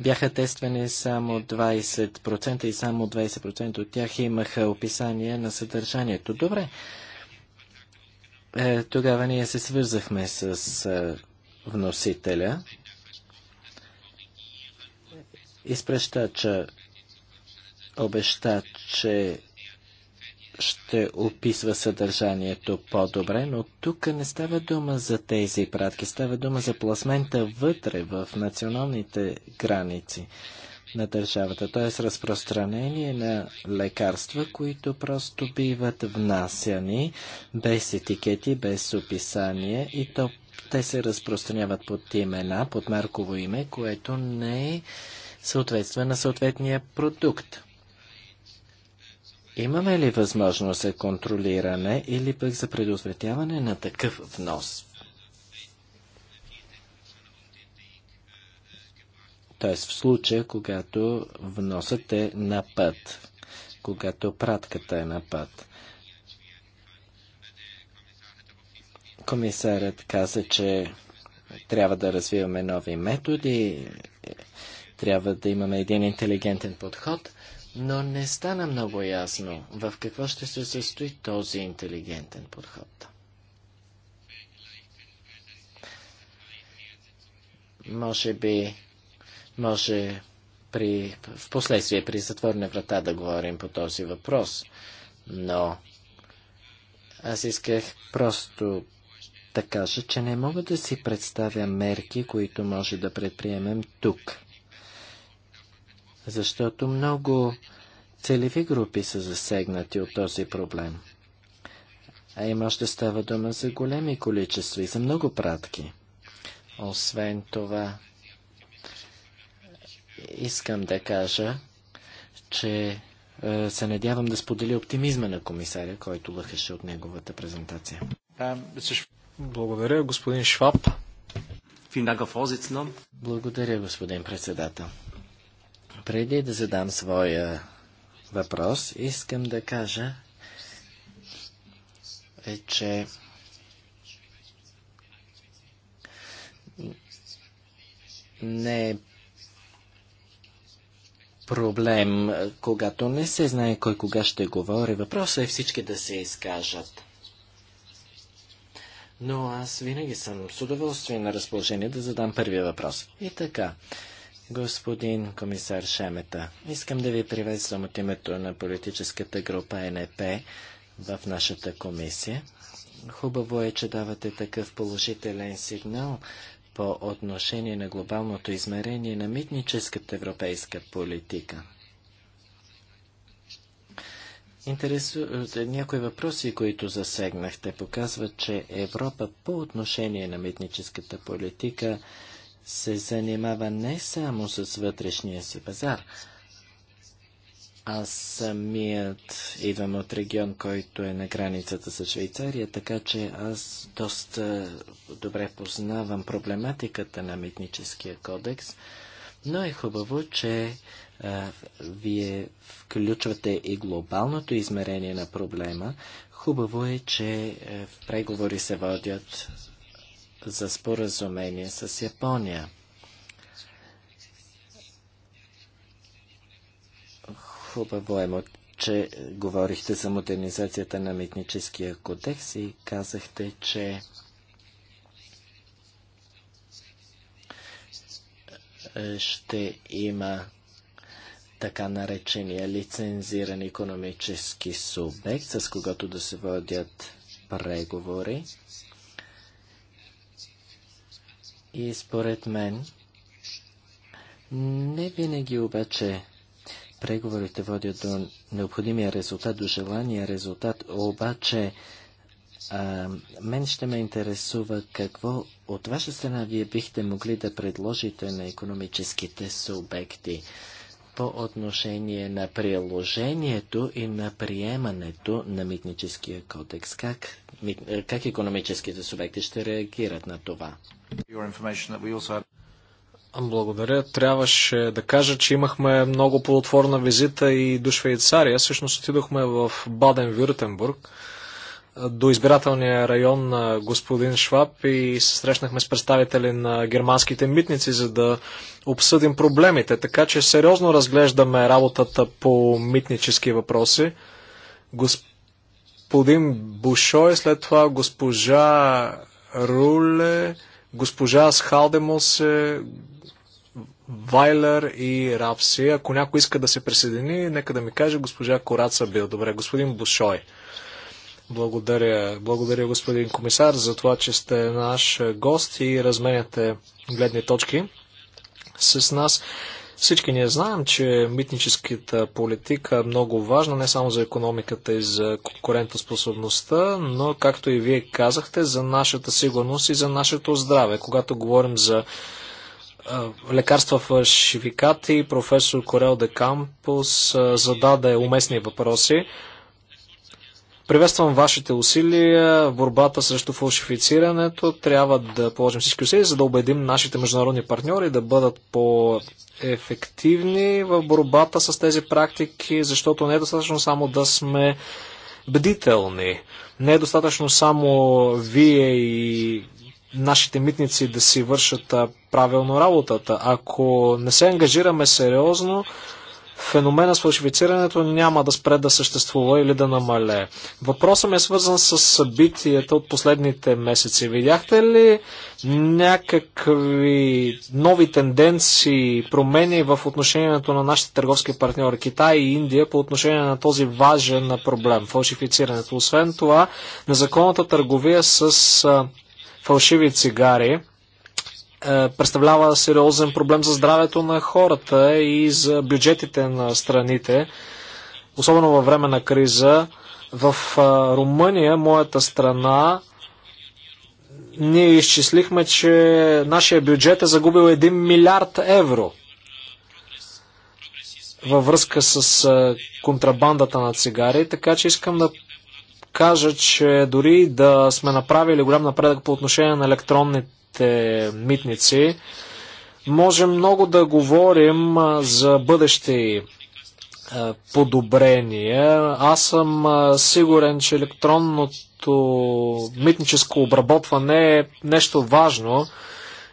бяха тествани само 20% и само 20% от тях имаха описание на съдържанието. Добре. Е, тогава ние се свързахме с е, вносителя. Изпращача обеща, че ще описва съдържанието по-добре, но тук не става дума за тези пратки, става дума за пласмента вътре в националните граници на държавата, т.е. разпространение на лекарства, които просто биват внасяни без етикети, без описание и то те се разпространяват под имена, под марково име, което не е съответства на съответния продукт. Имаме ли възможност за контролиране или пък за предотвратяване на такъв внос? Т.е. в случая, когато вносът е на път, когато пратката е на път. Комисарят каза, че трябва да развиваме нови методи, трябва да имаме един интелигентен подход – но не стана много ясно в какво ще се състои този интелигентен подход. Може би, може при, в последствие при затворна врата да говорим по този въпрос, но аз исках просто да кажа, че не мога да си представя мерки, които може да предприемем тук – защото много целеви групи са засегнати от този проблем. А има още става дума за големи количества и за много пратки. Освен това, искам да кажа, че е, се надявам да споделя оптимизма на комисаря, който лъхеше от неговата презентация. Благодаря, господин Шваб. Благодаря, господин председател. Преди да задам своя въпрос, искам да кажа, е, че не е проблем, когато не се знае кой кога ще говори. Въпросът е всички да се изкажат. Но аз винаги съм с удоволствие на разположение да задам първия въпрос. И така, Господин комисар Шемета, искам да ви приветствам от името на политическата група НП в нашата комисия. Хубаво е, че давате такъв положителен сигнал по отношение на глобалното измерение на митническата европейска политика. Интересу... Е, някои въпроси, които засегнахте, показват, че Европа по отношение на митническата политика се занимава не само с вътрешния си пазар. Аз самият идвам от регион, който е на границата с Швейцария, така че аз доста добре познавам проблематиката на митническия кодекс, но е хубаво, че а, вие включвате и глобалното измерение на проблема. Хубаво е, че а, преговори се водят за споразумение с Япония. Хубаво е, че говорихте за модернизацията на митническия кодекс и казахте, че ще има така наречения лицензиран економически субект, с когато да се водят преговори. И според мен, не винаги обаче преговорите водят до необходимия резултат, до желания резултат, обаче а, мен ще ме интересува какво от ваша страна вие бихте могли да предложите на економическите субекти по отношение на приложението и на приемането на митническия кодекс. Как, как економическите субекти ще реагират на това? Благодаря. Трябваше да кажа, че имахме много плодотворна визита и до Швейцария. Всъщност отидохме в Баден-Вюртенбург до избирателния район на господин Шваб и се срещнахме с представители на германските митници, за да обсъдим проблемите. Така че сериозно разглеждаме работата по митнически въпроси. Господин Бушой, след това госпожа Руле, госпожа Схалдемос, е, Вайлер и Рапси. Ако някой иска да се присъедини, нека да ми каже госпожа Кораца Бил. Добре, господин Бушой. Благодаря. Благодаря, господин комисар, за това, че сте наш гост и разменяте гледни точки с нас. Всички ние знаем, че митническата политика е много важна не само за економиката и за конкурентоспособността, но, както и вие казахте, за нашата сигурност и за нашето здраве. Когато говорим за лекарства фалшификати, професор Корел де Кампус зададе уместни въпроси. Приветствам вашите усилия в борбата срещу фалшифицирането. Трябва да положим всички усилия, за да убедим нашите международни партньори да бъдат по-ефективни в борбата с тези практики, защото не е достатъчно само да сме бдителни. Не е достатъчно само вие и нашите митници да си вършат правилно работата. Ако не се ангажираме сериозно, феномена с фалшифицирането няма да спре да съществува или да намалее. Въпросът ми е свързан с събитията от последните месеци. Видяхте ли някакви нови тенденции, промени в отношението на нашите търговски партньори Китай и Индия по отношение на този важен проблем фалшифицирането? Освен това, незаконната търговия с фалшиви цигари е, представлява сериозен проблем за здравето на хората и за бюджетите на страните, особено във време на криза. В е, Румъния, моята страна, ние изчислихме, че нашия бюджет е загубил 1 милиард евро във връзка с е, контрабандата на цигари, така че искам да кажа, че дори да сме направили голям напредък по отношение на електронните митници, може много да говорим за бъдещи подобрения. Аз съм сигурен, че електронното митническо обработване е нещо важно.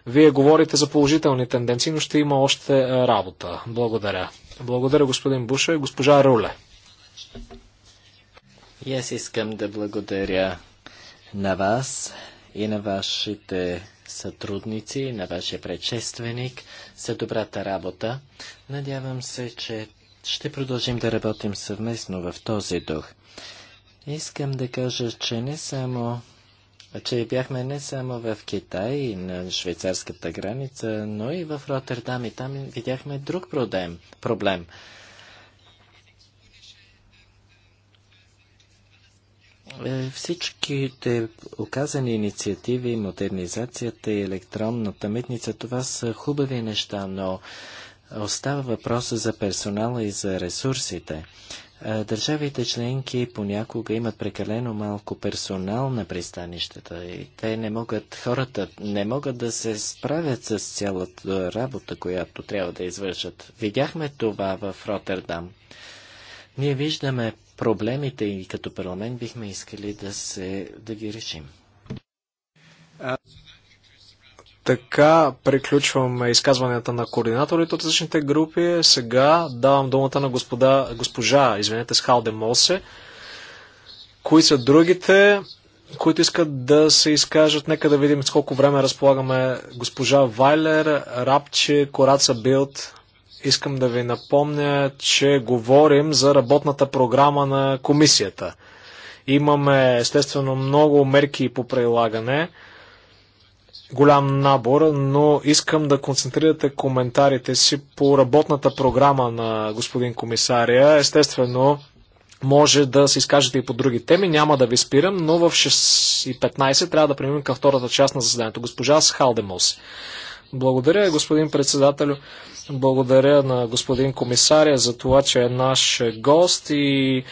Вие говорите за положителни тенденции, но ще има още работа. Благодаря. Благодаря, господин Буша и госпожа Руле. И аз искам да благодаря на вас и на вашите сътрудници, на вашия предшественик за добрата работа. Надявам се, че ще продължим да работим съвместно в този дух. Искам да кажа, че не само че бяхме не само в Китай и на швейцарската граница, но и в Роттердам и там видяхме друг проблем. проблем. Е, всичките оказани инициативи, модернизацията и електронната митница, това са хубави неща, но остава въпроса за персонала и за ресурсите. Е, държавите членки понякога имат прекалено малко персонал на пристанищата и те не могат, хората не могат да се справят с цялата работа, която трябва да извършат. Видяхме това в Роттердам. Ние виждаме проблемите и като парламент бихме искали да, се, да ги решим. Така приключваме изказванията на координаторите от различните групи. Сега давам думата на господа, госпожа, извинете, с Халде Мосе. Кои са другите, които искат да се изкажат? Нека да видим с колко време разполагаме госпожа Вайлер, Рапче, Кораца Билд. Искам да ви напомня, че говорим за работната програма на комисията. Имаме естествено много мерки по прилагане, голям набор, но искам да концентрирате коментарите си по работната програма на господин комисария. Естествено, може да се изкажете и по други теми. Няма да ви спирам, но в 6.15 трябва да преминем към втората част на заседанието. Госпожа Схалдемос. Благодаря, господин председател. Благодаря на господин комисаря за това, че е наш гост и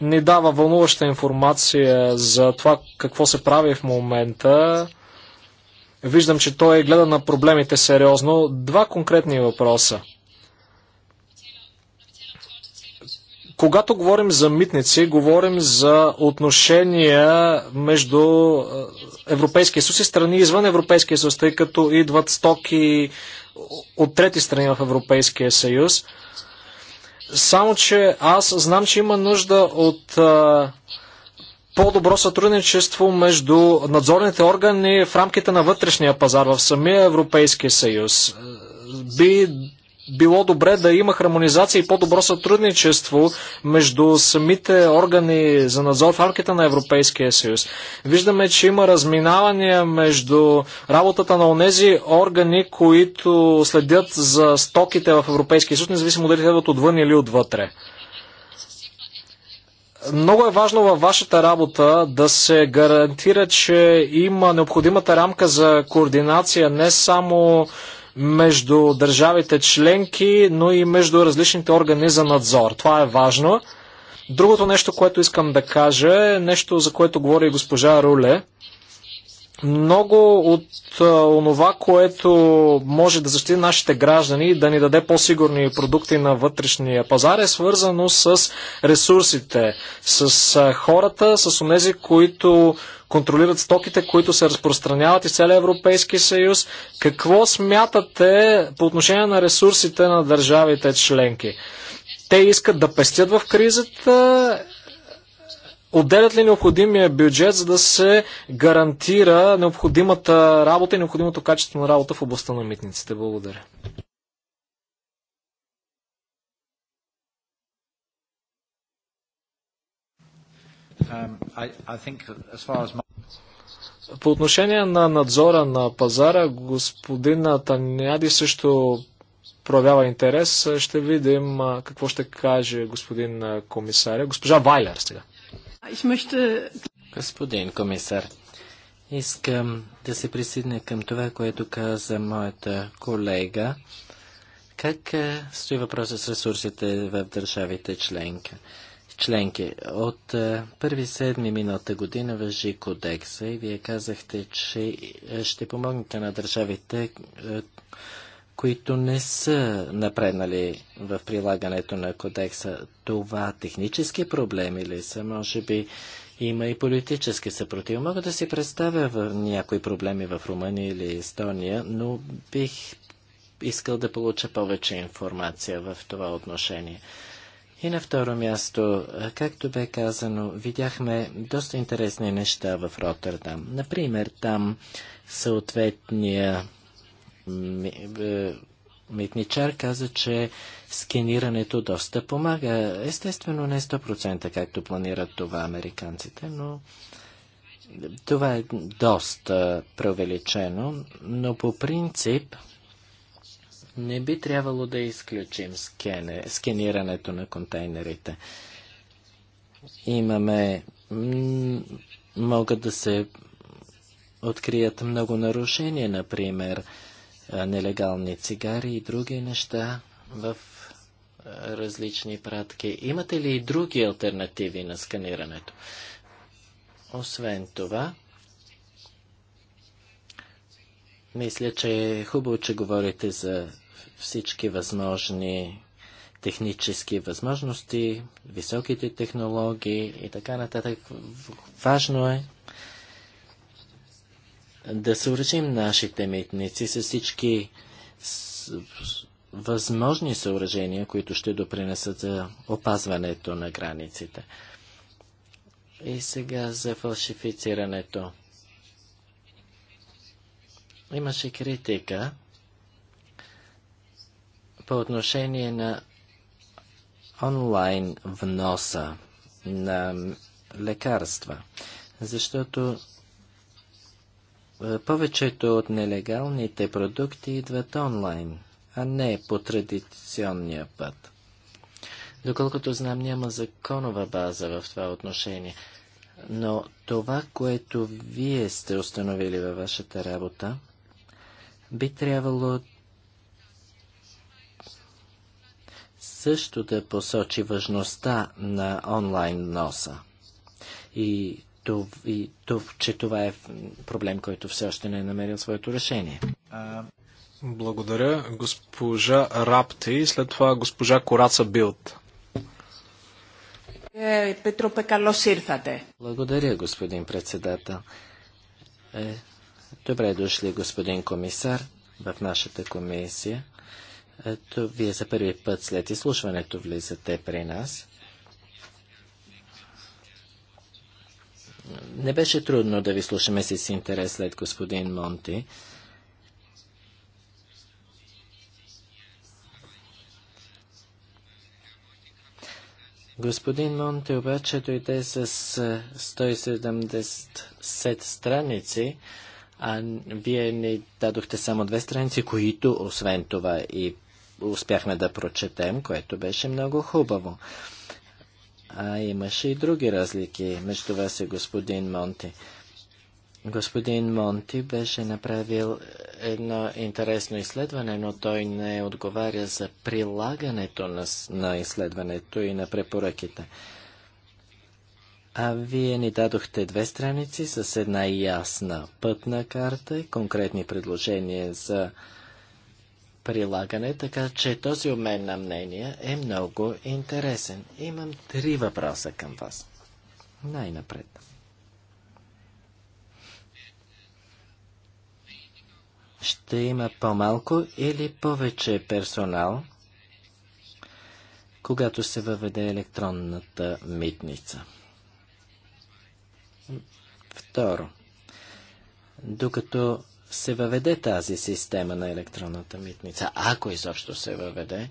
ни дава вълнуваща информация за това какво се прави в момента. Виждам, че той гледа на проблемите сериозно. Два конкретни въпроса. Когато говорим за митници, говорим за отношения между е, Европейския съюз и страни извън Европейския съюз, тъй като идват стоки, от трети страни в Европейския съюз. Само, че аз знам, че има нужда от по-добро сътрудничество между надзорните органи в рамките на вътрешния пазар в самия Европейския съюз. Би било добре да има хармонизация и по-добро сътрудничество между самите органи за надзор в рамките на Европейския съюз. Виждаме, че има разминавания между работата на онези органи, които следят за стоките в Европейския съюз, независимо дали следват отвън или отвътре. Много е важно във вашата работа да се гарантира, че има необходимата рамка за координация не само между държавите членки, но и между различните органи за надзор. Това е важно. Другото нещо, което искам да кажа е нещо, за което говори госпожа Руле – много от онова, което може да защити нашите граждани и да ни даде по-сигурни продукти на вътрешния пазар е свързано с ресурсите, с хората, с онези, които контролират стоките, които се разпространяват из целия Европейски съюз. Какво смятате по отношение на ресурсите на държавите членки? Те искат да пестят в кризата отделят ли необходимия бюджет, за да се гарантира необходимата работа и необходимото качество на работа в областта на митниците? Благодаря. Um, По отношение на надзора на пазара, господин Таняди също проявява интерес. Ще видим какво ще каже господин комисаря. Госпожа Вайлер сега. Господин комисар, искам да се присъединя към това, което каза моята колега. Как е, стои въпроса с ресурсите в държавите членки? членки. От е, първи седми миналата година въжи кодекса и вие казахте, че е, ще помогнете на държавите които не са напреднали в прилагането на кодекса. Това технически проблеми ли са? Може би има и политически съпротив. Мога да си представя в някои проблеми в Румъния или Естония, но бих искал да получа повече информация в това отношение. И на второ място, както бе казано, видяхме доста интересни неща в Роттердам. Например, там съответния е, митничар каза, че скенирането доста помага. Естествено не 100% както планират това американците, но това е доста преувеличено, но по принцип не би трябвало да изключим скене, скенирането на контейнерите. Имаме, могат да се открият много нарушения, например, нелегални цигари и други неща в различни пратки. Имате ли и други альтернативи на сканирането? Освен това, мисля, че е хубаво, че говорите за всички възможни технически възможности, високите технологии и така нататък. Важно е да съоръжим нашите митници с всички възможни съоръжения, които ще допринесат за опазването на границите. И сега за фалшифицирането. Имаше критика по отношение на онлайн вноса на лекарства, защото е, повечето от нелегалните продукти идват онлайн, а не по традиционния път. Доколкото знам, няма законова база в това отношение. Но това, което вие сте установили във вашата работа, би трябвало също да посочи важността на онлайн носа. И и че това е проблем, който все още не е намерил своето решение. Благодаря. Госпожа Рапти и след това госпожа Кораца Билт. Петропе, καλώς ήρθατε. Благодаря, господин председател. Е, добре дошли, господин комисар, в нашата комисия. Е, вие за първи път след изслушването влизате при нас. Не беше трудно да ви слушаме с интерес след господин Монти. Господин Монте обаче дойде с 170 страници, а вие ни дадохте само две страници, които освен това и успяхме да прочетем, което беше много хубаво. А имаше и други разлики между вас и господин Монти. Господин Монти беше направил е, едно интересно изследване, но той не отговаря за прилагането на, на изследването и на препоръките. А вие ни дадохте две страници с една ясна пътна карта и конкретни предложения за прилагане, така че този обмен на мнения е много интересен. Имам три въпроса към вас. Най-напред. Ще има по-малко или повече персонал, когато се въведе електронната митница. Второ, докато се въведе тази система на електронната митница, ако изобщо се въведе,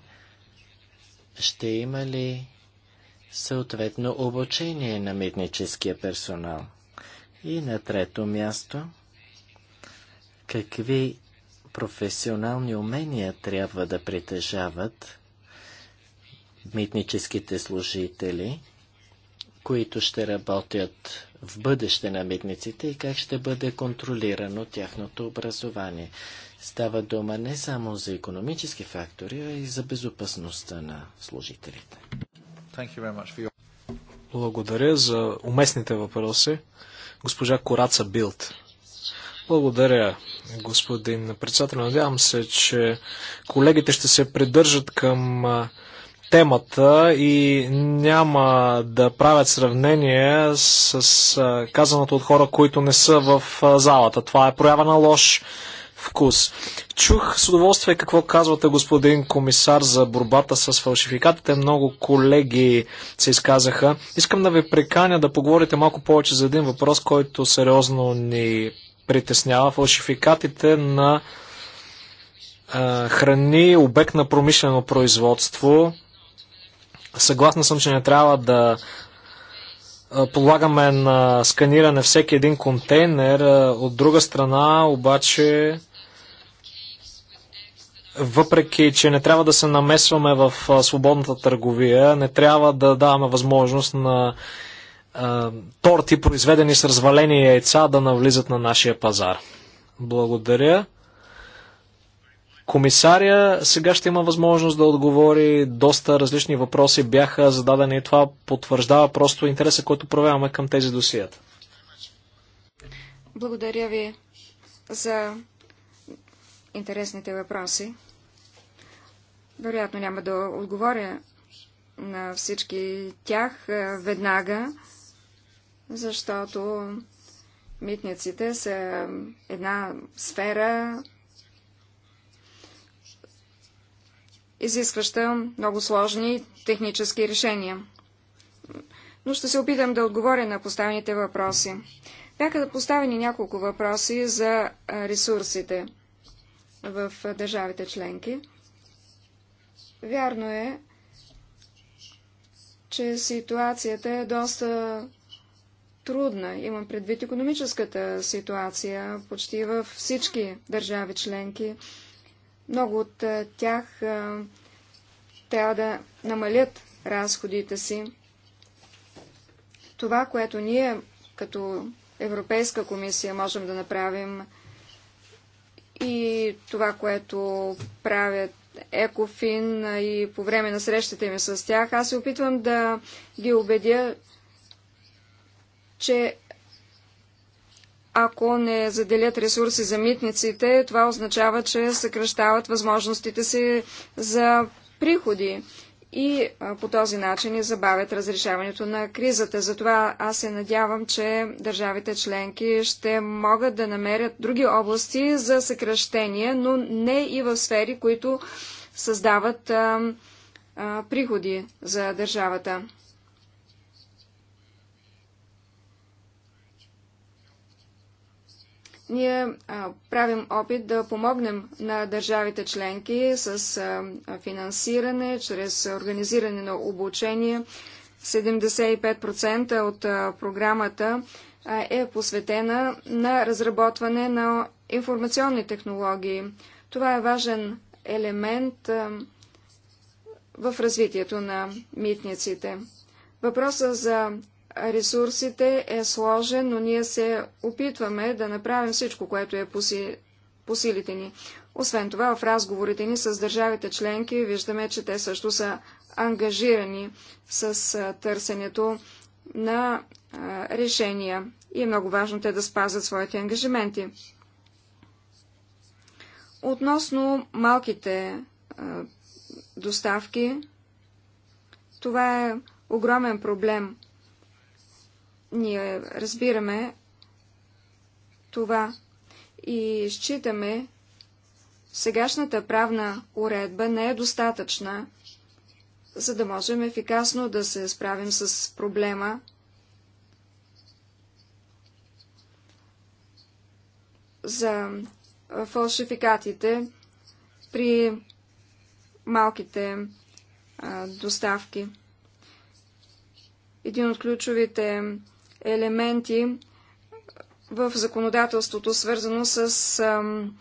ще има ли съответно обучение на митническия персонал? И на трето място, какви професионални умения трябва да притежават митническите служители, които ще работят в бъдеще на митниците и как ще бъде контролирано тяхното образование. Става дума не само за економически фактори, а и за безопасността на служителите. Благодаря за уместните въпроси. Госпожа Кораца Билт. Благодаря, господин председател. Надявам се, че колегите ще се придържат към темата и няма да правят сравнение с казаното от хора, които не са в залата. Това е проява на лош вкус. Чух с удоволствие какво казвате, господин комисар, за борбата с фалшификатите. Много колеги се изказаха. Искам да ви преканя да поговорите малко повече за един въпрос, който сериозно ни притеснява. Фалшификатите на храни, обект на промишлено производство, Съгласна съм, че не трябва да полагаме на сканиране всеки един контейнер. От друга страна, обаче, въпреки, че не трябва да се намесваме в свободната търговия, не трябва да даваме възможност на торти, произведени с развалени яйца, да навлизат на нашия пазар. Благодаря комисаря сега ще има възможност да отговори. Доста различни въпроси бяха зададени и това потвърждава просто интереса, който проявяваме към тези досията. Благодаря ви за интересните въпроси. Вероятно няма да отговоря на всички тях веднага, защото митниците са една сфера, изискваща много сложни технически решения. Но ще се опитам да отговоря на поставените въпроси. Бяха поставени няколко въпроси за ресурсите в държавите членки. Вярно е, че ситуацията е доста трудна. Имам предвид економическата ситуация почти във всички държави членки. Много от е, тях е, трябва да намалят разходите си. Това, което ние като Европейска комисия можем да направим и това, което правят Екофин и по време на срещите ми с тях, аз се опитвам да ги убедя, че ако не заделят ресурси за митниците, това означава, че съкръщават възможностите си за приходи и по този начин и забавят разрешаването на кризата. Затова аз се надявам, че държавите членки ще могат да намерят други области за съкръщение, но не и в сфери, които създават а, а, приходи за държавата. ние а, правим опит да помогнем на държавите членки с а, финансиране, чрез организиране на обучение. 75% от а, програмата е посветена на разработване на информационни технологии. Това е важен елемент в развитието на митниците. Въпросът за ресурсите е сложен, но ние се опитваме да направим всичко, което е по, си, по силите ни. Освен това, в разговорите ни с държавите членки виждаме, че те също са ангажирани с търсенето на а, решения и е много важно те да спазят своите ангажименти. Относно малките а, доставки, това е огромен проблем. Ние разбираме това и считаме, сегашната правна уредба не е достатъчна, за да можем ефикасно да се справим с проблема. за фалшификатите при малките а, доставки. Един от ключовите елементи в законодателството, свързано с ам,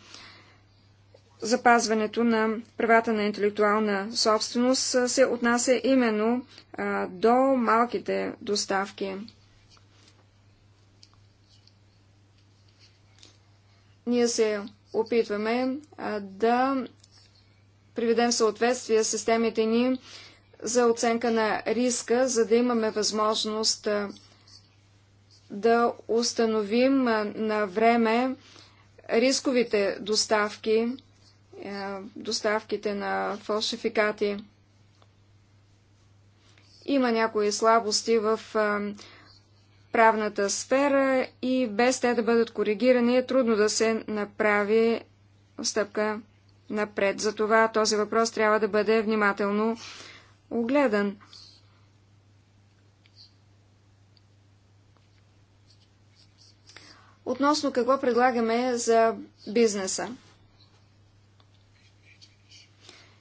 запазването на правата на интелектуална собственост, се отнася именно а, до малките доставки. Ние се опитваме а, да приведем съответствие с системите ни за оценка на риска, за да имаме възможност а, да установим на време рисковите доставки, доставките на фалшификати. Има някои слабости в правната сфера и без те да бъдат коригирани е трудно да се направи стъпка напред. Затова този въпрос трябва да бъде внимателно огледан. относно какво предлагаме за бизнеса.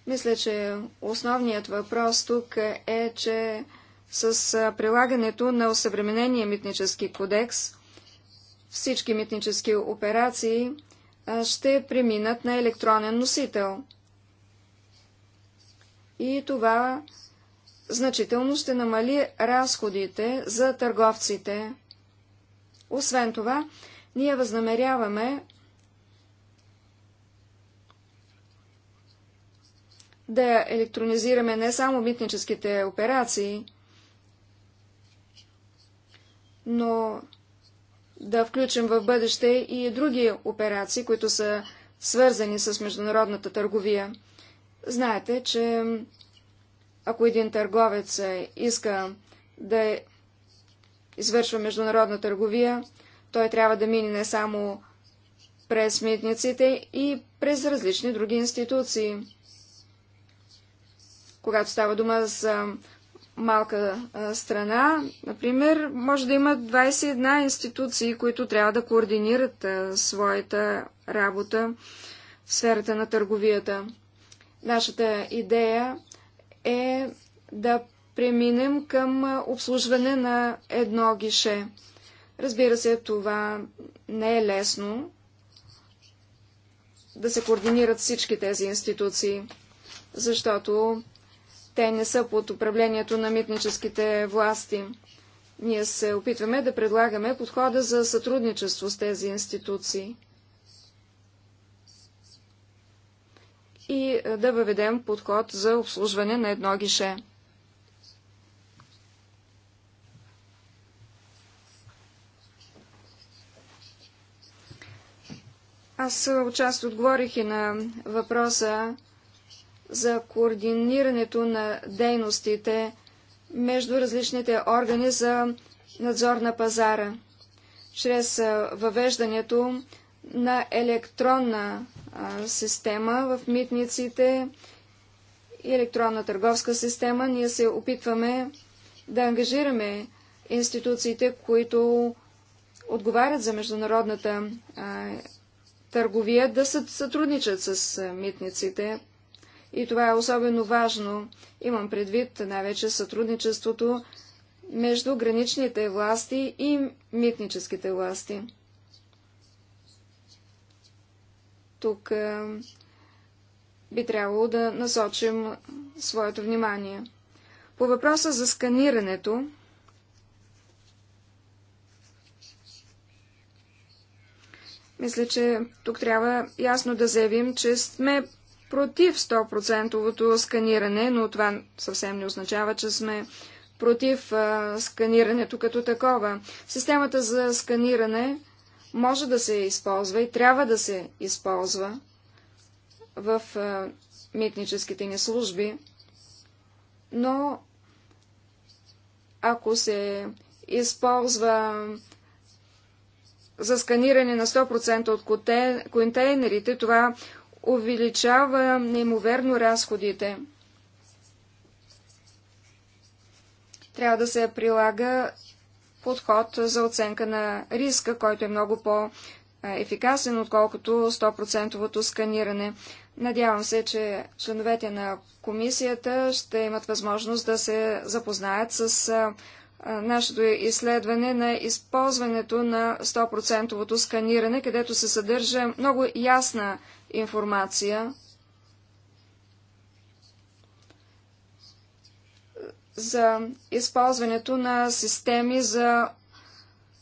Мисля, че основният въпрос тук е, че с прилагането на осъвременения митнически кодекс всички митнически операции ще преминат на електронен носител. И това значително ще намали разходите за търговците. Освен това, ние възнамеряваме да електронизираме не само митническите операции, но да включим в бъдеще и други операции, които са свързани с международната търговия. Знаете, че ако един търговец иска да извършва международна търговия, той трябва да мине не само през митниците и през различни други институции. Когато става дума за малка страна, например, може да има 21 институции, които трябва да координират своята работа в сферата на търговията. Нашата идея е да преминем към обслужване на едно гише. Разбира се, това не е лесно да се координират всички тези институции, защото те не са под управлението на митническите власти. Ние се опитваме да предлагаме подхода за сътрудничество с тези институции и да въведем подход за обслужване на едно гише. Аз отчасти отговорих и на въпроса за координирането на дейностите между различните органи за надзор на пазара, чрез въвеждането на електронна система в митниците и електронна търговска система. Ние се опитваме да ангажираме институциите, които отговарят за международната а, търговия да сътрудничат с митниците. И това е особено важно. Имам предвид най-вече сътрудничеството между граничните власти и митническите власти. Тук би трябвало да насочим своето внимание. По въпроса за сканирането, Мисля, че тук трябва ясно да заявим, че сме против 100 сканиране, но това съвсем не означава, че сме против а, сканирането като такова. Системата за сканиране може да се използва и трябва да се използва в а, митническите ни служби, но ако се използва за сканиране на 100% от контейнерите, това увеличава неимоверно разходите. Трябва да се прилага подход за оценка на риска, който е много по-ефикасен, отколкото 100% сканиране. Надявам се, че членовете на комисията ще имат възможност да се запознаят с нашето изследване на използването на 100 сканиране, където се съдържа много ясна информация за използването на системи за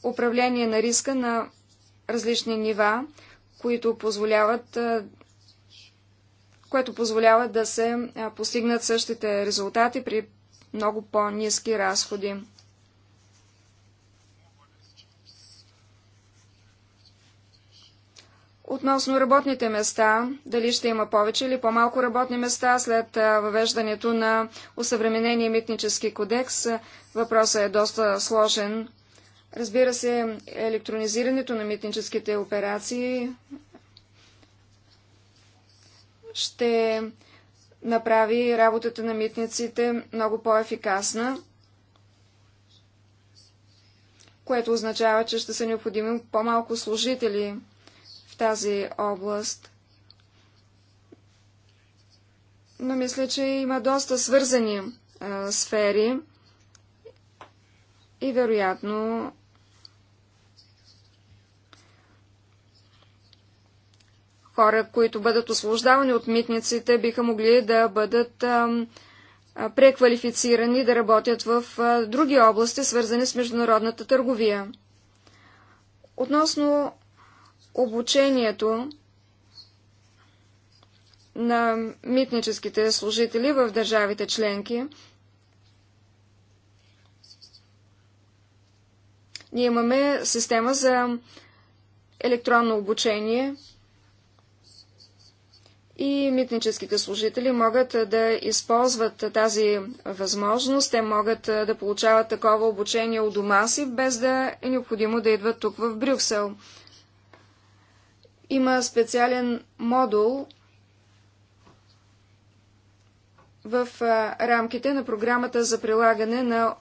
управление на риска на различни нива, които позволяват което позволява да се постигнат същите резултати при много по-низки разходи. Относно работните места, дали ще има повече или по-малко работни места след въвеждането на усъвременения митнически кодекс, въпросът е доста сложен. Разбира се, електронизирането на митническите операции ще направи работата на митниците много по-ефикасна, което означава, че ще са необходими по-малко служители – в тази област. Но мисля, че има доста свързани а, сфери и вероятно хора, които бъдат освобождавани от митниците, биха могли да бъдат а, преквалифицирани да работят в а, други области, свързани с международната търговия. Относно обучението на митническите служители в държавите членки. Ние имаме система за електронно обучение и митническите служители могат да използват тази възможност. Те могат да получават такова обучение у дома си, без да е необходимо да идват тук в Брюксел. Има специален модул в рамките на програмата за прилагане на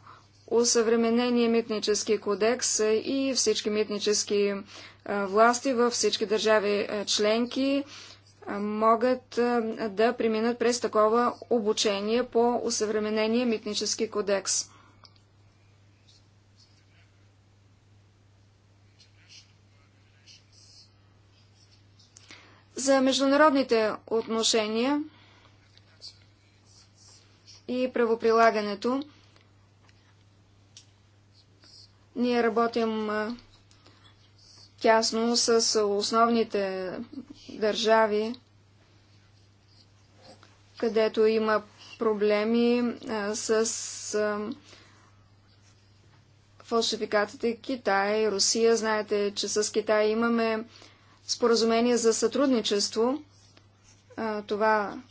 усъвременения митнически кодекс и всички митнически власти във всички държави членки могат да преминат през такова обучение по усъвременения митнически кодекс. За международните отношения и правоприлагането ние работим тясно с основните държави, където има проблеми с фалшификатите Китай, Русия. Знаете, че с Китай имаме споразумение за сътрудничество. Това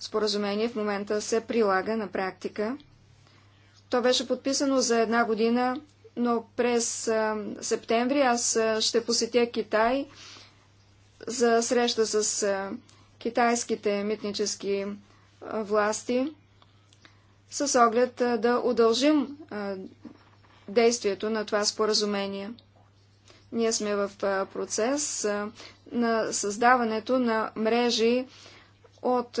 споразумение в момента се прилага на практика. То беше подписано за една година, но през септември аз ще посетя Китай за среща с китайските митнически власти с оглед да удължим действието на това споразумение. Ние сме в процес на създаването на мрежи от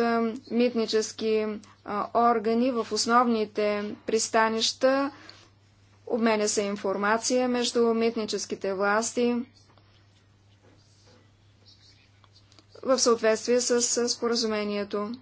митнически органи в основните пристанища. Обменя се информация между митническите власти в съответствие с споразумението.